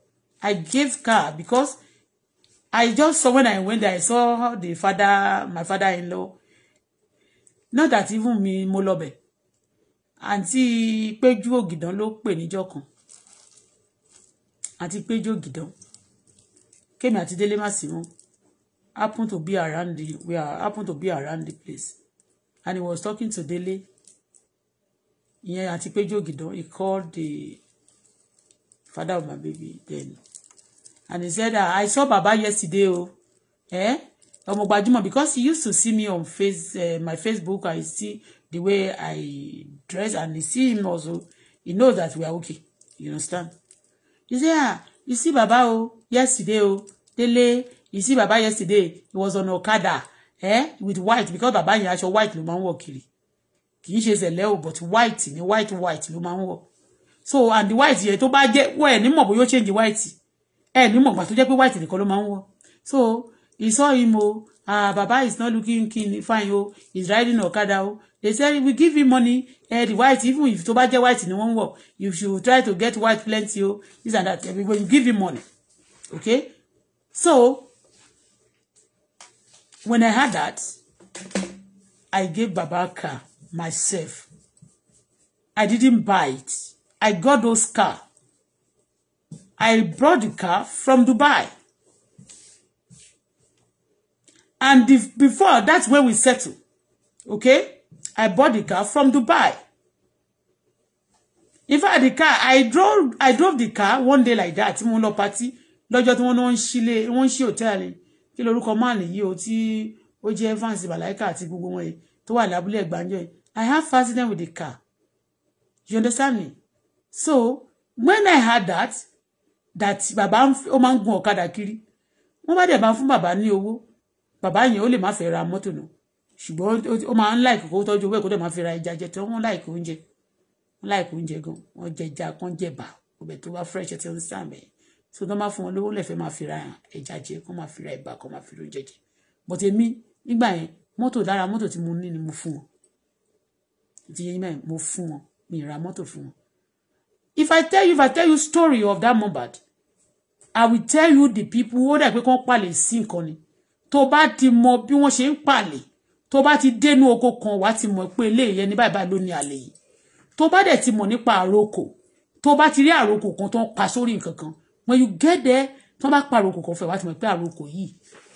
I gave car because I just saw when I went there I saw the father my father-in-law not that even me mo lọ bẹ̀ àǹtí péjú ògìdán ló pè níjọ́ kan àti péjú ògìdán kémi àti délé má sí wọn happened to be around the we are happened to be around the place and he was talking to Dele ìyẹn àti pé jogidan he called the father of my baby then and he said ah I saw Baba yesterday o eh ọmọ gbajúmọ̀ because he used to see me on face uh, my Facebook I see the way I dress and he see him also he knows that we are okay you understand he say ah you see Baba o yesterday o Dele you see baba yesterday he was on okada eh with white because baba yẹn aṣọ white ló máa ń wọ̀ kiri kì í ṣe ṣẹlẹ̀ o but white ni white white ló máa ń wọ̀ so and the white yẹn tó bá jẹ́ wọ́n ẹ̀ nímọ̀ bóyá ó change white ẹ̀ nímọ̀ gbà tó jẹ́ pé white nìkan ló máa ń wọ̀ so he saw him o ah baba is not looking keen fine o he's riding okada o they say we give him money eh the white even if tó bá jẹ́ white ni wọ́n ń wọ̀ you should try to get white plenty o this and that eh, we will give him money okay so When I had that, I gave Babaka myself. I didn't buy it. I got those car. I brought the car from Dubai. And the, before, that's where we settled. Okay? I bought the car from Dubai. In fact, the car, I drove, I drove the car one day like that. Mo lọ party. Lọ́jọ́ tí wọ́n ń ṣílé, wọ́n ń ṣí kí lorúkọ máàlì yìí o tí ó jẹ́ evans balaika àti gbogbo wọn tó wà lábúlé ẹ̀gbánjọ́ yìí I have accident with the car you understand me so when I had that that Baba ó máa ń gun ọ̀kadà kiri wọ́n bá dẹ̀ máa fún Baba ní owó bàbá yẹn ó lè má fẹ́ ra mọ́tò náà ṣùgbọ́n ó máa ń láìkó kó tọ́jú owó ẹ̀kọ́ dẹ̀ máa fi ra ẹja jẹ tí wọ́n láìkó oúnjẹ wọ́n láìkó oúnjẹ gan wọ́n jẹ ẹja kan jẹ bà ọbẹ̀ tó bá fresh ẹ̀ tí wọ́n ń sàmì so tó máa fún wọn lówó lẹ́fẹ̀ẹ́ máa fira ẹja jẹ kó máa fira ẹ̀bà kó máa fira oúnjẹ jẹ but èmi nígbà yẹn mọ́tò lára mọ́tò tí mo ní ni mo fún wọn ti yẹn mẹ́rin mo fún wọn mi ra mọ́tò fún wọn if i tell you if i tell you story of that Mohbad i will tell you the people ó dà pé kí wọ́n palẹ̀ sí nǹkan ni tó bá ti mọ bí wọ́n ṣe ń palẹ̀ tó bá ti dénú oko kan wàá ti mọ̀ pé eléyìí ẹni báyìí báyìí ló ní àlè yìí tó bá dẹ̀ ti mọ̀ nípa àrokò tó bá ti rí àrokò kan tó ń pa sórí nǹkan kan when you get there tí wọ́n bá pàrokò kan fún ẹ wá ti mọ̀ pé àrokò yìí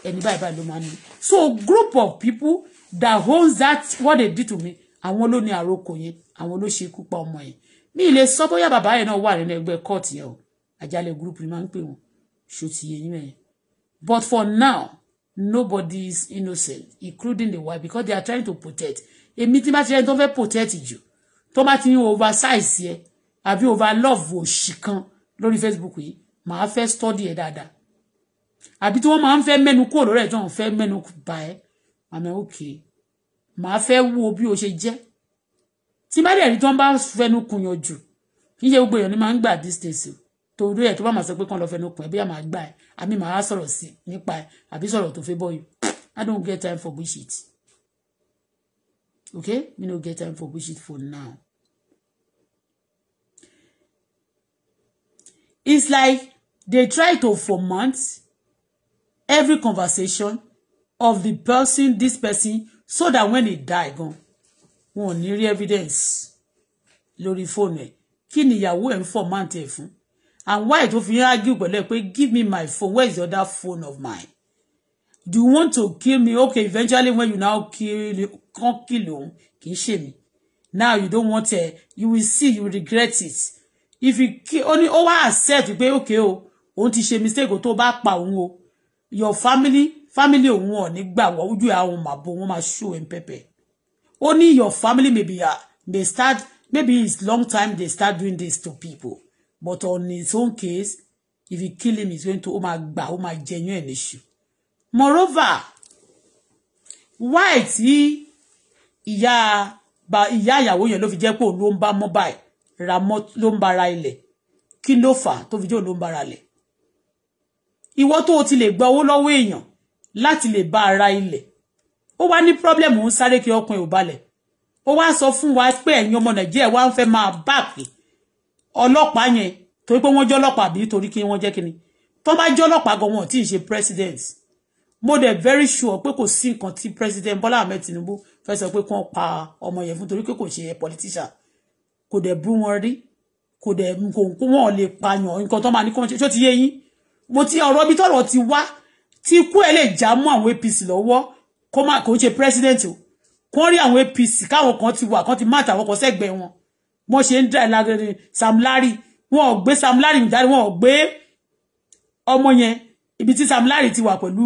ẹni báyìí báyìí ló máa ní so group of people that owns that what they did to me àwọn ló ní àrokò yẹn àwọn ló ṣe ikú pa ọmọ yẹn mi ì lè sọ bóyá bàbá yẹn náà wà nínú ẹgbẹ́ court yẹn o àjálẹ̀ group ni máa ń pè wọ́n ṣó ti yẹ yín mẹ́yẹn but for now nobody is innocent including the wife because they are trying to protect èmi tí bá ti rẹ́ni tó fẹ́ protect jù tó bá ti ní oversize yẹ àbí overlove òṣì kan lórí Facebook yìí màá fẹ́ study ẹ̀ dáadáa àbí tí wọ́n máa ń fẹ́ mẹ́nu kúrò lórí tí wọ́n fẹ́ mẹ́nu bà ẹ́ àmọ́ òkè màá fẹ́ wo bí o ṣe jẹ́ tí bá dẹ̀ rí tí wọ́n bá fẹ́nu kùnyàn jù níṣe gbogbo èèyàn ni máa ń gbà distance torí ẹ̀ tó bá máa sọ pé kàn lọ fẹ́nu kùn ẹ̀ bí àmà gbà ẹ̀ àmì màá sọ̀rọ̀ sí nípa ẹ̀ àbí sọ̀rọ̀ tó fẹ́ bọ́ yìí I don't get time for bullshit okay I don't get time for bullshit for now it's like They try to foment every conversation of the person, this person, so that when he die gan, wọn ò ní rí evidence lórí fóònù ẹ̀. Kí ni ìyàwó ẹ̀ ń foment ẹ̀ fún? And why tó fi argue pẹ̀lú ẹ̀ pé give me my phone, where is the other phone of mine? Do you want to kill me? Okay, eventually when you now kill, kan kill òun, kì í ṣe mi. Now you don't want it. you will see, you regret it. If you kill, ó ní ó wá accept pé okay o. Oh, òun ti ṣe mistake tó bá pa òun o your family family òun ò ní gbà wọ́n ojú àwọn màbo wọn máa show him pepper ó ní your family maybe uh, they start maybe it's long time they start doing this to people but on his own case if he kill him he's going to ó máa gbà ó máa jẹyún ẹ̀ níṣu moreover why tí ìyá ìyá ìyàwó yẹn ló fi jẹ́ pé òun ló ń bá mobile ra mọ́ ló ń bara ilẹ̀ kí ló fà tó fi jẹ́ òun ló ń bara ilẹ̀ ìwọ tó o ti lè gba owó lọ́wọ́ èèyàn láti lè bá ara ilẹ̀ ó wá ní problem òun sáré kí ọkùnrin ò balẹ̀ ó wá sọ fún wa pé ẹ̀yin ọmọ nàìjíríà wá ń fẹ́ máa báàkì ọlọ́pàá yẹn torí pé wọ́n jẹ́ ọlọ́pàá àbí torí kí wọ́n jẹ́ kíni tó bá jẹ́ ọlọ́pàá gan wọn ò tí ì ṣe president mo dẹ̀ very sure pé kò sí nǹkan tí president Bọ́lá Ahmed Tinubu fẹ́ sọ pé kí wọ́n pa ọmọ yẹn fún torí pé kò ṣe politician kò dẹ̀ bú wọn rí kò dẹ̀ kò wọ́n lè pààyàn nǹkan tó máa ní kí wọ́n ṣe ṣó ti yé yín mo ti ọ̀rọ̀ bí tọ̀rọ̀ ti wá tí ikú ẹ̀ lè já mọ́ àwọn APC lọ́wọ́ kó má kó ṣe president o kó rí àwọn APC káwọn kan ti wà kán ti máa tàwọn kan sẹ́gbẹ̀ẹ́ wọn wọ́n ṣe ń dà lágbẹ̀rẹ̀ Sam Larry wọn ò gbé Sam Larry jáde wọn ò gbé ọmọ yẹn ibi tí Sam Larry ti wà pẹ̀lú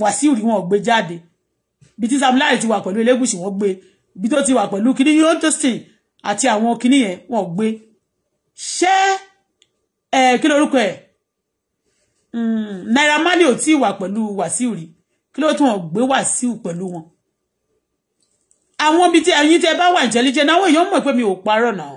Wàsíù rí wọn ò gbé jáde ibi tí Sam Larry ti wà pẹ̀lú Elégùṣì wọn gbé ibi tó ti wà pẹ̀lú kíní yóò tó sìn àti àwọn kíní yẹn wọn ò gbé ṣé ẹ kí lórúkọ ẹ̀ Mm. Naira Marley ò tí ì wà pẹ̀lú Wàsíù rí kí ló tún gbé Wàsíù pẹ̀lú wọn. àwọn ibi tí ẹ̀yin tẹ́ bá wà intelligent àwọn èèyàn mọ̀ pé mi ò parọ́ náà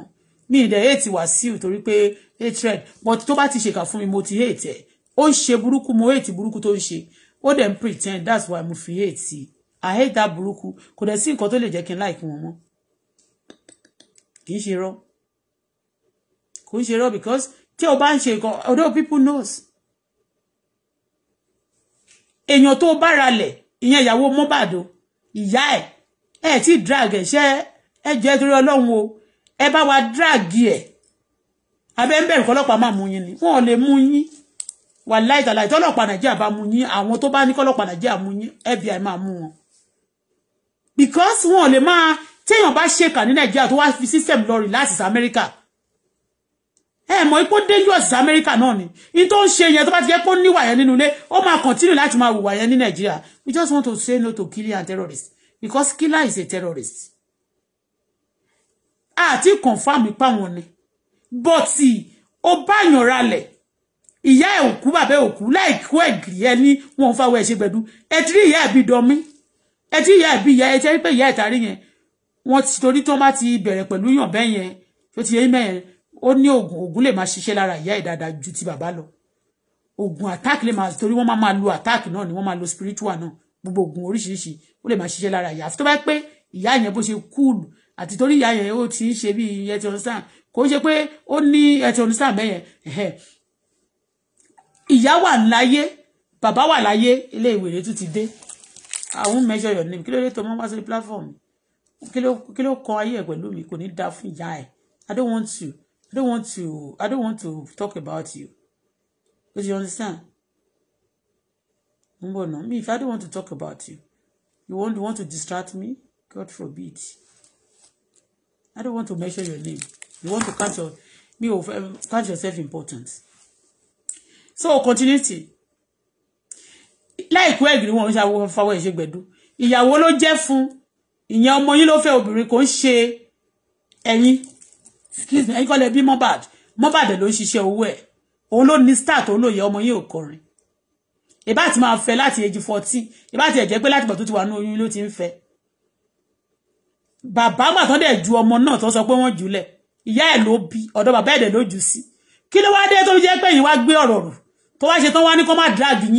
mi ì dẹ̀ hate Wàsíù torí pé hatred but tó bá ti ṣèkà fún mi mo ti hate ẹ̀ ó ń ṣe burúkú mo hate burúkú tó ń ṣe ó dẹ̀ ń pretend that's why mo fi hate sí i hate that burúkú kò dẹ̀ sí nǹkan tó lè jẹ́ kí n like wọn mọ́ kì í ṣe rọ́ kò ń ṣe rọ́ because tí o bá ń ṣe nǹkan although people knows èèyàn tó bá ralẹ̀ ìyẹn ìyàwó Mohbad ìyá ẹ̀ ẹ̀ tí drag ẹ̀ ṣe ẹ jẹ́ torí ọlọ́run o ẹ bá wa drag ẹ̀ abẹ́ ń bẹ̀rù kọ́lọ́pàá máa mú yín ni wọ́n lè mú yín wà láìtàláì tọ́lọ́pàá Nàìjíríà bá mú yín àwọn tó bá ní kọ́lọ́pàá Nàìjíríà mú yín FBI máa mú wọn because wọn lè máa téèyàn bá ṣèkà ní Nàìjíríà tó wá fi system lọ relax America ẹ mọ̀ ipò dangerous America náà ni in tó ń ṣe yẹn tó bá ti jẹ́ pé ó níwà yẹn nínú ilé ó máa continue láti máa wùwà yẹn ní Nàìjíríà we just want to say no to killing and terrorists because killer is a terrorist àti confam ipa wọn ni but ó báyàn ralẹ̀ ìyá ẹ̀ òkú bàbá ẹ̀ òkú láìkú ẹ̀gìrì ẹ ní wọn ò fáwọn ẹ̀ ṣe gbẹ̀dú ẹ ti rí ìyá ẹ̀ bí dọmí ẹ ti rí ìyá ẹ̀ bí ìyá ẹ ti rí pé ìyá ẹ̀ tàrí yẹn wọn ti torí tó bá ti bẹ̀rẹ̀ pẹ̀lú yàn bẹ́ẹ̀ yẹn tó ti yẹ mẹ́yẹn ó ní oògùn oògùn lè máa ṣiṣẹ́ lára ìyá ẹ̀ dáadáa ju ti bàbá lọ oògùn attack lè máa torí wọ́n máa lo attack náà ni wọ́n máa lo spiritual náà gbogbo oògùn oríṣiríṣi ó lè máa ṣiṣẹ́ lára ìyá àfi tó bá pé ìyá yẹn bó ṣe cool àti torí ìyá yẹn ó ti ń ṣe bí ẹ ti understand kò ṣe pé ó ní ẹ ti understand bẹ́yẹn ìyá wà láyé bàbá wà láyé ilé ìwèrè tún ti dé I won't measure your name kí ló dé tó mọ́ wá platform kí ló kí ló kọ ayé ẹ̀ pẹ̀lú mi kò ní dáa fún ìyá ẹ̀ I don't want you I don't want to I don't want to talk about you. Because you understand? no, me if I don't want to talk about you, you won't want to distract me? God forbid. I don't want to mention your name. You want to count your me over oh, um, count yourself important. So continuity. Láìpẹ́ ẹ̀gìrì wọn ṣe àwọn fáwọn ẹ̀ṣẹ̀ gbẹ̀dú. Ìyàwó ló jẹ́ fún. Ìyẹn ọmọ yín ló fẹ́ obìnrin kò ń ṣe ẹ̀yìn excuse me ẹ̀yin kọ́ lẹ bí Mohbad Mohbad ló ń ṣiṣẹ́ owó ẹ̀ òun ló ní start òun ló yẹ ọmọ yìí ò kọrin ìbá ti máa fẹ́ láti age fourteen ìbá ti ẹ̀jẹ̀ pé láti gbà tó ti wà ní oyún ló ti ń fẹ́ bàbá gbà tán dẹ̀ ju ọmọ náà tó sọ pé wọ́n jùlẹ̀ ìyá ẹ̀ ló bí ọ̀dọ̀ bàbá ẹ̀ dẹ̀ ló jù sí kí ló wá dé tó fi jẹ́ pé yín wá gbé ọ̀rọ̀ rù tó wá ṣe tán wá ní kó má drag yín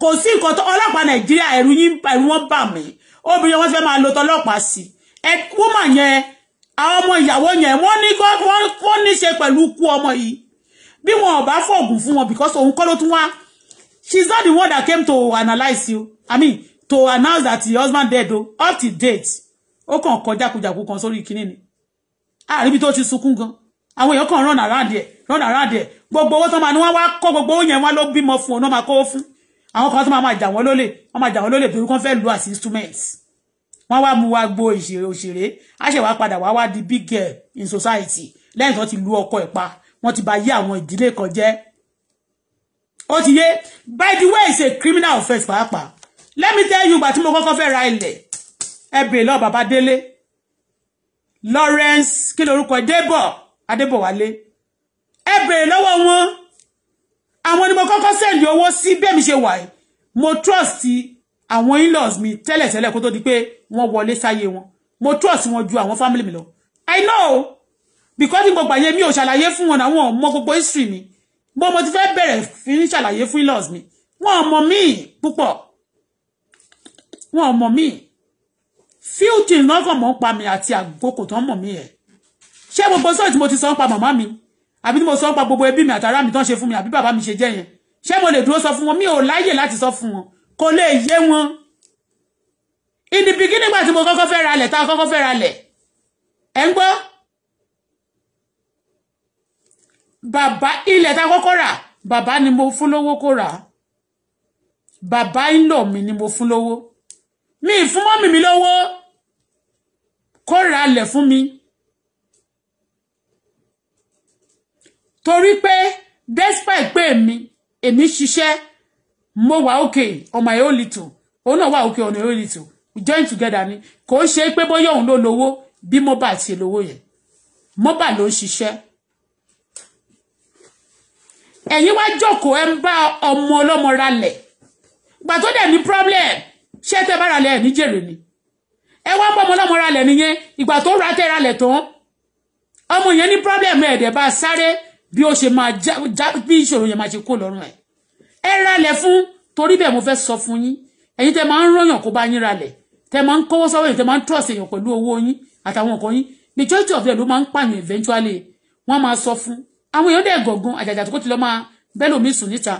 kò sí nǹkan tó ọlọ́pàá nàìjíríà ẹ̀rù yín ẹ̀rù wọn bà mí obìnrin wọn fẹ́ máa lo tọlọ́pàá sí ẹ wọ́n mà yẹn àwọn ọmọ ìyàwó yẹn wọ́n ní wọ́n ní ṣe pẹ̀lú ikú ọmọ yìí bí wọn ò bá fọ̀gùn fún wọn because òun kọ́ ló tún wá she's not the one that came to analyse you i mean to announce that your husband dead o up to date ó kàn kọ jákujàku kan sórí kinní ni àríbi tó ti sunkún gan àwọn èèyàn kan run around ẹ run around ẹ gbogbo owó tó máa ní wọn wá kó gbogbo owó yẹn wọn ló bímọ fún ọ náà máa kó fún àwọn kan tó máa máa jà wọn lólè wọn máa jà wọn lólè torí wọn fẹ́ lu as instruments wọ́n wá mú wa gbo ìṣeré òṣèré á ṣe wá padà wá wá di big girl in society lẹ́yìn tó ti lu ọkọ ẹ̀ pa wọ́n ti bà yé àwọn ìdílé kan jẹ́ ó ti yé by the way it's a criminal offence pàápàá let me tell you ìgbà tí mo kọ́kọ́ fẹ́ ra ilẹ̀ ẹ bèè lọ bàbá délé Lawrence kí lorúkọ débọ̀ adébọ̀wálé ẹ bèè lọ́wọ́ wọn àwọn ni mo kọ́kọ́ sẹ́ndì owó sí bẹ́ẹ̀ mi ṣe wà mo trust àwọn in-laws mi tẹ́lẹ̀tẹ́lẹ̀ kó tó di pé wọ́n wọlé sáyé wọn mo trust wọn ju àwọn family mi lọ i know because gbogbo àyè mi ò ṣàlàyé fún wọn àwọn ọmọ gbogbo history mi bó mo ti fẹ́ bẹ̀rẹ̀ fi ń ṣàlàyé fún in-laws mi wọn ọmọ míì púpọ̀ wọn ọmọ míì few things lọ́kàn mọ́ pa mi àti àgbókò tán mọ̀ mí ẹ̀ ṣé gbogbo sọ́ọ̀ tí mo ti sọ ń pa màmá mi àbí tí mo sọ ń pa gbogbo ẹbí mi àtàrà mi tán ṣe fún mi àbí bàbá mi ṣe jẹ́ yẹn ṣé mo lè dúró sọ fún wọn mi ò láyè láti sọ fún wọn kò lè yé wọn in the beginning gbà tí mo kọ́kọ́ fẹ́ ralẹ̀ tá a kọ́kọ́ fẹ́ ralẹ̀ ẹ̀ ń gbọ́ bàbá ilẹ̀ tá a kọ́kọ́ rà bàbá ni mo fún lówó kó rà bàbá ń lò mí ni mo fún lówó mi fún mọ́mì mi lówó kó ralẹ̀ fún mi torí pé despite pé èmi èmi ṣiṣẹ́ mo wà okay on my own little òun náà wà okay on my own little we join together ni kò ń ṣe pé bóyá òun ló lówó bí Mohbad ṣe lówó yẹn Mohbad ló ń ṣiṣẹ́ ẹ̀yin wá jókòó ẹ ń bá ọmọ ọlọ́mọ ralẹ̀ gbà tó dẹ̀ ní problem ṣé tẹ́ bá ralẹ̀ ní jèrè ni ẹ wá bọ́ ọmọ ọlọ́mọ ralẹ̀ nìyẹn ìgbà tó ra tẹ́ ralẹ̀ tán ọmọ yẹn ní problem ẹ̀ dẹ̀ bá sáré bí ó ṣe máa já bí ìṣòro yẹn máa ṣe kó lọ́rùn ẹ̀ ẹ ralẹ̀ fún torí bẹ́ẹ̀ mo fẹ́ sọ fún yín ẹ̀yin tẹ́ máa ń rọ̀yàn kó bá yín ralẹ̀ tẹ́ máa ń kọ́wọ́ sọ́wọ́ yín tẹ́ máa ń trust èèyàn pẹ̀lú owó yín àtàwọn nǹkan of them ló máa ń pààyàn eventually wọ́n máa sọ fún àwọn èèyàn dẹ̀ gọ̀gàn àjàjà tó kó ti lọ máa bẹ́ẹ̀ lómi sùn níta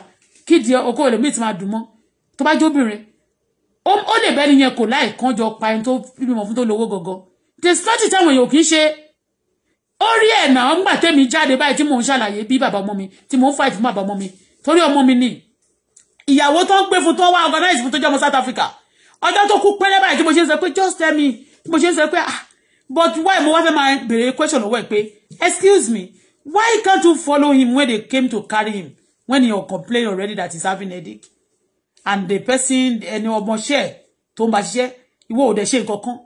kídìí okó ẹlòmíì ti máa dùn mọ́ tó bá jóbìnrin ó lè bẹ́ẹ̀ nìyẹn kò láì kán jọ pa ẹni tó bímọ fún tó lówó gọ̀gàn the strategy táwọn èèyàn kì í ṣe ó rí ẹ̀ náà ńgbà tẹ́mi jáde báyìí tí mò ń ṣàlàyé bí bàbá ọmọ mi tí mò ń fight fún bàbá ọmọ mi torí ọmọ mi nìyí ìyàwó tó ń pè fún tó wá organize fún tó jẹ́ ọmọ South Africa ọjọ́ tó kú pẹ́rẹ́ báyìí tí mo ṣe ń sọ pé just tell me tí mo ṣe ń sọ pé ah but why mo wá fẹ́ máa béèrè question owó ẹ̀ pé excuse me why can't you follow him when they came to carry him when he complain already that he's having headache and the person ẹni ọmọ ṣẹ́ tó ń bá ṣiṣẹ́ ìwọ ò dẹ̀ ṣe nǹkan kan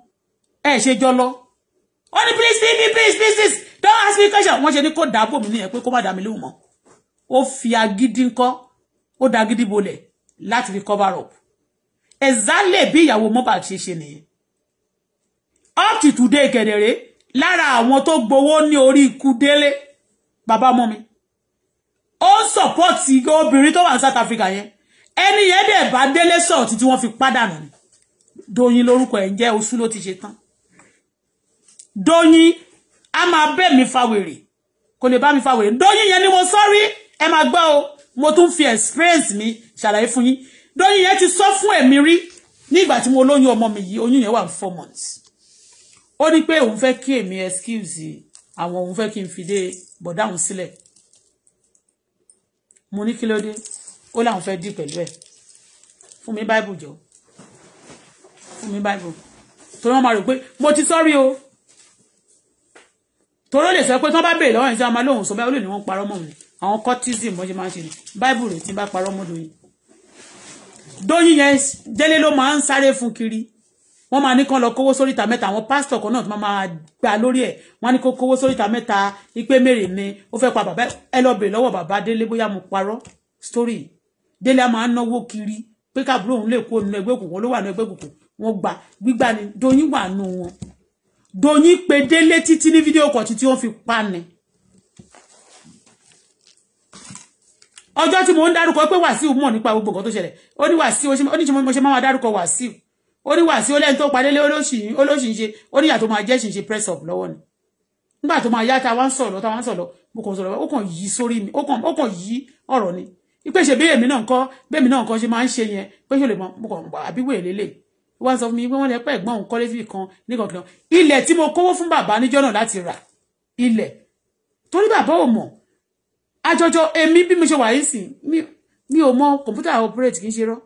ẹ ṣe jọ lọ ó ní please please please please don't ask me question wọ́n ṣe ní kó dàbò mi ní ẹ̀ pé kó má dà mí lóhùn mọ́ ó fi agídí ńkọ́ ó da gidi bolẹ̀ láti fi cover up exactly bí ìyàwó Mohbad ṣe ṣe nìyẹn up to today gẹ̀dẹ̀rẹ́ lára àwọn tó gbowó ní orí ikú délé bàbá ọmọ mi ó ń sọ̀pọ̀tì obìnrin tó wà ní South Africa yẹn ẹni yẹn dẹ̀ bá délé sọ̀rọ̀ títí wọ́n fi pádànù ni Doyin lórúkọ ẹ̀ ń jẹ́ oṣù ló ti ṣe tán Doyin a máa bẹ̀ mí fa wèrè kò lè bá mi fa wèrè Doyin yẹn ni mo sọ́rí ẹ máa gbọ́ o mo tún fi experience mi ṣàlàyé fún yín lóyún yẹn ti sọ fún èmi rí nígbà tí mo lóyún ọmọ mi yìí oyún yẹn wà four months ó ní pé òun fẹ́ kí èmi excuse àwọn òun fẹ́ kí n fi dé bọ̀dá òun sílẹ̀ mo ní kí ló dé ó láwọn fẹ́ dì pẹ̀lú ẹ̀ fún mi báìbù jọ fún mi báìbù torí wọ́n máa rò pé mo ti sọ́rí o torí ó lè sọ pé tí wọ́n bá béèrè lọ́wọ́ ẹ̀ sí ọmọ lóhùn sọ bẹ́ẹ̀ ó lè ní wọ́n parọ́ mọ́ òun àwọn cortism bọ́n ṣe máa ń ṣe báìbù rẹ̀ tí ń bá parọ́ mọ́ Doyin Doyin yẹn délé ló máa ń sáré fún kiri wọ́n máa ní kán lọ kówó sóríta mẹ́ta àwọn pásítọ̀ kan náà tó máa gbà lórí ẹ̀ wọ́n á ní kó kówó sóríta mẹ́ta ipe mèrè ni ó fẹ́ pa bàbá ẹ lọ bèrè lọ́wọ́ bàbá délé bóyá mo parọ́ story délé a máa ń náwó kiri pé káàbùrò òun lè kó nínú ẹgbẹ́ òkùnkùn ló wà nínú ẹgbẹ́ òkùnkùn wọ́n gbà gbígbà ni Doyin wà nù wọn Doyin pe délé títí ní fídíò kan títí wọ́n fi pa ni ọjọ́ tí mo ń dárúkọ pé Wàsíù mọ̀ nípa gbogbo nǹkan tó ṣẹlẹ̀ ó ní Wàsíù ó ní ṣe mo ṣe máa dárúkọ Wàsíù ó ní Wàsíù lẹ́yìn tó padé lé olóṣìṣe ó níyà tó máa jẹ́ ṣìṣe press up lọ́wọ́ ni nígbà tó máa yá ta wá ń sọ̀rọ̀ ta wá ń sọ̀rọ̀ mo kàn sọ̀rọ̀ ó kàn yí sórí mi ó kàn yí ọ̀rọ̀ ni pé ṣe bí èmi náà kọ́ bẹ́ẹ̀mi náà kọ́ ṣe máa ń ṣe yẹn pé ṣe lè mọ mo kàn àbíwò èlélẹ̀ wọ́n sọ fún mi pé wọ́n lè pẹ́ ẹ̀gbọ́n òun kọ́lé fìkan nìkan kìlọ̀ ilẹ̀ tí mo kówó fún bàbá níjọ́ náà láti rà ilẹ̀ torí bàbá ò mọ̀ àjọjọ èmi bí mo ṣe wà yìí sìn mi ò mọ kọ̀ǹpútà operate kì í ṣe rọ́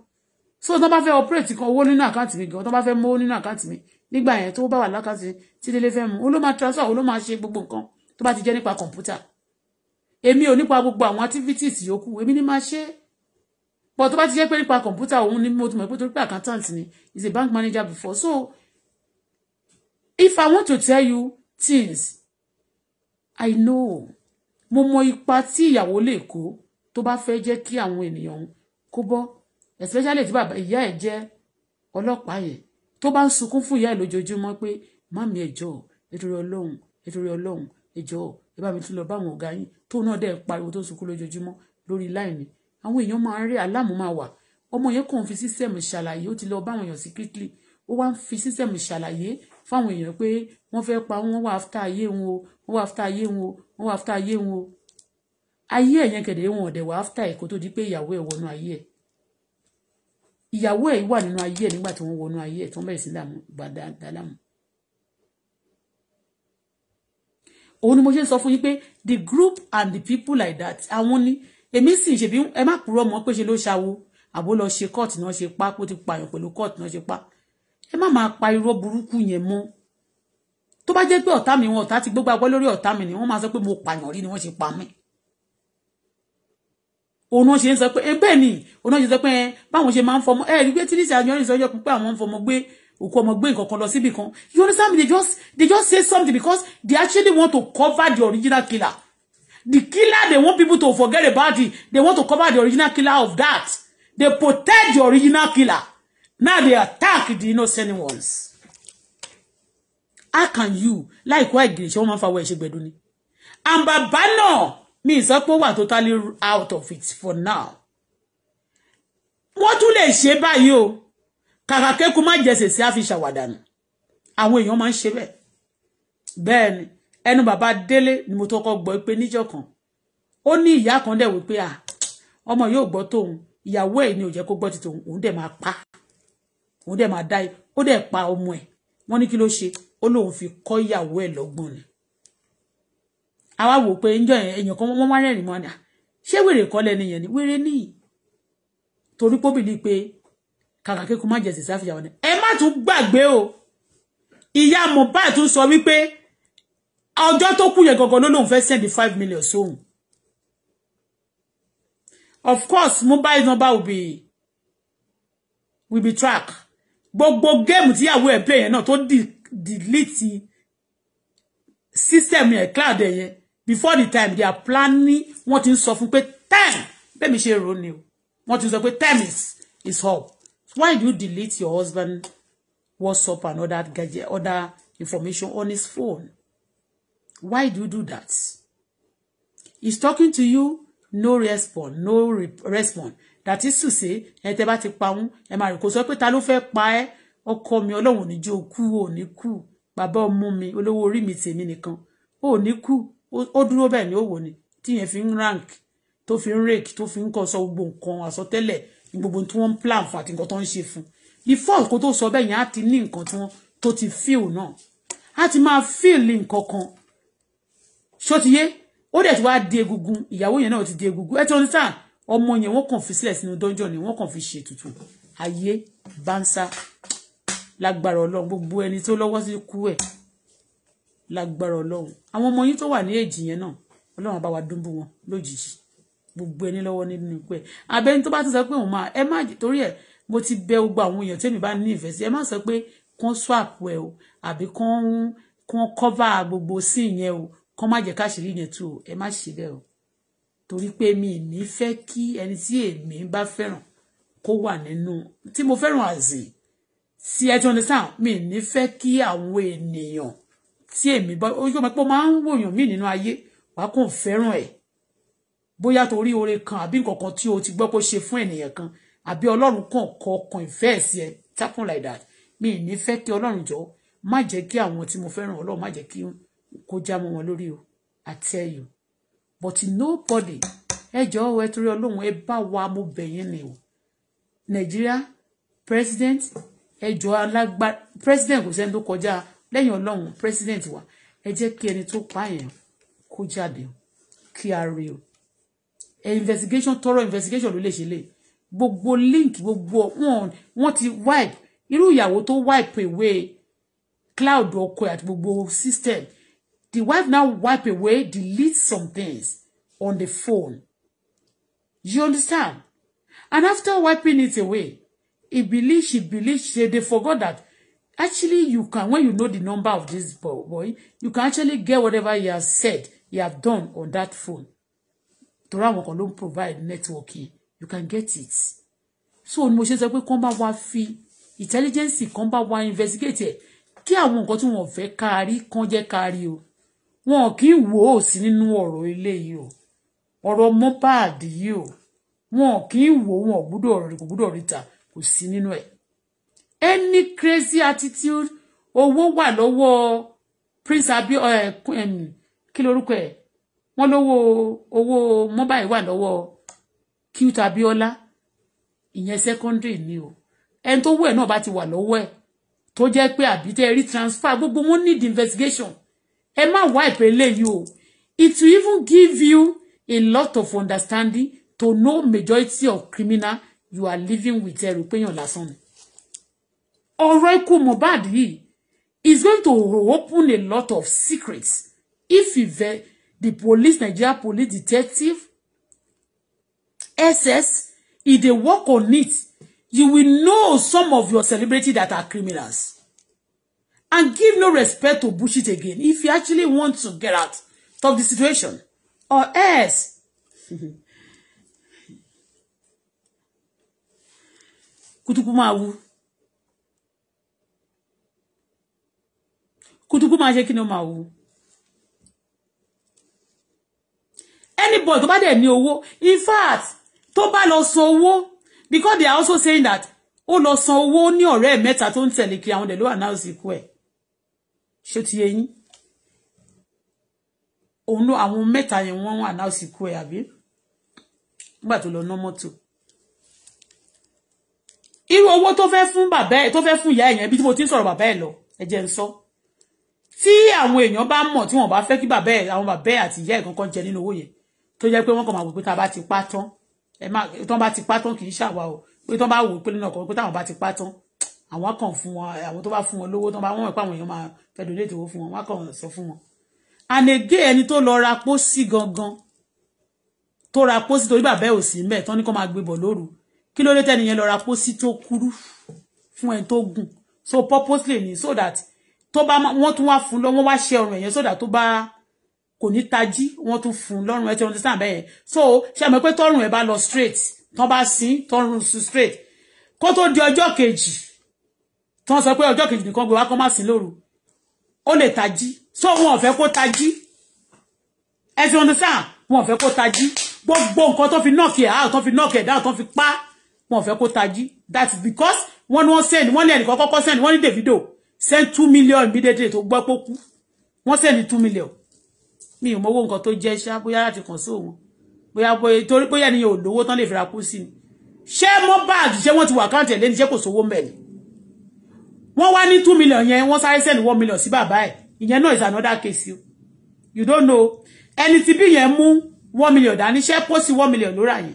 so tó bá fẹ́ operate kan owó nínú àkáǹtì mi gan tó bá fẹ́ mú owó nínú àkáǹtì mi nígbà yẹn tó bá wà lákàtí tí délé fẹ́ mú ó máa transfer ó ló máa ṣe gbogbo nǹkan tó bá ti jẹ́ nípa kọ̀ǹpútà èmi ò nípa gbogbo àwọn activities yòókù èmi ni máa ṣe but tó bá ti jẹ́ pé nípa kọ̀ǹpútà òun ni mo ti mọ̀ pé torí pé accountant ni is a bank manager before so if I want to tell you things I know mo mọ ipa tí ìyàwó lè kó tó bá fẹ́ jẹ́ kí àwọn ènìyàn kó bọ́ especially tí bàbá ìyá ẹ̀ jẹ́ ọlọ́pàá yẹn tó bá ń sunkún fún ìyá ẹ̀ lójoojúmọ́ pé mami ẹjọ́ nítorí ọlọ́run nítorí ọlọ́run ẹjọ́ ẹ bá mi tún lọ bá àwọn ọ̀gá yín tó náà dẹ̀ pariwo tó sunkún lójoojúmọ́ lórí láìní àwọn èèyàn máa ń rí aláàmú máa wà ọmọ yẹn kàn fi sísẹ̀mù ṣàlàyé ó ti lọ báwọn èèyàn secretly ó wá ń fi sísẹ̀mù ṣàlàyé fáwọn èèyàn pé wọ́n fẹ́ pa wọ́n wà áfítà ayé wọn o wọ́n wá after ayé wọn wọ́n wá after ayé wọn ayé ẹ̀ yẹn gẹ̀dẹ̀ wọn ọ̀dẹ̀ wá after ẹ̀ kó tó di pé ìyàwó ẹ̀ wọnú ayé ẹ̀ ìyàwó ẹ̀ wà nínú ayé ẹ̀ nígbà tí wọ́n wọnú ayé ẹ̀ tí wọ́n bẹ̀rẹ̀ sí láàmú gbàdá láàmú. òun ni mo ṣe ń sọ fún yín pé the group and the people like that àwọn ni èmi sì ń ṣe bí ẹ má kúrò ọmọ pé ṣe ló ṣàwo àbó lọ ṣe kóòtù náà ṣe pa kó ti pààyàn pẹ̀lú kóòtù náà ṣe pa ẹ má máa pa irọ́ burúkú yẹn mọ́ tó bá jẹ́ pé ọ̀tá mi wọn ọ̀tá ti gbogbo agbọ́ lórí ọ̀tá mi ni wọ́n máa sọ pé mo pààyàn rí ni wọ́n ṣe pa mí òun náà ṣe ń sọ pé bẹ́ẹ̀ ni òun náà ṣe sọ pé báwọn ṣe máa ń fọmọ ẹ rí tí níṣẹ́ àjọyọ̀ ìṣọ́jọ́ pé àwọn ń fọmọ gbé òkú ọmọ gbé nǹkan kan lọ síbì kan you understand me they just they just say something because they actually want to cover the original killer the killer they want people to forget about it they want to cover the original killer of that they protect the original killer now they attack the innocent ones how can you like àìgìrì ṣé wọ́n máa ń fa awọ ẹ̀ṣẹ̀ gbẹ̀dú ni and bàbá náà mi sọ pé ó wà totally out of it for now wọ́n tún lè ṣe báyìí o kàkà kéku má jẹsẹ̀ sí àfi ṣàwàdànù àwọn èèyàn máa ń ṣe bẹ́ẹ̀ bẹ́ẹ̀ ni ẹnu bàbá délé ni mo tó kọ́ gbọ́ pé níjọ́ ó ní ìyá kan dẹ̀ wípé à ọmọ yóò gbọ́ tóun ìyàwó ẹ̀ ni ò jẹ́ kó gbọ́ ti òun dẹ̀ máa pa òun dẹ̀ máa dá ó dẹ̀ pa ọmọ ẹ̀ wọ́n ní kí ló ṣe ó lóun fi kọ́ ìyàwó ẹ̀ lọ́gbọ́n ni àwa wò pé njọ́ yẹn èèyàn kan wọ́n wá rẹ́rìn mọ́ni ṣé wèrè kọ́ lẹ́nu yẹn ni wèrè níyì torí pé ó bìlí pé kàkà kíkún má jẹ̀sì sáfìyàwó ni ẹ má tún gbàgbé o ìyá Mohbad tún sọ wípé ọjọ́ tó kù yẹn gangan ló lóun fẹ́ send five million sóhun of course mobile number will be will be track gbogbo géèmù tíyàwó ẹ̀ play yẹn náà tó dì delete system yẹn cloud yẹn before the time they are planning wọ́n ti ń sọ fún pé time bẹ́ẹ̀ mi ṣe rò ni o wọ́n ti sọ pé time is is up why do you delete your husband WhatsApp and other gadget other information on his phone why do you do that he's talking to you no response no re response that is to say ẹ tẹ́ bá ti pa wọ́n ẹ máa rí kó sọ pé ta ló fẹ́ pa ẹ́ ọkọ mi ọlọ́run ò ní jó kú ò ní kú bàbá ọmọ mi olówó orí mi tèmi nìkan ò ní kú ó dúró bẹ́ẹ̀ ni ó wò ni tíyẹn fi ń rank tó fi ń rake tó fi ń kọ́ sọ gbogbo nǹkan àsọtẹ́lẹ̀ gbogbo tí wọ́n ń plan fún àti nǹkan tó ń ṣe fún before kó tó sọ bẹ́ẹ̀ yẹn á ti ní nǹkan tí wọ́n tó ti feel náà á ti máa feel nǹkan kan ṣó ti yé ó dẹ̀ ti wá di egungun ìyàwó yẹn náà ti di egungun ẹ ti ọ́n tán ọmọ yẹn wọ́n kàn fi sílẹ̀ sínú dọ́njọ́ ni wọ́n kàn fi ṣètùtù ayé bánsá lágbára ọlọ́run gbogbo ẹni tó lọ́wọ́ sí kú ẹ̀ lágbára ọlọ́run àwọn ọmọ yín tó wà ní èjì yẹn náà ọlọ́run bá wa dúnbú wọn lójijì gbogbo ẹni lọ́wọ́ nínú ikú ẹ̀ abẹ́ni tó bá ti sọ pé òun máa ẹ má torí ẹ̀ mo ti bẹ gbogbo àwọn èèyàn tẹ́mi bá ní ìfẹ́ sí ẹ má sọ pé kán swap ẹ o àbí kán kán cover gbogbo sí ìyẹn o kán má jẹ́ káṣírí yẹn tú o ẹ má ṣe bẹ́ẹ̀ o torí pé mi ní fẹ́ kí ẹni tí èmi bá fẹ́ràn kó wà nínú tí mo fẹ́ràn àzìn sí ẹ ti understand mi ní fẹ́ kí àwọn ènìyàn tí èmi bọ́ ojú ọmọ pé ó máa ń wòyàn mí nínú ayé wàá kò fẹ́ràn ẹ̀ bóyá torí oore kan àbí nǹkankan tí o ti gbọ́ kó ṣe fún ènìyàn kan àbí ọlọ́run kàn kọkàn ìfẹ́ ẹ̀ sí ẹ tapping like that mi ní fẹ́ kí ọlọ́run jọ má jẹ́ kí àwọn tí mo fẹ́ràn ọlọ́run má jẹ́ kí kó já mọ́ wọn lórí o I tell you but nobody ẹ jọ̀ọ́ ẹ torí ọlọ́run ẹ bá wa mo bẹ̀yìn ni o Nàìjíríà president ẹjọ́ alágbá president kò sẹ́ni tó kọjá lẹ́yìn ọlọ́run president wa ẹ jẹ́ kí ẹni tó pààyàn kó jáde kí a rí o investigation thorough investigation ló lè ṣe lè gbogbo link gbogbo wọn wọn ti wipe irú ìyàwó tó wipe away cloud ọkọ àti gbogbo system the wife now wipe away delete some things on the phone you understand and after wiping it away he believe she believe she they forgot that actually you can when you know the number of this boy you can actually get whatever he has said he have done on that phone Tora àwọn kan ló provide networking you can get it so ni mo ṣe sọ pé kán bá wá fi intelligence kan bá wá investigate ẹ kí àwọn nǹkan tí wọn fẹ́ kárí kan jẹ́ o wọn kì í wò ó sí nínú ọ̀rọ̀ o ọ̀rọ̀ Mohbad yìí o wọn kì í wò ó wọn gbúdọ̀ rí kò sí nínú ẹ̀ any crazy attitude owó wà lọ́wọ́ prince abi eh, kí lorúkọ ẹ̀ wọ́n lówó owó mobile wà lọ́wọ́ cute abiola ìyẹn secondary ni o ẹni tó wú ẹ̀ náà bá ti wà lọ́wọ́ ẹ̀ tó jẹ́ pé àbítẹ́ rí transfer gbogbo wọn need investigation ẹ má wá ìpè léyìí o it will even give you a lot of understanding to know majority of criminal you are living with ẹrù péyàn lásán ni ọ̀rọ̀ ikú Mohbad yìí is going to open a lot of secrets if the police Nigeria police detective SS if they e work on it you will know some of your celebrities that are criminals and give no respect to bullshit again if you actually want to get out of the situation or else. kùtùkù máa wú kùtùkù máa ṣe kí ni ó máa wú anybody tó bá dẹ̀ ní owó in fact tó bá lọ san owó because they are also saying that ó lọ san owó ní ọ̀rẹ́ mẹ́ta tó ń tẹ̀lé kiri àwọn dẹ̀lú ànáàsì ikú ẹ̀ ṣé ti yẹ yín òun ló àwọn mẹ́ta yẹn wọ́n ànáàsì ikú ẹ̀ àbí nígbà tó lọ ná mọ́tò irú owó tó fẹ́ fún bàbá ẹ̀ tó fẹ́ fún ìyá ẹ̀yàn ibi tí mo ti ń sọ̀rọ̀ bàbá ẹ̀ lọ ẹ jẹ́ ń sọ tí àwọn èèyàn bá mọ̀ tí wọ́n bá fẹ́ kí bàbá ẹ̀ àwọn bàbá ẹ̀ àti ìyá ẹ̀ kankan jẹ nínú owó yẹn tó jẹ́ pé wọ́n kàn máa wò pé tá a bá ti pa tán ẹ má tán bá ti pa tán kì í ṣàwà o pé tán bá wò pé nínú ọkọ̀ pé táwọn bá ti pa tán àwọn kàn fún wọn àwọn tó bá fún wọn lówó tán bá wọ́n mọ̀ pé àwọn èèyàn máa fẹ́ donate owó fún wọn wọ́n kàn sọ fún wọn. ànègé ẹni tó lọ ra pósí gangan tó ra pósí torí bàbá ẹ̀ ò sí mẹ́ẹ̀ tán ní kó máa gbé bọ̀ lóru kí ló dé tẹ́niyẹn lọ ra pósí tó kúrú fún ẹni tó gùn so purposely ni so that tó bá wọ́n tún wá fún lọ wọ́n wá ṣe ọrùn ẹ̀yẹn so that tó bá kò ní tají wọ́n tún fún lọ́rùn ẹ̀ tí wọ́n ti sàn bẹ́ẹ̀ so ṣe àmọ́ pé tọ́rùn ẹ̀ bá lọ straight tán bá sin tọ́rùn sùn straight kó tó di ọjọ́ kejì tán sọ pé ọjọ́ kejì nìkan gbé wá kọ́ má sin lóru ó lè tají so wọn ò fẹ́ kó tají ẹ ti wọ́n ti sàn wọn ò fẹ́ kó tají gbogbo nǹkan tó fi knock ẹ̀ out tó fi knock ẹ̀ down tó fi pa wọn fẹ́ kó tají that's because wọ́n ní wọ́n send wọ́n ní ẹnìkan kọ́kọ́ send wọ́n ní Davido send two million immediately tó gbọ́ pé kú wọ́n send two million mi ò mọwó nǹkan tó jẹ́ ṣá bóyá láti kàn sí òun bóyá bóyá torí bóyá ni yóò lówó tán lè fira kú sí ni ṣé Mohbad ṣé wọ́n ti wà káàntì ẹ̀ lẹ́ni ṣé kò sówó mbẹ̀ ni wọ́n wá ní two million yẹn wọ́n sáré send one million sí bàbá ẹ̀ ìyẹn náà is another case o you don't know ẹni tí bí yẹn mú one million dání ṣé pósí one million lóra yẹn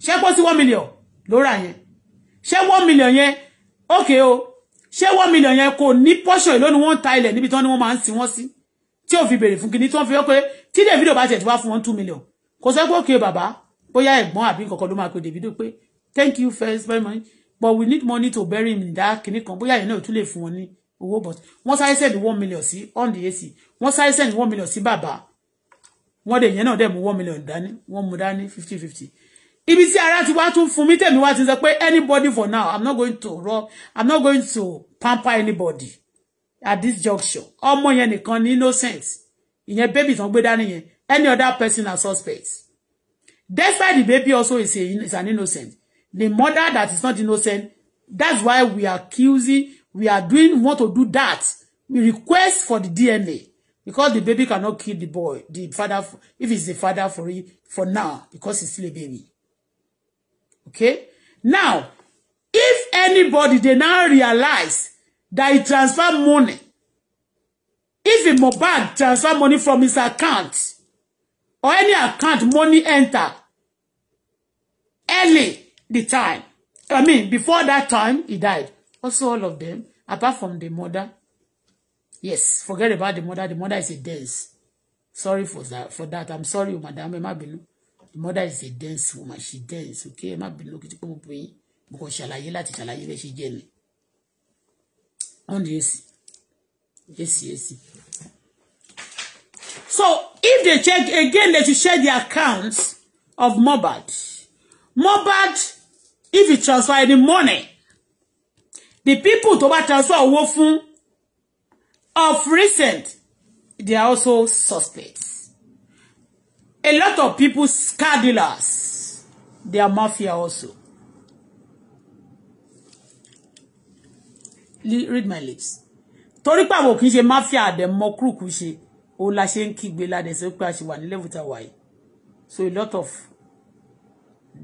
ṣé kó sí one million ló rà yẹn ṣé one million yẹn okay o ṣé one million yẹn kò ní pọ́ṣọ̀ èló ni wọ́n ń ta ilẹ̀ níbi tí wọ́n ní wọ́n máa ń sin wọ́n sí tí ò fi béèrè fún kinní tí wọ́n fi yọ pé tí Davido bá tiẹ̀ ti wá fún wọn two million kò sọ pé okay bàbá bóyá ẹ̀gbọ́n àbí nǹkankan ló máa pe Davido pé thank you first very much but we need money to bury him in that kinní kan bóyá yẹn náà tún lè fún wọn ní owó but wọ́n sáré send one million sí on the AC wọ́n sáré send one million sí bàbá wọ́n dẹ̀ yẹn náà dẹ̀ mú one million dání wọ́n mú dání fifty fifty ibi tí ara ti wá tún fún mi tèmi wá ti sọ pé anybody for now i'm not going to rob i'm not going to pamper anybody at this juncture ọmọ yẹn nìkan ní innocent ìyẹn baby tán gbé dání yẹn any other person na suspect despite the baby also is, a, is an innocent the mother that is not innocent that's why we are accusing we are doing want to do that we request for the DNA because the baby cannot kill the boy the father if he's the father for it for now because he's still a baby Okay? Now, if anybody they now realize that he transfer money, if Mohbad transfer money from his account or any account money enter early the time, I mean before that time he died. Also all of them, apart from the mother. Yes, forget about the mother. The mother is a dance. Sorry for that. For that, I'm sorry, madam mother is a dance woman she dance okay ẹ má bínú lókè tí pé gbogbo yín mo kàn ṣàlàyé láti ṣàlàyé bẹ́ẹ̀ ṣe jẹ́ ni on the AC AC AC so if they check again they should share the accounts of Mohbad Mohbad if you transfer any money the people to bá transfer owó fún of recent they are also suspects A lot of people, car dealers, they are mafia also. Read my lips. Torí pàwọ̀ kì í mafia àdẹ̀mọ́ mokru ṣe, ó la ṣe ń kígbe ládẹ̀ sí pé a ṣe wà ní So a lot of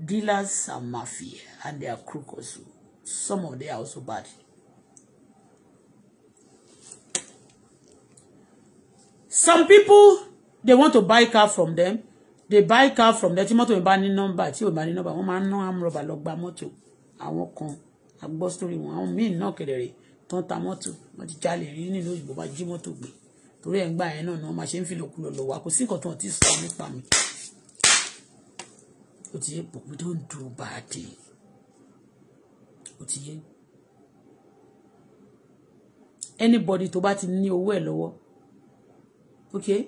dealers are mafia and they are crook also. Some of them are also bad. Some people, they want to buy car from them they buy car from there tí mọ́tò mi bá ní nọ́mbà tí ò bá ní nọ́mbà wọ́n máa ń ná amúrọ̀bà lọ gba mọ́tò àwọn kan àgbọ́ sórí wọn àwọn míì náà kẹ̀dẹ̀rẹ̀ tán ta mọ́tò wọ́n ti jalè rí nínú òyìnbó máa jí mọ́tò gbé torí ẹ̀ ń gbà yẹn náà ni wọ́n máa ṣe ń fi lòkulò lò wá kò sí nǹkan tó wọ́n ti sọ nípa mi. ó ti yé pò we don't do bad thing ó ti yé anybody tó bá ti ní owó ẹ̀ lọ́wọ́ okay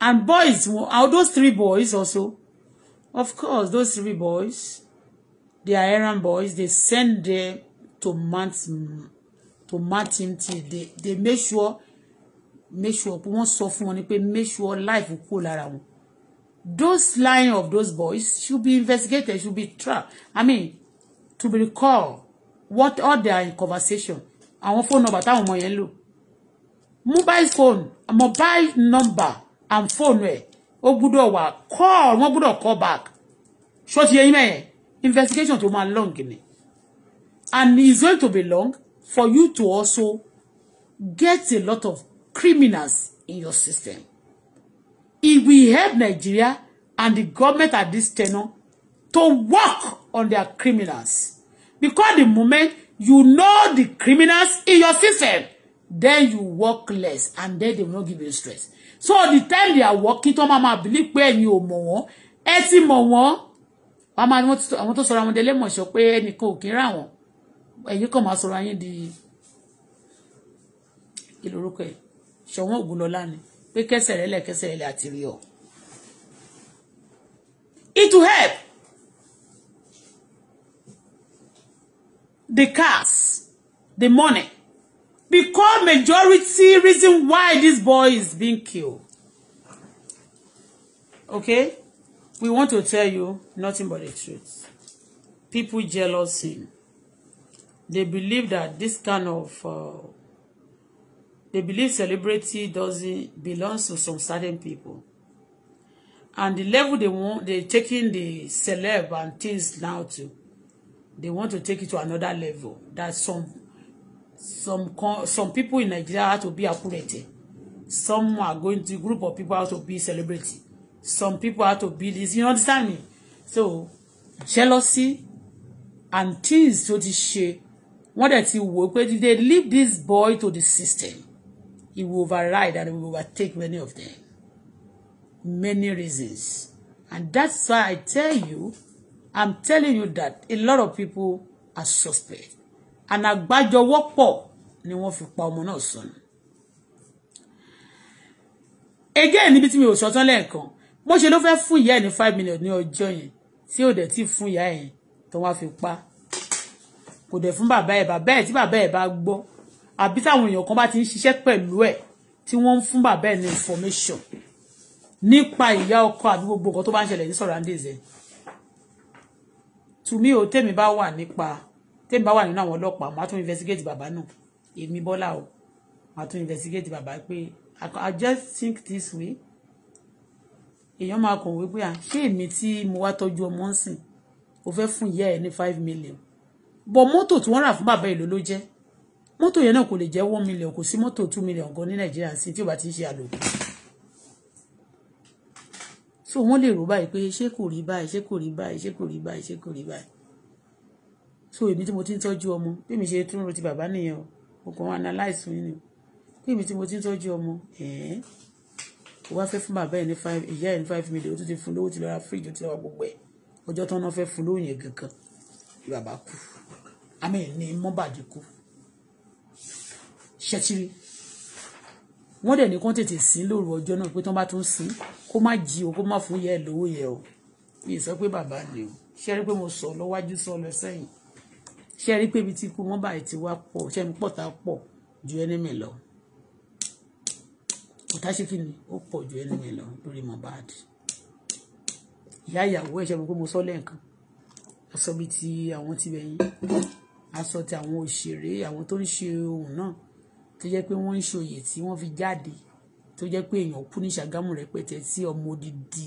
and boys are uh, those three boys also of course those three boys they are errand boys they send them to mount to mount him they they make sure make sure pé wọ́n sọ fún make sure life will lára around. those line of those boys should be investigated should be trapped i mean to be recalled what are they in conversation àwọn phone number táwọn ọmọ yẹn mobile phone mobile number and fóònù ẹ̀ ó gbúdọ̀ wà call wọ́n gbúdọ̀ call back ṣó ti mẹ́yẹn investigation tó máa long ni and it's going to be long for you to also get a lot of criminals in your system it will help Nigeria and the government at this tenure to work on their criminals because the moment you know the criminals in your system then you work less and then they will not give you stress so the time they are working tó believe máa bìlí pé ẹ̀yin ò mọ̀ wọ́n ẹ ti mọ̀ wọ́n wọ́n máa ní àwọn tó sọ̀rọ̀ àwọn délé mọ̀ṣọ́ pé ẹnìkan ò kí ń rà wọ́n ẹ̀yin kàn máa sọ̀rọ̀ ayé di ìlórúkọ ẹ̀ ṣọ̀wọ́n ògùnlọ́lá ni pé kẹsẹ̀ rẹ̀ lẹ̀ kẹsẹ̀ rẹ̀ lẹ̀ àti rí ọ. it will help the cars the money Because majority reason why this boy is being killed. Okay? We want to tell you nothing but the truth. People jealous him. They believe that this kind of uh, they believe celebrity doesn't belongs to some certain people. And the level they want, they're taking the celeb and things now to, they want to take it to another level. That some some some people in Nigeria had to be accurate some are going to group of people had to be celebrity some people had to be this you understand me so jealousy and things to the ṣe wọ́n dẹ̀ ti wò pé if they leave this boy to the system he will override and he will overtake many of them many reasons and that's why I tell you I'm telling you that a lot of people are suspect and àgbájọwọ́pọ̀ ni wọ́n fi pa ọmọ náà sọnù again níbi tí mi ò sọ tán lẹ́ẹ̀kan bó ṣe ló fẹ́ fún ìyá ẹ̀ ní five million ní ọjọ́ yẹn tí ò dẹ̀ tí fún ìyá ẹ̀ tó wá fi pa kò dẹ̀ fún bàbá ẹ̀ bàbá ẹ̀ tí bàbá ẹ̀ bá gbọ́ àbí táwọn èèyàn kan bá ti ń ṣiṣẹ́ pẹ̀lú ẹ̀ tí wọ́n ń fún bàbá ẹ̀ ní information nípa ìyá ọkọ àbí gbogbo nǹkan tó bá ń ṣẹlẹ̀ ní sọ̀rọ̀ àǹdẹ̀zẹ̀ tùmí ò tèmi bá wà nípa tèmi bá wà nínú àwọn ọlọ́pàá màá tún investigate bàbá náà èmi Bọ́lá o màá tún investigate bàbá pé I just think this way èèyàn máa kàn wípé à ṣé èmi tí mo wá tọ́jú ọmọ ń sìn o fẹ́ fún ìyá ẹ̀ ní five million bọ̀ mọ́tò tí wọ́n rà fún bàbá èlò ló jẹ́ mọ́tò yẹn náà kò lè jẹ́ one million kò sí mọ́tò two million gan ní nàìjíríà sí tí ó bá ti ń ṣe àlòkù so wọ́n lè rò báyìí pé ṣé kò rí báyìí ṣé kò rí báyìí ṣé kò rí báyìí ṣé kò rí báyìí so èmi tí mo ti ń tọ́jú ọmọ bí mi ṣe tún ro ti bàbá nìyẹn o mo kàn wọn analyse mi ni bí èmi tí mo ti ń tọ́jú ọmọ ẹ̀ẹ́n o wá fẹ́ fún bàbá ẹ̀ ní five ìyá ẹ̀ ní five million o tún ti fún lówó ti lọ ra fíríjì o ti lọ ra gbogbo ẹ̀ ọjọ́ tán náà fẹ́ fún lówó yẹn gangan bàbá kú àmì ní mọ́bàdí kú ṣẹ́tírí wọ́n dẹ̀ ní kán tètè sin lóru ọjọ́ náà pé tán bá tún sin kó má jí o kó má fún yẹ lówó yẹ o mi sọ pé bàbá ni o ṣe rí pé mo sọ lọ́wájú sọ lọ sẹ́yìn ṣe rí pé ibi tí ikú wọn báyìí ti wá pọ̀ ṣe ń pọ̀tà pọ̀ ju ẹnìmì lọ ọ̀tá ṣe kí ni ó pọ̀ ju ẹnìmì lọ lórí Mohbad ìyá ìyàwó ẹ̀ ṣe mọ̀ pé mo sọ lẹ́ẹ̀kan aṣọ bíi ti àwọn ti bẹ̀yìn aṣọ ti àwọn òṣèré àwọn tó ń ṣe ohun náà tó jẹ́ pé wọ́n ń ṣòye tí wọ́n fi jáde tó jẹ́ pé èèyàn kú ní Ṣàgámù rẹpẹtẹ sí ọmọ odidi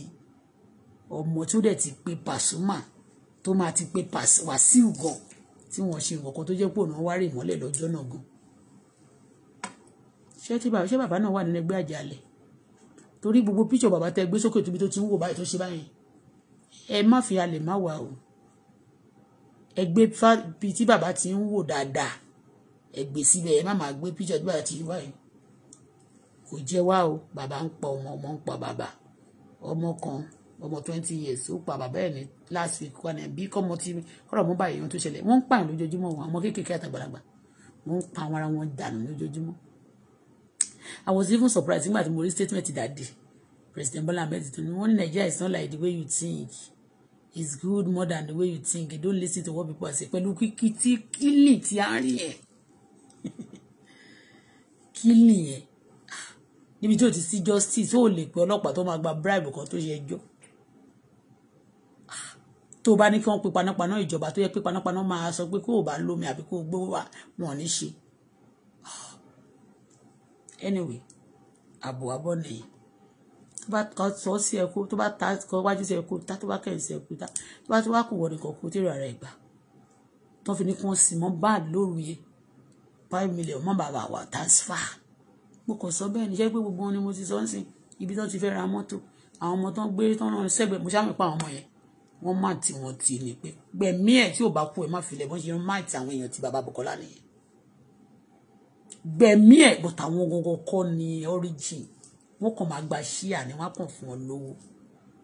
ọmọ tó dẹ̀ ti pe Pasuma tó máa ti pe Wàsíù gan tí wọ́n ṣe nǹkan tó jẹ́ pé òun wá rí ìmọ́lẹ̀ lọ́jọ́ náà gan ṣé tí bàbá ṣé bàbá náà wà nínú ẹgbẹ́ àjàlẹ̀ torí gbogbo píṣọ bàbá tẹ gbé sókè tóbi tó ti ń wò báyìí tó ṣe báyìí ẹ má fi alẹ̀ má wà o ẹgbẹ́ bí tí bàbá ti ń wò dáadáa ẹ gbé síbẹ̀ ẹ má máa gbé píṣọ tí bàbá ti ń wáyìí kò jẹ́ wá o bàbá ń pa ọmọ ọmọ ń pa bàbá ọmọ kan ọmọ twenty years ó pa bàbá ẹ̀ ní last week wà ní bí kọ́mọ tí ọ̀rọ̀ mú báyìí ohun tó ṣẹlẹ̀ wọ́n ń pààyàn lójoojúmọ́ wọn ọmọ kéékèèké àtàgbàlagbà wọ́n ń pa àwọn ara wọn dànù lójoojúmọ́ I was even surprised nígbà tí mo rí statement that day President Bola Ahmed Tinubu wọ́n ní Nigeria is not like the way you think it's good more than the way you think you don't listen to what people say. saying pẹ̀lú kíkí tí kílì tí a rí ẹ̀ kílì yẹn ah, níbi tí o ti sí justice ó lè pe ọlọ́pàá tó máa gba bribe kan tó ṣe ẹjọ́ tó bá ní kí wọ́n pe panápaná ìjọba tó yẹ pé panápaná máa sọ pé kó o bá lómi àbí kó o gbówó wà wọn ò ní ṣe anyway àbò àbọ̀ nìyí tó bá kọ sọ sí ẹkú tó bá ta kọ wájú sí ẹkú tá tó bá kẹ̀yìn sí ẹkú tá tó bá tó bá kù wọlé kọ̀ọ̀kú tí ìrọ̀ rẹ̀ gbà tó fi ní kí wọ́n sì mọ́ báàlì lóru yẹ five million mọ́ bàbá wa transfer mo kàn sọ bẹ́ẹ̀ níṣẹ́ pé gbogbo wọn ni mo ti sọ ń sìn ibi tó ti fẹ́ ra mọ́tò àwọn ọmọ tó ń gbé tó ń rán sẹ́gbẹ̀ẹ́ mo ṣàmì pa àwọn ọmọ yẹn wọ́n má tí wọ́n ti ní pé gbẹ̀mí ẹ̀ tí ò bá kú ẹ̀ má filẹ̀ bọ́n ṣe ń má ti àwọn èèyàn ti bàbá Bukola nìyẹn gbẹ̀mí ẹ̀ but àwọn gangan kọ́ ni origin wọ́n kàn máa gba ṣíà ni wọ́n kàn fún ọ lówó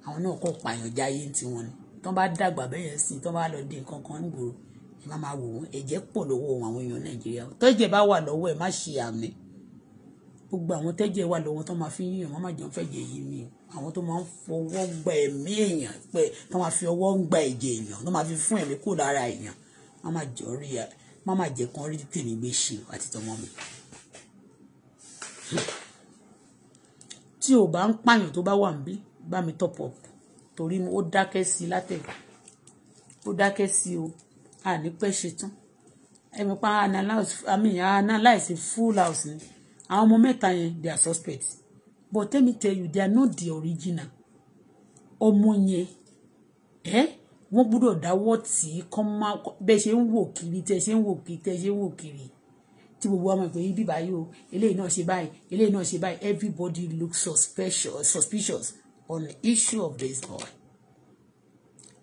àwọn náà kàn pààyàn jáyé ní tiwọn ni tọ́n bá dàgbà bẹ́yẹn sí tọ́n bá lọ dé nǹkan kan nígboro ẹ má máa wò wọ́n ẹ̀jẹ̀ pọ̀ lọ́wọ́ àwọn èèyàn Nàìjíríà tọ́jẹ̀ bá wà lọ́wọ́ ẹ̀ má ṣe àmì gbogbo àwọn tẹ́jẹ̀ wà lọ́wọ́ tọ́n máa fi yíyan má má jẹun fẹ́jẹ̀ yí mi o àwọn tó máa ń fọwọ́ gba ẹ̀mí èèyàn pé tó máa fi ọwọ́ ń gba ẹ̀jẹ̀ èèyàn tó máa fi fún ẹ̀mí kù lára èèyàn má má jọ rí ẹ má má jẹ kán rí tèmi gbé ṣe àti tọmọ mi. tí o bá ń pààyàn tó bá wà níbí bá mi top up torí ó dákẹ́ sí i látẹ̀kọ́ ó dákẹ́ sí i o àní pẹ́ ṣe tán ẹ̀mí pa analyze full house ni àwọn ọmọ mẹ́ta yẹn they are suspects but let me tell you they are not the original ọmọ yẹn ẹ wọ́n gbọ́dọ̀ dáwọ́ tì í kọ́ máa bẹ́ẹ̀ ṣe ń wò kiri tẹ́ ṣe ń wò kiri tẹ́ ṣe ń wò kiri tí gbogbo wa máa pè é bíbá yìí o eléyìí náà ṣe báyìí eléyìí náà ṣe báyìí everybody look suspicious suspicious on the issue of this boy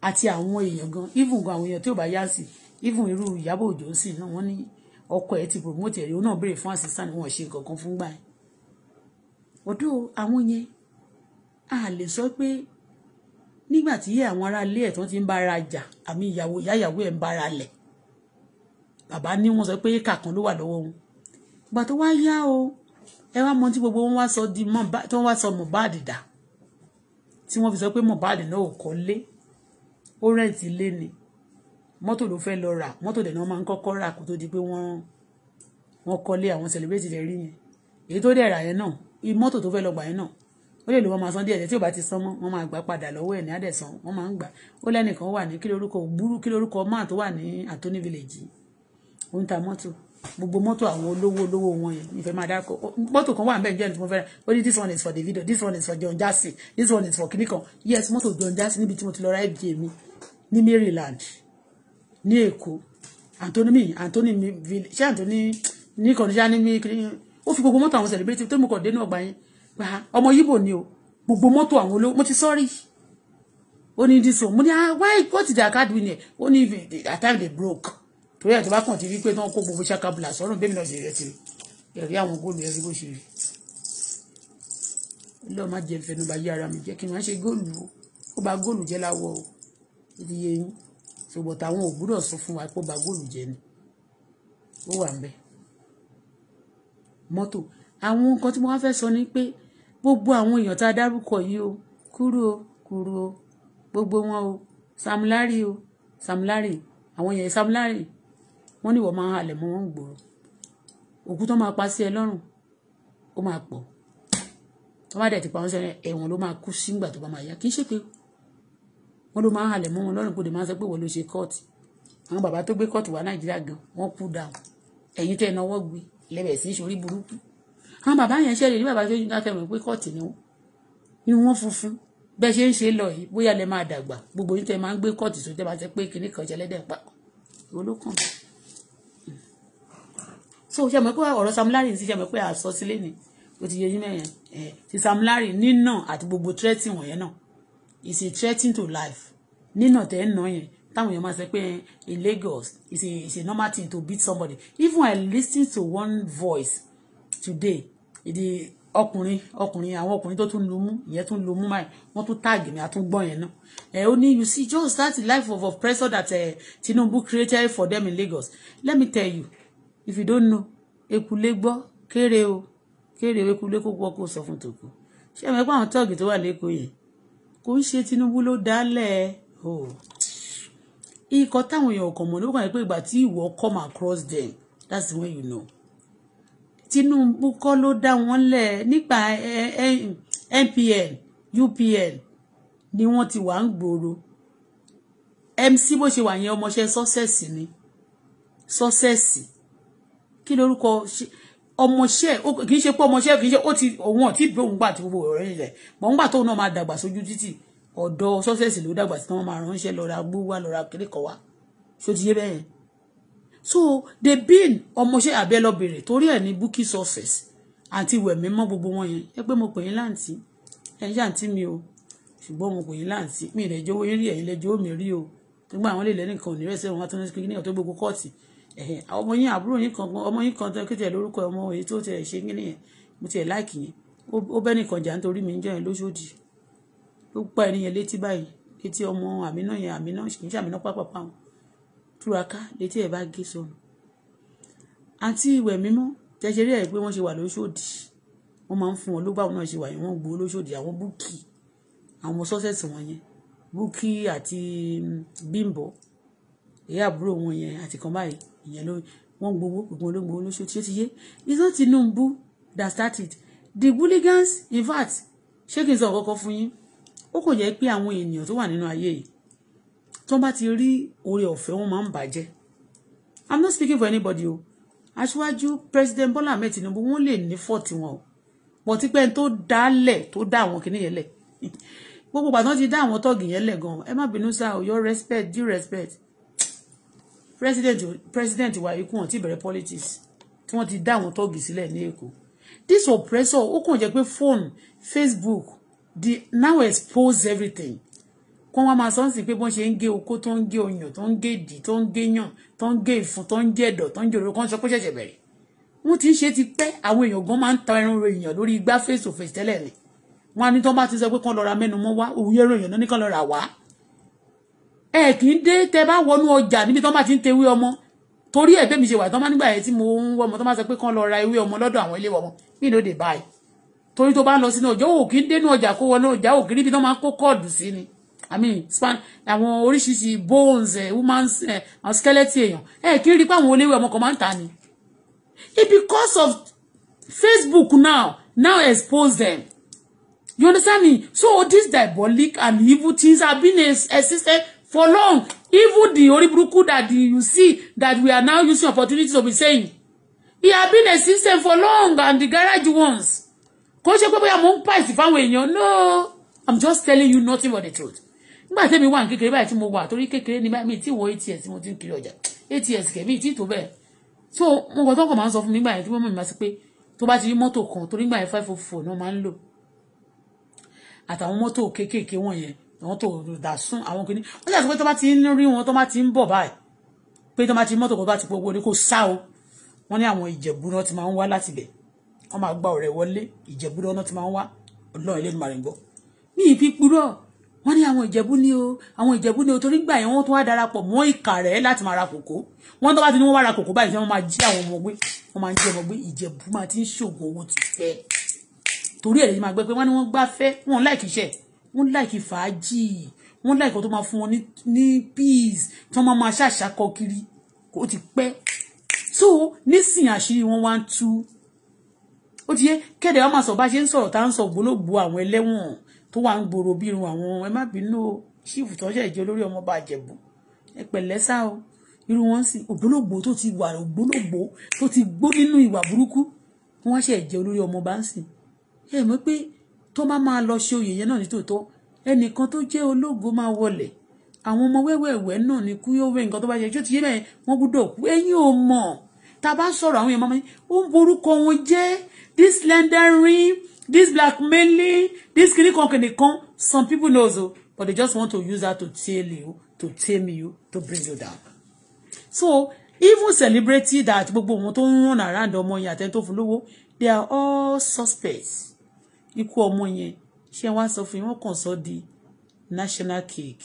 àti àwọn èèyàn gan even gan àwọn èèyàn tí ò bá yá sí even irú Ìyábọ̀ Òjó sí náà wọ́n ní ọkọ ẹ̀ ti promote ẹ̀rí òun náà béèrè fún assistant wọn ṣe nǹkan kan fún gbà yẹn ọ̀dọ̀ àwọn yẹn a lè sọ pé nígbà tí àwọn ará ilé ẹ̀ tó ti ń bára jà àmì ìyàwó ìyá ìyàwó ẹ̀ ń bára lẹ̀ bàbá ní wọ́n sọ pé éka kan ló wà lọ́wọ́ wọn ìgbà tó wá yá o ẹ wá mọ tí gbogbo wọn wá sọ di tí wọ́n wá sọ Mohbad dà tí wọ́n fi sọ pé Mohbad náà ò kọ́ lé ó rẹ̀ǹtì lé ni mọ́tò ló fẹ́ lọ rà mọ́tò dẹ̀ náà máa ń kọ́kọ́ rà kó tó di pé wọ́n wọ́n kọ́lé àwọn celebrate rẹ̀ rí yẹn èyí tó dẹ̀ rà náà mọ́tò tó fẹ́ lọ gbà yẹn náà ó lè lò wọ́n máa san díẹ̀ tí ò bá ti san mọ́ wọ́n máa gbà padà lọ́wọ́ ẹ̀ ní àdẹ̀sán wọ́n máa ń gbà ó lẹ́nìkan wà ní kí lórúkọ burú kí lórúkọ máà tó wà ní àtọ́ní village ó ń ta mọ́tò gbogbo mọ́tò àwọn olówó olówó wọn yẹn ìfẹ́ máa dáko mọ́tò kan wà ń bẹ̀ jẹ́ nítorí mo fẹ́ ó ní this one is for Davido this one is for John Jassy this one is for kìnnì kan yes mọ́tò John Jassy níbi tí mo ti lọ ra fj mi ní Maryland ní Èkó Anthony mi Anthony mi ṣé Anthony ní kọ́ni ṣá ní mi ó fi gbogbo mọ́tò àwọn celebrity tó mú kàn dénú ọgbà yẹn pa ah, ọmọ yíbò ni o gbogbo mọ́tò àwọn olówó mo ti sọ́rí ó ní this one mo ní ah why what did akadu win here ó ní at time they broke torí ẹ̀ tó bá kàn ti rí pé wọ́n kó gbogbo ṣakabula sọ́run bẹ́ẹ̀ mi náà ṣe rẹ̀ ti ẹ̀rí àwọn góòlù ẹ̀rí bó ṣe rí lọ́ọ́ má jẹ́ fẹnu bá yí ara mi jẹ́ kí n má ṣe góòlù o ó ba góòlù jẹ́ láwọ̀ o ìdíyẹ yín ṣùgbọ́n táwọn ò gbúdọ̀ sọ fún wa pé ó ba góòlù jẹ́ ni ó wà ń bẹ́ẹ̀ mọ́tò àwọn nǹkan tí mo wá fẹ́ sọ ni pé gbogbo àwọn èèyàn tá a dárúkọ yìí o kúrú o kúrú o gbogbo wọn o Sam Larry o Sam Larry àwọn yẹn Sam Larry wọ́n ní ìwọ máa halẹ̀ mọ́ wọn ń gbòòrò òkú tó máa pa sí ẹ lọ́rùn ó máa pọ̀ tó bá dẹ̀ ti pa wọ́n sẹ́yìn ẹ̀wọ̀n ló máa kú sígbà tó bá máa yá kì í ṣe pé wọ́n ló máa halẹ̀ mọ́ wọn lọ́rùn kó lè máa sọ pé wọ́n ló ṣe kọ́ọ̀tì àwọn bàbá tó gbé kọ́ọ̀tì wá Nàìjíríà gan wọ́n kú dáhùn ẹ̀yin tẹ́ ẹ náwó gbé lẹ́bẹ̀ẹ́ sí sórí burúkú àwọn bàbá yẹn ṣẹlẹ̀ ní bàbá tó yún dákẹ́ mọ̀ pé kọ́ọ̀tì ni wọ́n inú wọn funfun bẹ́ẹ̀ ṣe ń ṣe lọ yìí bóyá lẹ máa dàgbà gbogbo yín tẹ máa ń gbé kọ́ọ̀tì sójú tẹ máa ti pé kinní kan jẹlẹ́dẹ̀ pa olókàn so ṣe mọ̀ pé ọ̀rọ̀ Sam Larry ti ṣe mọ̀ pé àsọ sílé ni o ti yẹ yín mẹ́yẹn ti Sam Larry nínà àti gbogbo threatening wọ̀nyẹn náà is a threatening to life nínà tẹ́ ń nà yẹn táwọn èèyàn máa sọ pé in Lagos it's a it's a normal thing to beat somebody even I listen to one voice today the ọkùnrin ọkùnrin àwọn ọkùnrin tó tún lu mú ìyẹn tún lu mú báyìí wọn tún táàgì mi àtúngbọn yẹn náà ẹ ó ní you see just that life of oppressor that uh, Tinubu created for them in Lagos let me tell you if you don't know ekule gbọ́ kéré o kéré o ekule kó gbọ́ kó sọ fún tòkù ṣé ẹ mọ̀ pé àwọn tọ́ọ̀gì tó wà lẹ́kọ̀ọ́ yẹn kò ń ṣe Tinubu ló dálẹ̀ o. Oh ikọ̀ táwọn èèyàn ọkàn mọ̀ nípa pé ìgbà tí ìwọ come across them that's when you know Tinubu kọ́ ló dá wọn lẹ̀ nípa NPN UPN ni wọ́n ti wà ń gbòòrò MC bó ṣe wà yẹn ọmọọṣẹ́ sọ́sẹ̀sì ni sọ́sẹ̀sì kí lorúkọ ọmọọṣẹ́ kì í ṣe pé ọmọọṣẹ́ kì í ṣe ó ti òun ọ̀tí bí òun gbà tí gbogbo ọ̀rẹ́ rẹ̀ mọ̀ ń gbà tóun náà máa dàgbà sójú títì ọ̀dọ̀ sọ́sẹ̀sì ló dàgbà tí wọ́n máa ránṣẹ́ lọ ra gbó wá lọ ra kiri kọ̀ wá ṣó ti yé bẹ́yẹn so they been ọmọṣẹ́ abẹ́ lọ bèrè torí ẹ̀ ní búkí sọ́sẹ̀sì àti ìwẹ̀ mímọ́ gbogbo wọn yẹn ẹ pé mo pè yín láǹtí ẹ ṣe àǹtí mi o ṣùgbọ́n mo pè yín láǹtí mi ìrẹ̀ jọ̀wọ́ yín rí ẹ̀yin lẹ́jọ́ mi rí o nígbà àwọn lè lẹ́nìkan ò ní rẹ̀ sẹ́wọ̀n wọn tó ní kí ní ọ̀tọ́ gbogbo kọ́ọ̀tì ọmọ yín àbúrò yín kan ọmọ yín kan tẹ́kẹ́tẹ́ lórúkọ ọmọ èyí tó tẹ̀ ṣe kí nìyẹn mo tiẹ̀ láìkì yẹn ó bẹ́ẹ̀ nìkan jà nítorí mi ń jẹ́ yẹn lóṣòdì ó pa ẹni yẹn létí báyìí létí ọmọ àmínà yẹn àmínà kì í ṣe àmínà pápápá wọn túraká létí ẹ̀ bá gé sọnù àti ìwẹ̀ mímọ́ jẹjẹrẹ ẹ̀ pé wọ́n ṣe wà lóṣòdì wọ́n máa ń fún wọn ló báwọn náà ṣe wà yẹn wọ́n gbowó lóṣòdì àwọn búùkì àwọn sọ́sẹ̀sì wọn yẹn búùkì àti mm, bímbọ́ ìyá àbúrò wọn yẹn àti kan báyìí ìyẹn wọ́n gbowó gbogbo ló gbowó lóṣòdì ṣé ti yé it's Tinubu that started the hooligans in fact ṣé kí n sọ ọ̀kọ̀ọ̀kan fún yín ó kò jẹ́ pé àwọn ènìyàn tó wà nínú ayé yìí tó bá ti rí oore ọ̀fẹ́ wọn máa ń bàjẹ́ i'm not speaking for anybody o aṣíwájú president bola Ahmed Tinubu wọ́n lè ní fọ́ọ̀tì wọn o wọ́n ti pẹ́ tó dálẹ̀ tó dá àwọn kìnìún yẹn lẹ̀ gbogbo bàtán ti dá àwọn tọ́ọ̀gì yẹn lẹ̀ gan ẹ má bínú sá o your respect due respect president president wa ikú wọn ti bẹ̀rẹ̀ politics tí wọ́n ti dá àwọn tọ́ọ̀gì sílẹ̀ ní Èkó this oppressor ó kàn jẹ́ pé phone Facebook the now expose everything kó wọn máa sọ ń sìn pé bọ́n ṣe ń gé okó tó ń gé ọyàn tó ń gé ìdí tó ń gé yàn tó ń gé ìfun tó ń jẹ́ ẹ̀dọ̀ tó ń jẹ́ òróró kan sọ pé ṣẹ̀ṣẹ̀ bẹ̀rẹ̀ wọ́n ti ń ṣe ti pẹ́ àwọn èèyàn gan máa ń ta ẹran ro èèyàn lórí igbá face to face tẹ́lẹ̀ ni wọ́n á ní tó bá ti sọ pé kán lọ ra mẹ́nu mọ́ wá òun yẹ́rọ èèyàn lóní kán lọ rà wá. ẹ kì í dé tẹ bá wọnú ọjà níbi tó bá ti ń tewé ọmọ torí ẹ̀ bẹ́ẹ̀ mi ṣe wà tó má nígbà yẹn tí mo ń wọ́ ọmọ tó má sọ pé kán lọ ra ewé ọmọ lọ́dọ̀ àwọn ilé ọmọ mi ló dé báyìí torí tó bá lọ sínú ọjà ò kí ń dénú ọjà kó wọlé ọjà ò kí níbi náà máa ń kó kọ́ọ̀dù sí ni i mean span àwọn oríṣiríṣi bones ẹ eh, woman's ẹ eh, àwọn skeleton èèyàn ẹ kí n rí i pé àwọn oléwé ọmọ kan máa ń tà ni it because of Facebook now now expose them you understand me so these diabolic and evil things have been existed for long even the oriburuku that you see that we are now using opportunities to be saying e have been existed for long and the garage ones kò ṣe pé bóyá mo ń pàìsì fáwọn èèyàn no i'm just telling you nothing but the truth nígbà tẹ́mi wà ní kékeré báyìí tí mo wà torí kékeré ni mi tí wọ eight years tí mo ti ń kiri ọjà eight years kẹ̀mí tí tó bẹ́ẹ̀ so mo kàn tọ́kọ̀ máa ń sọ fún mi nígbà yẹn tí mo mọ̀ nígbà sí pé tó bá ti rí mọ́tò kan torí nígbà yẹn five oh four ni wọ́n máa ń lò àtàwọn mọ́tò kéékèèké wọ̀nyẹn àwọn tó dà sún àwọn kìíní wọ́n ṣàtúnpé tó bá ti ń rí wọn tó bá ti ń bọ̀ báyìí pé tó bá ti mọ́tò kan bá ti pọ̀ owó ni kò sá o wọ́n ní àwọn Ìjẹ̀bú náà ti máa ń wá láti bẹ̀ wọ́n máa gba ọ̀rẹ́ wọlé ìjẹ̀bú lọ́nà tí máa wá ọlọ́run ilé ìmọ̀ rẹ̀ ní ìfipúrọ̀ wọ́n ní àwọn ìjẹ̀bú ní o àwọn ìjẹ̀bú ní o torí gbà yẹn wọ́n tún wá darapọ̀ mọ́ ìkà rẹ̀ láti máa ra kòkó wọ́n tó bá ti ní wọ́n wá ra kòkó báyìí tí wọ́n máa jí àwọn ọmọ gbé wọ́n máa ń jí ọmọ gbé ìjẹ̀bú máa ti ń ṣògùn owó ti fẹ́ torí ẹ̀rẹ́ máa gbẹ pé wọ́n ní wọ́n gbá fẹ́ wọ́n láìkì iṣẹ́ wọ́n láìkì fàájì wọ́n láìkọ́ tó máa fún wọn ní peace tí wọ́n máa máa ṣàṣàkọ kiri kó ti pẹ́ so nísìnyí wọn wá ń tú ó ti yé kéde ọmọ sọ bá ṣe ń sọ̀rọ̀ tá à ń sọ gbólógbò àwọn ẹlẹ́wọ̀n tó wà ń gbòòrò bí irun àwọn ẹ má bínú o ṣífù tó ń ṣe ìjẹ olórí ọmọ bá jẹ̀bù ẹ pẹ̀lẹ́ sá o irú wọn sì ògbólógbò tó ti wà ògbólógbò tó ti gbó nínú ìwà burúkú wọn ṣe ìjẹ olórí ọmọ bá ń sìn ẹ mọ̀ pé tó má máa lọ ṣe oyè yẹn náà ní tòótọ́ ẹnìkan tó jẹ́ ológo máa wọlẹ̀ àwọn ọmọ wẹ́wẹ́wẹ́ náà ní kú yóò wé nǹkan tó bá ṣe tí ti yé bẹ́ẹ̀ wọ́n gbúdọ̀ kú ẹ̀yin ò mọ̀ tá a bá sọ̀rọ̀ àwọn èèyàn máa ń borúkọ wọn jẹ́ this slandering this blackmailing this kìnnì kan kìnnì kan some people know so but they just want to use that to tail you to tame you to bring you down so even celebrity that gbogbo wọn tó run around ọmọ yẹn àtẹni tó fún they are all suspects ikú ọmọ yẹn ṣé wá sọ fún yín wọn kàn di national cake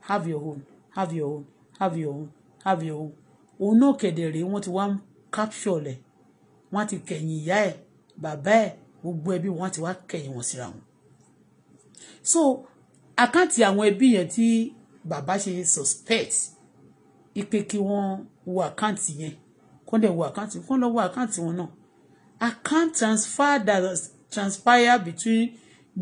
have your own have your own have your own have your own òun náà kẹ̀dẹ̀ rèé wọ́n ti wá capture lẹ̀ wọ́n ti kẹ̀yìn ìyá ẹ̀ bàbá ẹ̀ gbogbo ẹbí wọn ti wá kẹ̀yìn wọn síra wọn. so àkáǹtì àwọn ẹbí yẹn tí bàbá ṣe suspect ipe kí wọ́n wo àkáǹtì yẹn kó dẹ̀ wo àkáǹtì kó lọ wo àkáǹtì wọn náà account transfer that transpired between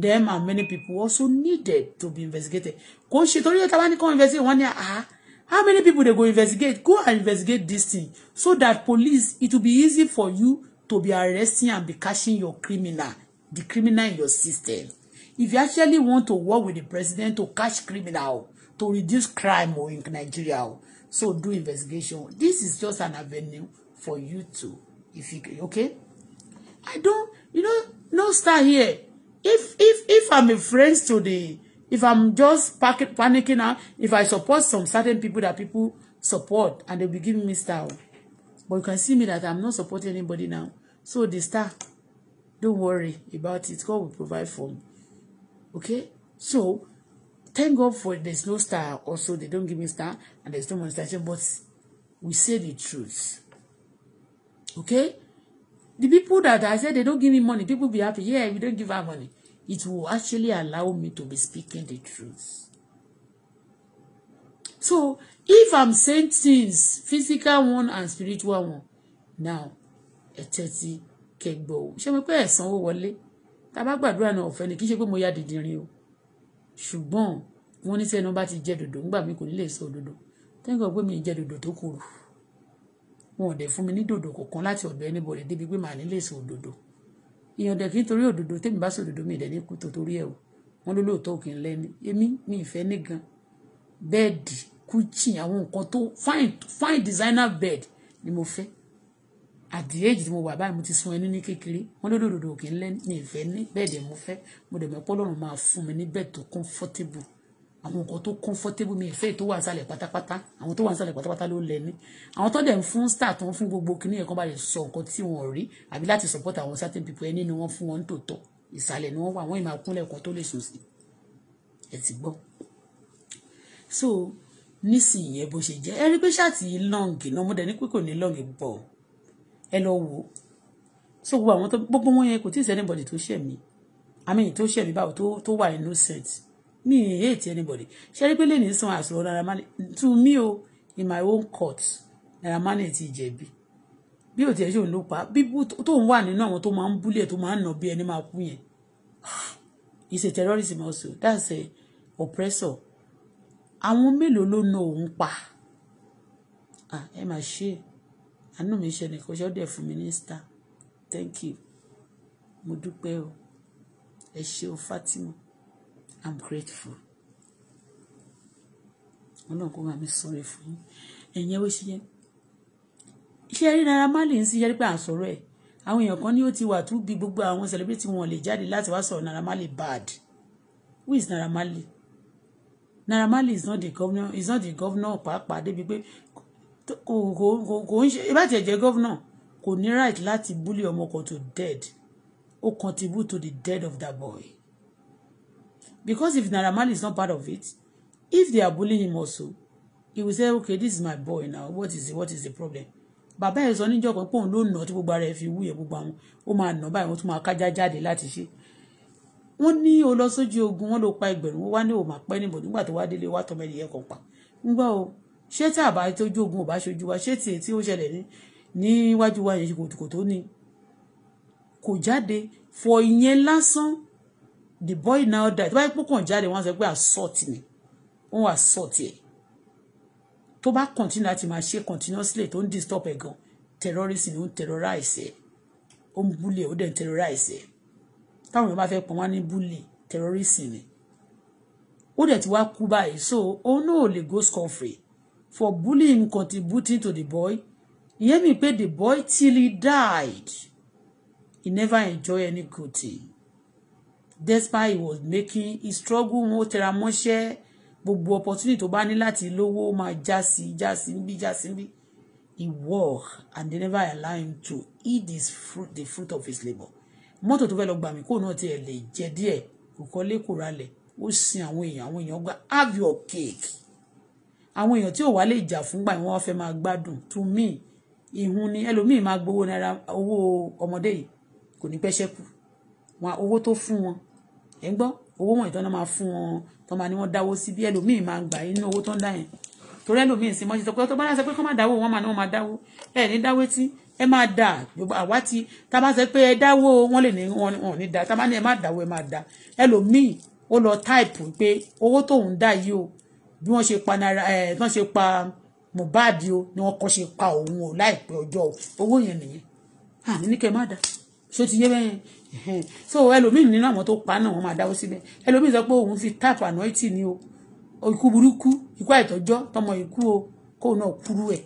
them and many people also needed to be investigated kò ń ṣe torí ẹ̀ tá bá ní kó investigate wọ́n ní Ah how many people dey go investigate go and investigate this thing so that police it will be easy for you to be arresting and be catching your criminal the criminal in your system if you actually want to work with the president to catch criminal to reduce crime in Nigeria so do investigation this is just an avenue for you to if you okay I don't you know no start here if if if I'm a friend to the If I'm just panicking now, if I support some certain people that people support and they'll be giving me star. But you can see me that I'm not supporting anybody now. So the star, don't worry about it. God will provide for me. Okay? So, thank God for there's no star. Also, they don't give me star and there's no monetization, but we say the truth. Okay? The people that I said they don't give me money, people be happy. Yeah, we don't give our money it will actually allow me to be speaking the truth. So if I'm saying things, physical one and spiritual one, now ẹ tẹ́tí kẹgbọ́ o. Ṣé mo pé ẹ̀sán owó wọlé? Tá a bá gbàdúrà náà ọ̀fẹ́ ni kì í ṣe pé mo ya dìndìnrín o. Ṣùgbọ́n wọ́n ní sẹ́nu bá ti jẹ́ dòdò ńgbà mi kò ní lè sọ òdodo. Tẹ́ǹkọ̀ pé mi jẹ́ dòdò tó kù. Wọn ò dẹ̀ fún mi ní dòdò kọ̀ọ̀kan láti ọ̀dọ̀ anybody débi pé màá ní lè sọ òdodo èèyàn dẹ̀ kí n torí òdodo tèmi bá sòdodo mi dẹ̀ ní kú torí ẹ̀ o wọ́n ló lóòótọ́ òkè ńlẹ́ ni èmi mi ìfẹ́ ní gan bẹ́ẹ̀dì kúchì àwọn nǹkan tó fine fine designer bed ni mo fẹ́ at the age tí mo wà báyìí mo ti sun ẹni ní kékeré wọ́n ló lóòótọ́ òkè ńlẹ́ ní ìfẹ́ ní bẹ́ẹ̀dì mo fẹ́ mo dẹ̀ mọ̀ pé máa fún mi ní bẹ́ẹ̀ tó comfortable àwọn nǹkan tó comfortable mi ìfẹ́ tó wà nísàlẹ̀ pátápátá àwọn tó wà nísàlẹ̀ pátápátá ló lẹ ní àwọn tó dẹ̀ ń fún star tó ń fún gbogbo kìnìún ẹ̀kan bá lè sọ nǹkan tí wọ́n rí àbí láti support àwọn certain people ẹni ni wọ́n fún wọn tòótọ́ ìsàlẹ̀ ni wọ́n wà wọ́n ìmọ̀ àkúnlẹ̀ kan tó lè sùn sí ẹ ti gbọ́. so nísìnyí ẹ bó ṣe jẹ́ ẹ rí pé ṣáàtì yìí lọ́ǹgì náà mo dẹ̀ ní pé kò ní lọ́ǹgì bọ̀ ẹ lọ wò so gbogbo àwọn tó gbogbo wọn yẹn kò tí ì sẹ́ni bọ̀dì tó ṣẹ̀ mí àmì tó ṣẹ̀ mí báwo tó wà innocent Me ì hate anybody ṣe rí pé lè ní san àsọ̀rọ̀ Naira to me o in my own court Naira Marley ti jẹ̀bi bí òtí ẹ̀ ṣòun ló pa bíbú tó ń wà nínú àwọn tó máa ń búlẹ̀ tó máa ń nà bí ẹni máa kú yẹn is a terrorism also that's a oppressor àwọn mélòó ló na òun pa ẹ máa ṣe àánú mi ṣe nìkan ṣe ó dẹ̀ fún mi ní thank you mo dúpẹ́ o ẹ ṣé Fatima. I'm grateful. Ọlọ́run kó máa mi sọ̀rọ̀ fún yín. Ẹ̀yin ẹwé ṣe yẹn. Ṣé ẹ rí Naira Marley ń sí yẹ́rí pé àsọ̀rọ̀ ẹ̀? Àwọn èèyàn kan ní ó ti wà tó bí gbogbo àwọn celebrity wọn lè jáde láti wá sọ̀rọ̀ Naira Marley bad. Who is Naira Marley? Naira Marley is not the governor is not the governor pàápàá débi pé kò kò kò ń ṣe ìbá tiẹ̀ jẹ́ governor kò ní right láti bully ọmọ kan to dead. Ó contribute to the death of that boy because if Naira is not part of it if they are bullying him also he will say okay this is my boy now what is it what is the problem bàbá ẹ̀ sọ níjọ́ kan pé òun ló nà tí gbogbo ara ẹ̀ fi wúyẹ̀ gbogbo àwọn ó máa nà báyìí wọ́n tún máa kájá jáde láti ṣe wọ́n ní o lọ sójú ogun wọ́n ló pa ẹgbẹ̀rún wọ́n wá ní òun àpẹ́ níbo nígbà tó wá délé wá tọmọ ẹ̀yẹ kan pa ńgbà o ṣé tí àbá tójú ogun ò bá ṣojú wa ṣé tiẹ̀ tí ó ṣẹlẹ̀ ní níwájú wa yẹn kò tó kò jáde fọ ìyẹn lásán the boy now die tó bá yẹ pé kàn jáde wọ́n sọ pé assault ni wọ́n assault ẹ̀ tó bá continue láti máa ṣe continuously tó ń disturb ẹ̀ gan terrorism ló ń terrorize ẹ̀ ó ń bully ó dẹ̀ ń terrorize ẹ̀ táwọn èèyàn bá fẹ́ pọ̀ wọ́n ní bully terrorism ni ó dẹ̀ ti wá kú báyìí so òun náà ò lè go scot free for bullying contributing to the boy ìyẹn mi pé the boy till he died he never enjoy any good thing despite he was making he struggle wọn ó tẹra mọ́ṣẹ́ gbogbo opportunity to bá ní láti lówó ó máa já sí já sí níbí já sí he work and they never allow him to eat his fruit the fruit of his labour mọ́tò tó fẹ́ lọ gbà mí kó náà tiẹ̀ lè jẹ díẹ̀ kò kọ́lé kò ralẹ̀ ó sin àwọn èèyàn àwọn èèyàn gba have your cake àwọn èèyàn tí ò wá lè jà fúngbà wọn wá fẹ́ máa gbádùn to me ìhun ni ẹlòmíì máa gbowó náírà owó ọmọdé yìí kò ní pẹ́ ṣẹ́kù wọn owó tó fún wọn ẹ̀ ń gbọ́ owó wọ̀nyí tó ń máa fún wọn tó máa ní wọ́n dáwó sí bí ẹlòmíì máa gbà inú owó tó ń dá yẹn torí ẹlòmíì sì mọ́ṣẹ́ tó bá sọ pé kó má dáwó wọn máa ní wọ́n máa dáwó ẹ̀ ní dáwó etí ẹ máa dà àwa ti tá a bá sọ pé ẹ dáwó wọn lè ní wọn ò ní dá tá a bá ní ẹ má dáwó ẹ máa dá ẹlòmíì ó lọ táìpù pé owó tóun dá yìí o bí wọ́n ṣe pa náírà ẹ̀ tán ṣe pa Mohbad o ni wọ́n kọ́ ṣe pa òun o láìpẹ́ ọjọ́ owó yẹn nìyẹn àní ní kẹ́ má dá ṣó ti yé bẹ́yẹn so ẹlòmíì nínú àwọn tó pa náà wọ́n máa dáwọ́ síbẹ̀ ẹlòmíì sọ pé òun fi tap anointi ni o ikú burúkú ikú àìtọ́jọ́ tọmọ ikú o kó náà kúrú ẹ̀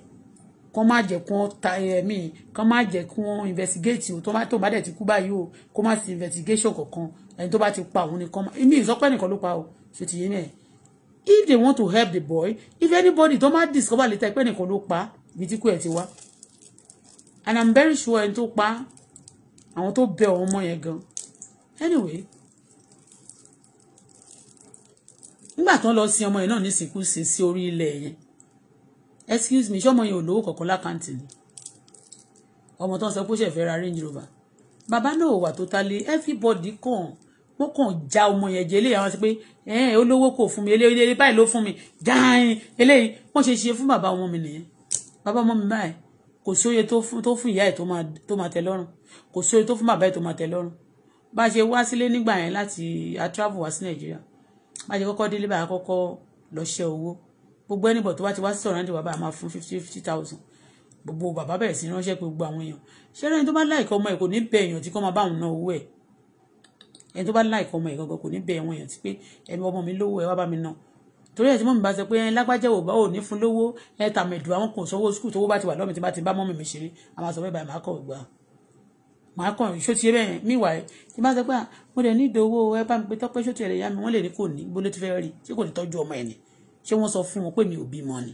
kọ́ má jẹ́ kí wọ́n ta ẹ̀mí kọ́ má jẹ́ kí investigate o tó bá dẹ̀ ti kú báyìí o kó má sí investigation kankan ẹni tó bá ti pa òun nìkan èmi ìsọpẹ́ nìkan ló pa o ṣe ti yé mẹ́ẹ̀ if they want to help the boy if anybody tó má discover later pé nìkan ló pa ibi tí kú ẹ̀ ti wá and i'm very sure ẹni tó pa àwọn tó bẹ ọ̀hún mọ́ yẹn gan anyway nígbà tán lọ sin ọmọ yẹn náà nísìnkú sí sí orí ilẹ̀ yẹn excuse me ṣọmọ yẹn ò lówó kọ̀ọ̀kan lákàntì ni ọmọ tán sọ pé ó ṣẹ̀ ra Range Rover bàbá náà wà tó tálé everybody kàn wọ́n kàn já ọmọ yẹn jẹ eléyàwó àti pé ẹ̀ẹ́n olówó kò fún mi eléyìí eléyìí báyìí ló fún mi dáin eléyìí wọ́n ṣe ṣe fún bàbá ọmọ mi nìyẹn bàbá ọmọ mi báyìí kò sí oye tó fún ìyá ẹ̀ tó máa tẹ́ lọ́rùn kò sí orí tó fún bàbá ẹ̀ tó máa tẹ̀ lọ́rùn bá a ṣe wá sílé nígbà yẹn láti a travel wá sí nàìjíríà bá a ṣe kọ́kọ́ délé bá a kọ́kọ́ lọ ṣe owó gbogbo ẹnìbọ̀ tó bá ti wá sí sọ̀rọ̀ bàbá máa fún fifty fifty thousand gbogbo bàbá bẹ̀rẹ̀ sí ránṣẹ́ pé gbogbo àwọn èèyàn ṣẹ́rẹ́ ẹni tó bá láìkọ́ ọmọ ẹ̀ kò ní bẹ èèyàn tí kò máa bá òun ná owó ẹ̀ ẹni tó bá láìkọ́ ọmọ ẹ̀ gangan kò ní bẹ àwọn èèyàn tí pé ẹni ọmọ mi lówó ẹ wá bá mi ná torí ẹ̀ tí mọ̀mí bá sọ pé lágbájá ò bá ò ní fún lówó ẹ tàmẹ̀dù àwọn kò sanwó skul tówó bá ti wà lọ́mì bá ti bá mọ́mì mi ṣeré àwọn àṣọ bẹ́ẹ̀ báyìí máa kọ̀ gbà màá kàn ṣó ti yé bẹ́ẹ̀ yẹn míwà ẹ̀ tí bá sọ pé mo lè ní ìdòwò ẹ bá mi pé tọ́pẹ́ ṣó ti ẹ̀rẹ̀ yá mi wọ́n lè ní kò ní bó ló ti fẹ́ rí ṣé kò ní tọ́jú ọmọ ẹ̀ ni ṣé wọ́n sọ fún wọn pé mi ò bímọ ni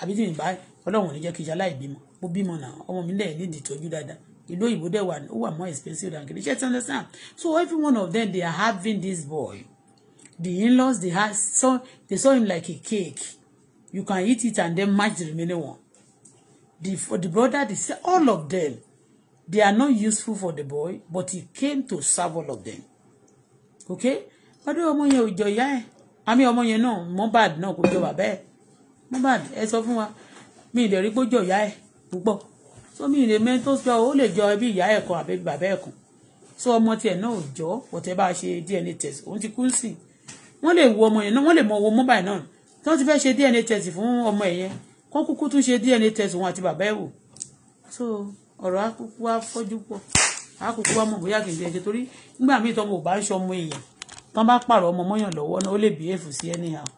àbí tí mi bá ọlọ́run ò ní jẹ́ kí iṣẹ́ aláìbímọ mo bímọ náà ọmọ mi lẹ́yìn nídìí tọ́jú dáadáa ìlú òyìnbó dẹ̀ wà ó wà more expensive than kìnìún ṣe ti understand so every one of them they are having this boy the in-laws they had saw they saw him like a cake you can eat it and then match the remaining one the the brother they say, all of them They are not useful for the boy, but he came to serve all of them. Okay? Pàdé ọmọ yẹn ò jọ ìyá ẹ̀. Àmì ọmọ yẹn náà Mohbad náà kò jọ bàbá ẹ̀. Mohbad ẹ sọ fún wa mi ìdẹ̀ rí gbójọ ìyá ẹ̀ púpọ̀. So mi ìdẹ̀ mẹ́ tó sọ ó lè jọ ẹbí ìyá ẹ̀ kan àbí bàbá ẹ̀ kan. So ọmọ tiẹ̀ náà ò jọ wọ̀tẹ́ bá a ṣe DNA test òun ti kú sí. Wọ́n lè wo ọmọ yẹn náà wọ́n lè mọ owó Mohbad náà. Tí wọ́n ti fẹ́ ṣe DNA test fún ọmọ ẹ̀yẹn kọ́ kúkú tún ṣe DNA test òun àti bàbá ẹ̀ wò. So ọ̀rọ̀ akúkú afọ́jú pọ̀ akúkú wa mọ̀ bóyá kì í ṣe ẹ̀jẹ̀ torí nígbà míì tọ́mọ ò bá ń ṣọmọ èèyàn tán bá pààrọ̀ ọmọ mọ́yàn lọ́wọ́ náà ó lè behave sí anyhow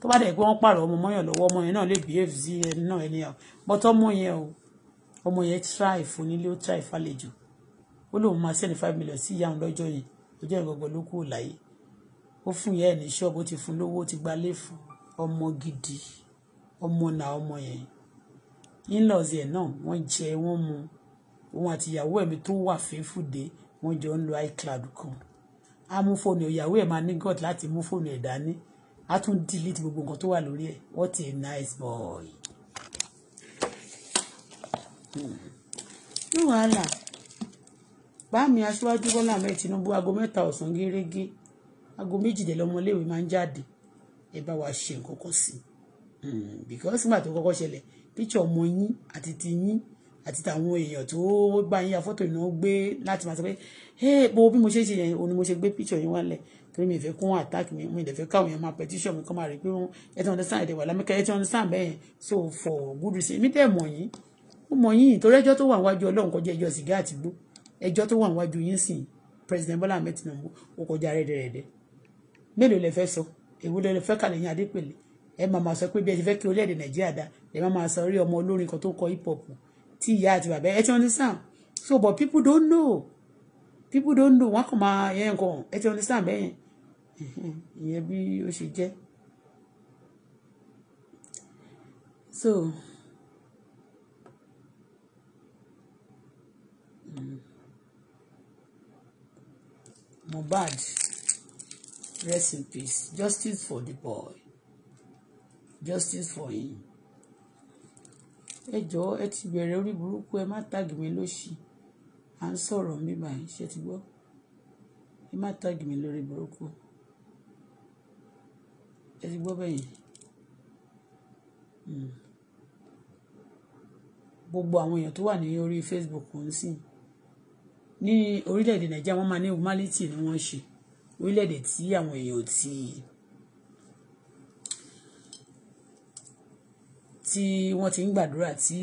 tó bá dẹ̀ pé wọ́n pààrọ̀ ọmọ mọ́yàn lọ́wọ́ ọmọ yẹn náà lè behave sí ẹni náà anyhow but ọmọ yẹn o ọmọ yẹn try fún ó try fàlejò ó lóun máa send five million sí ìyá òun lọ́jọ́ yẹn ọjọ́ ìgbọ̀gbọ̀ ló kú láyé ó fún ìyá ẹ̀ ní ṣọ́ọ̀bù ó ti fún lówó ó ti gbalé fún ọmọ gidi ọmọ náà ọmọ yẹn in-laws ẹ̀ náà wọ́n jẹ wọ́n mu òun àti ìyàwó ẹ̀ tó wà faithful dé wọ́n jọ ń lo iCloud kan á mú fóònù ìyàwó ẹ̀ máa ní god láti mú fóònù ẹ̀ dání á tún delete gbogbo nǹkan tó wà lórí ẹ̀ what a nice boy. ní wàhálà bá mi aṣíwájú Bọ́lá Ahmed Tinubu aago mẹ́ta ọ̀sán gẹ́rẹ́gẹ́ aago méjìdínlọ́mọléèwé máa ń jáde ẹ bá wa ṣe nǹkan kan sí i hmm, because nígbà tó kọ́kọ́ ṣẹlẹ̀ picture ọmọ yín àti ti yín àti tàwọn èèyàn tó gbà yín ya fọ́tò yìí náà gbé láti máa sọ pé ẹ bí mo ṣe ṣe yẹn òun ni mo ṣe gbé picture yín wálẹ̀ torí mi ìfẹ́ kún attack mi mi ìdẹ̀fẹ́ káwọn èèyàn máa petition mi kọ́ máa rí pé wọ́n ẹ ti understand ẹ̀dẹ̀ wà lámẹ́kẹ́ ẹ ti understand bẹ́ẹ̀ so for good reason mi tẹ́ mọ̀ yín mo mọ̀ yín torí ẹjọ́ tó wà níwájú ọlọ́run kọjá ẹjọ́ sìgá àtìgbó ẹjọ́ tó wà níwájú yín sìn president Bọ́lá Ahmed Tinubu ó kọjá rẹ́dẹ̀rẹ́dẹ́ mélòó lẹ fẹ́ sọ èwo lẹ fẹ́ kàlẹ́ yín adépèlé ẹ máa máa sọ pé bí ẹ ti fẹ́ kí orílẹ̀-èdè Nàìjíríà dá ẹ máa máa sọ orí ọmọ olórin kan tó kọ hip hop tí ìyá àti bàbá ẹ ti understand so but people don't know people don't know wọn kàn máa yẹn nǹkan ẹ ti understand bẹ́ẹ̀ yẹn ìyẹn bí ó ṣe jẹ́ so. Mm. Mohbad rest in peace justice for the boy justice for him ẹ jọ̀ọ́ ẹ ti bẹ̀rẹ̀ orí burúkú ẹ má tag mi lóṣì à ń sọ̀rọ̀ mi báyìí ṣe ti gbọ́ ẹ má tag mi lórí burúkú ẹ ti gbọ́ bẹ́yìn hmm. gbogbo àwọn èèyàn tó wà ní orí Facebook ń sìn ní orílẹ̀-èdè Nàìjíríà wọ́n máa ní humanity ni wọ́n ṣe orílẹ̀-èdè tí àwọn èèyàn ti. tí wọ́n ti ń gbàdúrà tí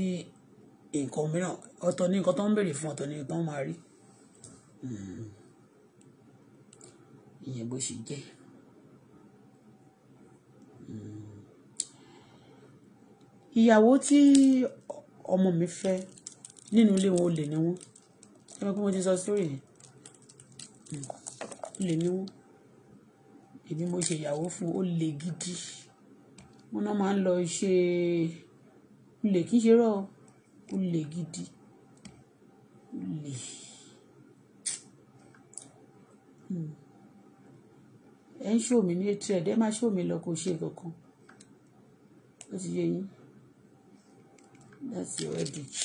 nǹkan mìíràn ọ̀tọ̀ ní nǹkan tó ń béèrè fún ọ̀tọ̀ ní nǹkan tó ń máa rí hmm. ìyẹn bó ṣe jẹ́ hmm. ìyàwó tí ọmọ mi fẹ́ nínú ilé wọn olè ni wọ́n ẹ mọ̀ pé mo ti sọ sórí yẹn hmm. olè ni wọ́n èmi mo ṣe ìyàwó fún olè gidi wọn náà máa ń lọ ṣe. Ṣe Olè kìí ṣe irọ́ o. gidi. Olè. Hmm. Ẹ ń show mi ní hatred, ẹ má show mi lọ, kò ṣe nǹkan Ó ti yé yín? That's your headache.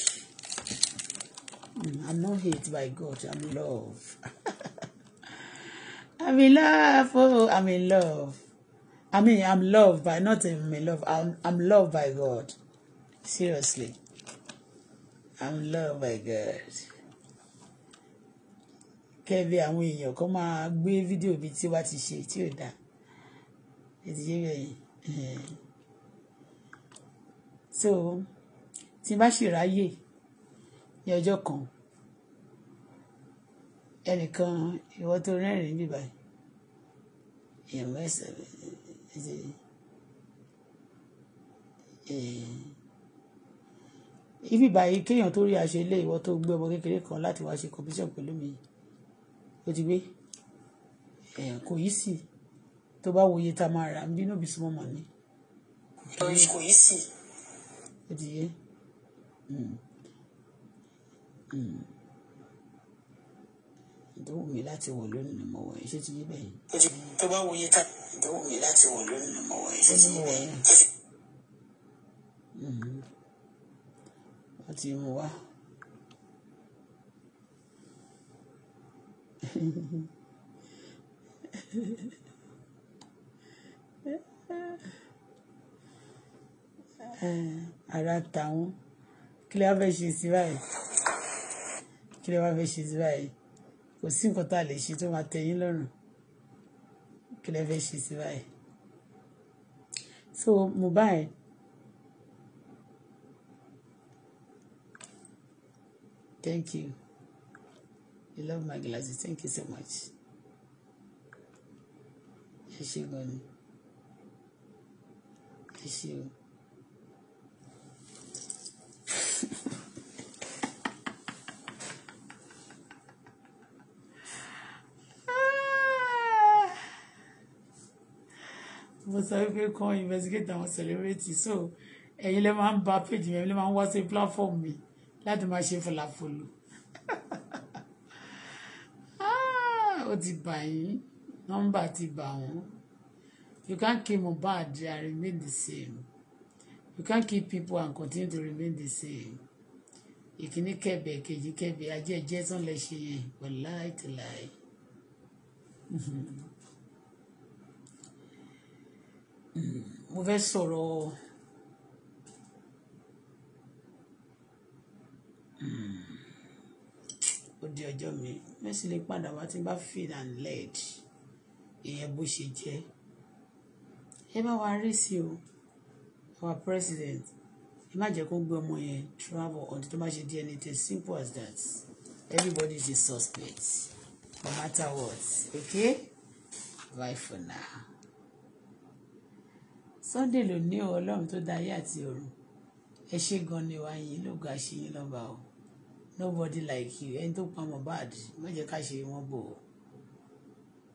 Hmm, I'm not hate by God, I'm love. I'm in love, oh, I'm in love. I mean, I'm loved by, not even in love, I'm, I'm loved by God. Seriously. I'm love my God. Kẹ́bi àwọn èèyàn kan máa gbé fídíò bíi tí wàá ti ṣe tí ò dáa. Ètò yé bẹ́yìn. So tí bá sì ráyè ní ọjọ́ kan ẹnìkan ìwọ tó rẹ́rìn-ín bíbá èèyàn mẹ́sàn-án ibi báyìí kéèyàn tó rí àṣẹ ilé ìwọ tó gbé ọmọ kékeré kan láti wá ṣe competition pẹ̀lú mi ó ti gbé kò yí sí tó bá wòye tá a máa rà ń bínú bí small money kò yí sí ó ti yé hmm. Hmm. ìdánwò mi láti wọ̀ lónìí ni mo wọ̀ ẹ́ ṣé ti yí bẹ́ẹ̀. tó bá wòye tá ìdánwò mi láti wọ̀ lónìí ni mo wọ̀ ẹ́ ṣé ti yí bẹ́ẹ̀ láti mú wá. ara tàwọn kí lè wá fẹ́ ṣe sí báyìí kí lè wá fẹ́ ṣe sí báyìí kò sí nǹkan tá a lè ṣe tó máa tẹ́yín lọ́rùn kí lè fẹ́ ṣe sí báyìí so Mohbad Thank you. You love my glasses. Thank you so much. Ẹ ṣé gan ni. Ẹ ṣé o. mo sọ wípé kan investigate àwọn celebrity so ẹ̀yin lè máa ń ba page mi ẹ̀yin lè máa ń wá sí platform mi láti máa ṣe fọláfọlù ah, ó ti bà yín nọ́mbà ti bà wọ́n you can't kill Mohbad and remain the same you can't keep people and continue to remain the same ìkíní kẹbẹ kejì kẹbẹ ajé ẹjẹ tán lè ṣe yẹn wàláì tìláì mo fẹ́ sọ̀rọ̀. ó di ọjọ́ mi Mercy lè padà wá tí n bá feel and led ìyẹn bó ṣe jẹ́ ẹ bá wa rí sí o our president ẹ má jẹ́ kó gbé ọmọ yẹn travel until tó bá ṣe DNA test simple as that everybody is a suspect no matter what okay bye for now. Sunday ló ní ọlọ́run tó dá ayé àti ọ̀run ẹ ṣé gan ni wàá yín lóògùn àṣeyín lọ́ba o nobody like you ẹni tó pa bad. má jẹ́ ká ṣe wọ́n bò ó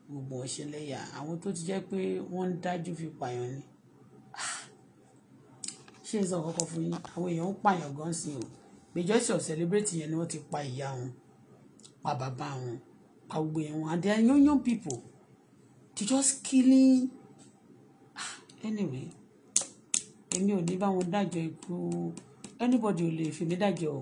gbogbo wọn ṣe lẹ́yà àwọn tó ti jẹ́ pé wọ́n ń dájú fi pààyàn ni ah! ṣé n sọ kọ́kọ́ fún yín àwọn èèyàn ń pààyàn gan sí o majority of celebrity yẹn ni wọ́n ti pa ìyá wọn pa bàbá wọn pa gbogbo yẹn wọn and they are young young people they just killing ah! anyway èmi ò ní bá wọn ikú anybody ò lè fi mí dájọ́ o.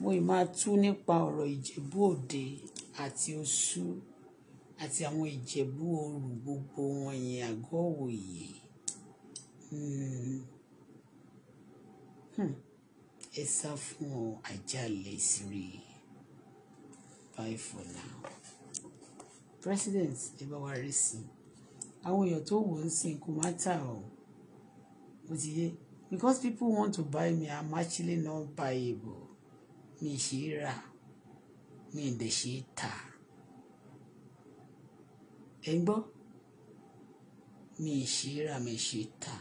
Mo ì máa tú nípa ọ̀rọ̀ Ìjẹ̀bú Òde àti Ọ̀ṣù àti àwọn Ìjẹ̀bú Òru gbogbo wọn yẹn àgọ́ ìwòye. Hmm. Hmm. Ẹ sá fún àjálẹ̀ ìsìnrì. Bye for now. President, ẹ bá wa rí sí i. Àwọn èèyàn tó wò ó sí kò má tà o. Ó ti yé. Because people want to buy me, I'm actually not buyable. mi ṣe é dẹ̀ ṣe é tà ẹ gbọ́ mi ṣe é tà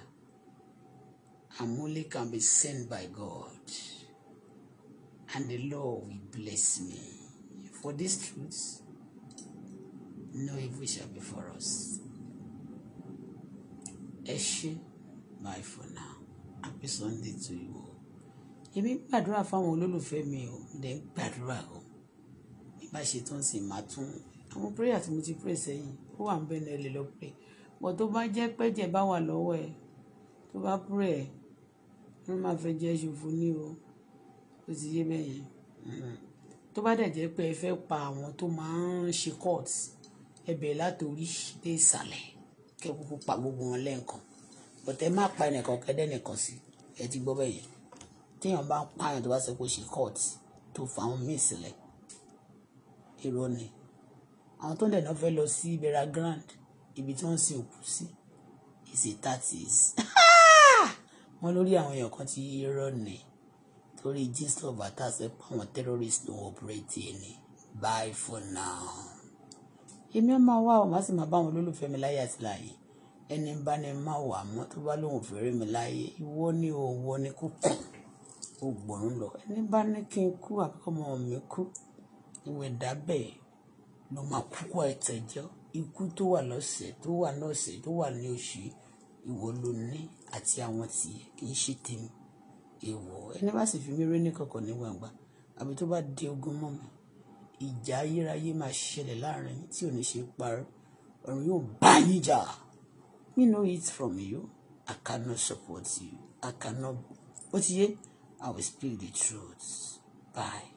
I'm only can be sent by God and the Lord will bless me for this truth no evil shall be for us ẹ bye for now happy Sunday to you. èmi ń gbàdúrà fáwọn olólùfẹ́ mi ò dẹ̀ ń gbàdúrà o bí bá ṣe tán sì máa tún àwọn prayer tí mo ti pray sẹ́yìn ó wà ń bẹ̀ náà lè lọ pray bọ̀ tó bá jẹ́ pẹ́jẹ̀ bá wà lọ́wọ́ ẹ̀ tó bá pray ẹ̀ wọ́n máa fẹ́ jẹ́ ṣòfò ní o ó ti yé bẹ́ẹ̀ mm-hmm. tó bá dẹ̀ jẹ́ pé ẹ fẹ́ pa àwọn tó máa ń ṣe court ẹbẹ̀ látòrí dé ìsàlẹ̀ kẹ́kọ̀ọ́ pa gbogbo wọn lẹ́ẹ̀kan bọ̀tẹ́ má pa ẹnìkan kẹ́dẹ́ nìkan sí ẹ ti gbọ́ bẹ́ẹ̀ téèyàn bá ń pààyàn tó bá sọ pé ó ṣe court tó fa àwọn míì sílẹ̀ irọ́ ni àwọn tó ń dẹ̀ náà fẹ́ lọ sí Vera Grand ibi tí wọ́n sin òkú sí ìsè tatis wọ́n lórí àwọn èèyàn kan ti irọ́ ni torí Gistlover àtàṣe pé àwọn terrorist ló ń operate ni bye for now. èmi á máa wá ọ má sì máa bá àwọn olólùfẹ́ mi láyé àti láàyè ẹni bá ní má wà mọ́ tó bá lóun fẹ́rẹ́ mi láyé ìwọ ni òun wọ ni kò ó gbọ̀n lọ ẹni bá ní kí n kú àkọ́mọ mi kú ìwé dábẹ́ ló máa kúkú ẹ̀tẹ̀jọ́ ikú tó wà lọ́sẹ̀ tó wà lọ́sẹ̀ tó wà ní oṣù ìwọ ló àti àwọn tí kì ṣe tèmi èèwọ̀ ẹni bá sì fi mí rí ní kọ̀kọ̀ ní gbangba àbí tó bá di ogun mọ́ mi ìjà ayérayé máa ṣẹlẹ̀ láàrin tí ò ní ṣe parí ọ̀run yóò bá yín jà me know it from you I cannot support you I cannot ó ti yé. I will speak the truth. Bye.